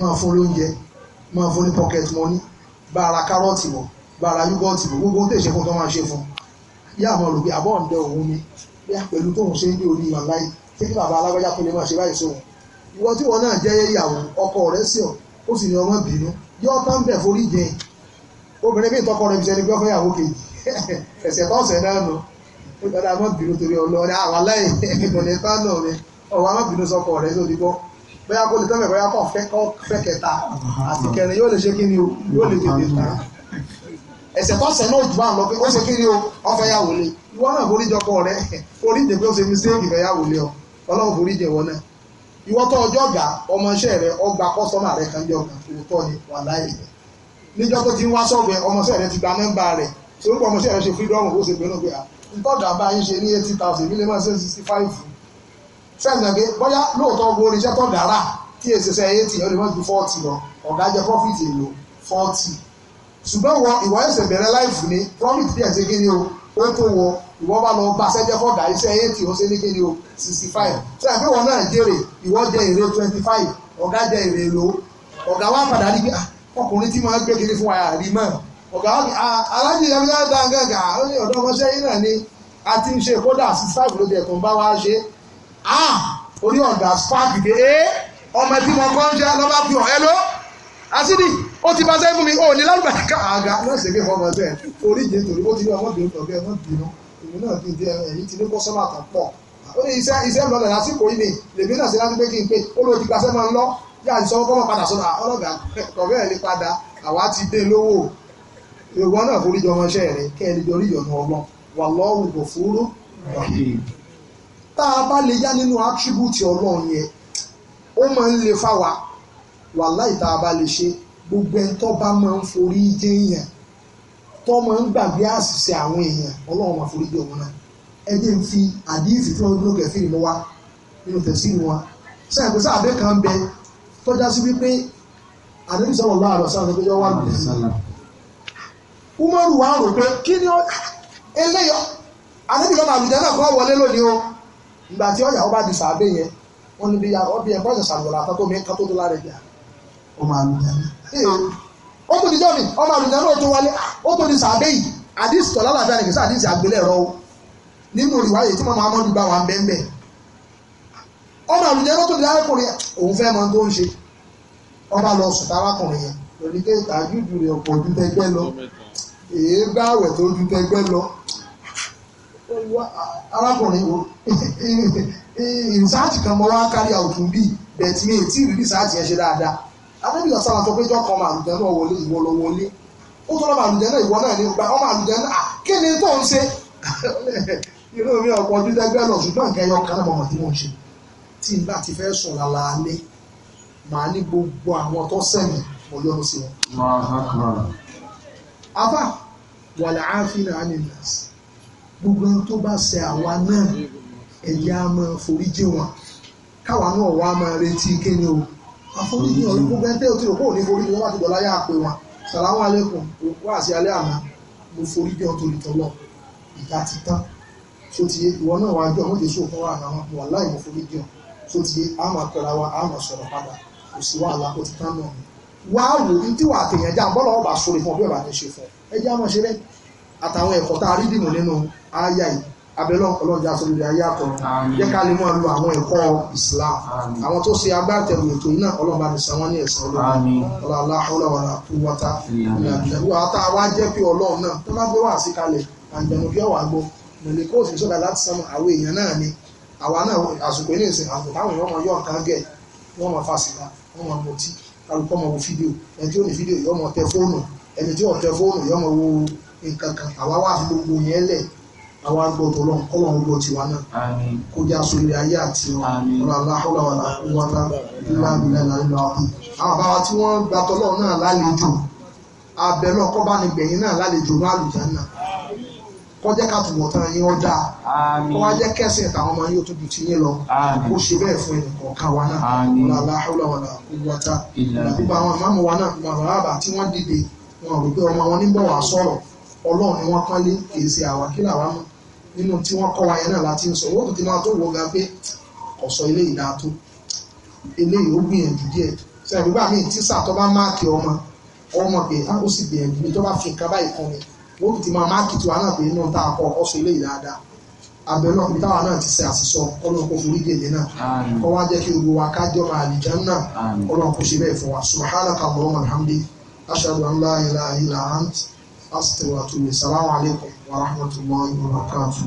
máa fún lóúnjẹ máa fún ní pocket money bá ara kárọ̀tì wọ̀ bá ara yúgọ̀tì wọ̀ gbogbo ohun tó ṣe fún tó máa ṣe fún un yá àwọn olùgbé àbọ̀ ń dẹ òun ni yá pẹ̀lú tóun ṣe ń dé orí ìwà láyé tí bàbá alágbájá tó lè máa ṣe báyìí sóhun ìwọ tí wọn náà jẹ́ yẹ̀yàwó ọkọ rẹ sí ọ ó sì ní ọmọ bínú yọ tán bẹ̀ forí jẹ obìnrin bí ìtọ́kọ rẹ̀ fi sẹ́ni gbọ́fẹ́ ìyàwó kejì <laughs> ẹ̀sẹ̀ tọ́sẹ̀ náà nù ó gbọ́dọ̀ ọmọ bínú torí ọlọ́ọ̀rẹ́ àwa láì ìdọ̀lẹ́ tánà rẹ ọwọ́ ọmọ bínú sọkọ rẹ lórí bọ́ bóyá kó lè tán bẹ̀ bóyá kọ́ fẹ́ kẹta àti kẹrin yóò lè ṣe kí ni o yóò lè tètè tán ẹ̀sẹ̀ tọ́sẹ̀ náà jù àwọn lọ pé ó ṣe kí ni o ọfẹ́ yàwó lé ìwọ náà forí jọkọ rẹ forí jẹ pé ó ṣe mistake fẹ́ yàwó lé ọ ọlọ́run forí jẹ wọn náà ìwọ tó ọjọ́ ga ọmọọṣẹ́ rẹ ọgbà kọ́sọ́mà rẹ kan jọ kan òótọ́ ni wà láyé níjọ́ tó ti ń wá sọ́ọ̀bù ọmọọṣẹ́ rẹ ti gba nọ́mbà rẹ sọ́ọ̀bù ọmọọṣẹ́ rẹ ṣe fídọ́ọ̀mù ó ṣe pé pé à ntọ́jà bá yín ṣe ní eighty thousand mílíọ̀nù one sixty five sẹ́ǹdà pé bóyá lóòótọ́ owó oníṣẹ́ tó dára tí èsì eighty mọ́ ju forty lọ ọ̀gá profit ó tó wọ ìwọ bá lọ bá sẹ́jẹ́ fọ́gà iṣẹ́ eighty ó ṣe ní kéde o sixty five ṣé àbí wọn náà jèrè ìwọ jẹ èrè twenty five ọ̀gá jẹ èrè lò ọ̀gá wa padà rí bí ah, ọkùnrin tí máa gbé kiri fún wa rí mọ́ ọ̀gá wa aláàjì ẹgbẹ́ dáńgàgà ọ̀dọ́ ọmọṣẹ́ yìí náà ni a ti ń ṣe kódà sixty five ló jẹ tó ń bá wa ṣe ah, orí ọ̀gá spark dé eh, ọmọ tí mo kọ́ ń ṣe lọ́ba fi hàn ẹ́ lọ́ asidi o ti bàtà fún mi ó ní lálùbàdà ká àga lọ́sẹ̀ kí fọmọ bẹ́ẹ̀ orí yìí torí ó ti rí ọmọ bìnrin tọ̀gẹ́ ọmọ bìnrin èmi náà ti di ẹ̀yìn ti ní kọ́sọ́mà kan pọ̀ ó ní iṣẹ́ iṣẹ́ lọ́lẹ̀ lásìkò yìí ni lèmi náà ṣe láti pé kí n pé ó lọ ti gbàṣẹ́ máa ń lọ yá àti sọ́wọ́ kọ́mọ padà sọ́nà ọlọ́gà kọ̀ọ̀gẹ́ ẹ̀ lè padà àwa ti dé lówó yorùbá náà forí a bá wàláì tá a bá lè ṣe gbogbo ẹni tó bá máa ń forí jẹ́ èèyàn tó máa ń gbàgbé àṣìṣe àwọn èèyàn ọlọ́run máa forí jẹ́ òun náà ẹ jẹ́ ń fi àdíyèsí tí wọ́n ń lókè fíìmù wá nínú tẹ̀sí wọn sẹ́yìn pé sáàbẹ̀ kan bẹ tọ́já sí wípé àdébí sọ̀rọ̀ láàrọ̀ sáàbẹ̀ pé wọ́n wà lùdẹ̀ Umaru wa rò pé kí ni eléyọ àdébí lọ́nà àlùjẹ́ náà kọ́ wọlé lónìí o ìgbà tí ọ̀yà ọba di sàbẹ̀ yẹn wọ́n ní bí ọbẹ̀ yẹn bọ́ọ̀sẹ̀ sàlùwọ̀lá àtàkùn mi kátó tó lára ẹ̀ ọmọ àlùjáná ó tó di jọ́mi ọmọ àlùjáná ó tó wálé ó tó di sàbẹ́ yìí àdìsí tọ́lá làbẹ́ àdìsí sí àdìsí àgbélẹ̀rọ o nínú olùwáyé tí mọ́mọ́ amọ́dún bá wà ń bẹ́ẹ̀ ọmọ àlùjáná tó di arákùnrin òun fẹ́ mọ tó ń ṣe ọba lọ sùn tárákùnrin yẹn lórí pé tàjújù rẹ̀ ọ̀pọ̀ ojú tẹgbẹ́ lọ èé bá àwẹ̀ tó ojú tẹgbẹ́ lọ arákùnrin wo <laughs> kan mọ́ wá kárí àwùjọ bíi bẹ̀tìmí anábì náà sábà sọ pé jọ́kọ̀ ọmọ àlùjẹ́ náà wọlé ìwọ lọ wọlé ó tọ́ ọmọ àlùjẹ́ náà ìwọ náà ní gba ọmọ àlùjẹ́ náà kí ni tó ń ṣe <laughs> irú mi ọ̀pọ̀ ọdún lẹ́gbẹ́ lọ ṣùgbọ́n nǹkan ẹyọ kan náà mọ̀ tí mo ṣe tí n bá ti fẹ́ sùn lálá alẹ́ màá ní gbogbo àwọn tó sẹ́yìn mo yọ́nu sí wọn. afa wàlẹ̀ àfihàn animals gbogbo tó bá ṣe àwa náà ẹ̀yà máa foríjì wọn káwa náà wà máa retí kéde o àforíjì yàn gbogbo ẹni tẹ́ ò ti rò pé òní foríjì wọn bá ti dọ̀láyà pé wọn sàlámù alẹ́kùn wá sí alẹ́ àná mo foríjì ọ̀ torí tọ́lọ̀ ìyá ti tán tó ti yé ìwọ náà wájú àwọn jésù òkun wà náà wà láì mo foríjì ọ̀ tó ti yé a máa pẹ̀lá wa a máa sọ̀rọ̀ padà kò sí wàhálà kò ti tán náà wá wò ní tí wàá tèèyàn já bọ́lá ọba sórí fún ọ bí ọba ní ṣe fún ẹ jẹ́ àmọ́ ṣe rẹ àtàwọn ẹ̀kọ́ tá a rí dìmọ̀ nínú ááyá yìí abẹ́lọ́ ọlọ́jà sọ̀rọ̀ ayé àtọ̀ jẹ́ ká lè máa lo àwọn ẹ̀kọ́ Islam àwọn tó ṣe agbátẹrù ètò iná ọlọ́ba ní san wọ́n ní ẹ̀sán ọlọ́run ọlọ́lá ọlọ́wàlá kú wọ́tá ìlànà àtà wa jẹ́ pé ọlọ́run náà tó bá gbé wá sí kalẹ̀ àǹdẹ̀nù ni àwa náà àsìkò ilé ìsìn àgbò táwọn èèyàn máa yọ nǹkan gẹ̀ wọ́n máa fàṣìlá wọ́n máa mọtí alùpùpọ̀ máa wo fídíò àwọn agbọ́dọ̀ lọ́n kọ́lọ̀ ń gbọ́ tiwa náà kó jẹ́ asorí ayé àti ọ̀rọ̀ aláhùlà wà láwùwátá láàbìlẹ̀ lálẹ́ àpò. àwọn àbáwá tí wọ́n gba tọ́lọ́ náà lálejò abẹ náà kọ́ bá ní gbẹ̀yìn náà lálejò náà àlùjánnà kó jẹ́ ká tùmọ̀ tán yín ọjà kó wá jẹ́ kẹ́sìn táwọn ọmọ yóò tóbi ti yín lọ kó ṣe bẹ́ẹ̀ fún ẹnì kọ̀ọ̀kan wa náà ọ̀rọ̀ aláhùlà wà láwùwátá gbogbo àwọn àmàmù wa náà màmá tí ni wọ́n kán lé kì í ṣe àwa kí làwa nínú tí wọ́n kọ́ wa náà láti ń sọ wọ́n tó ti máa tó wọ ga pé ọ̀sọ̀ eléyìí dáa tó eléyìí ó gbìyànjú díẹ̀ sẹ́yìn gbogbo àmì tíṣà tó bá máàkì ọmọ ọmọ pé á ó sì gbìyànjú ní tó bá fi nǹkan báyìí kan ni wọ́n tó ti máa máàkì tiwa náà pé inú tá a ọ̀sọ̀ eléyìí dáadáa abẹ náà bí táwa náà ti ṣe àṣìṣọ ọlọ́run kò forí gèlè náà kọ́ wá jẹ́ kí gbogbo wa ká jọba àlìjánu náà ọlọ́run kò ṣe bẹ́ẹ̀ fún wa subhanaka allahumma alhamdulilayi ashhadu an la ilaha illa ant astaghfiruka wa wa rahmatullahi wa barakatuh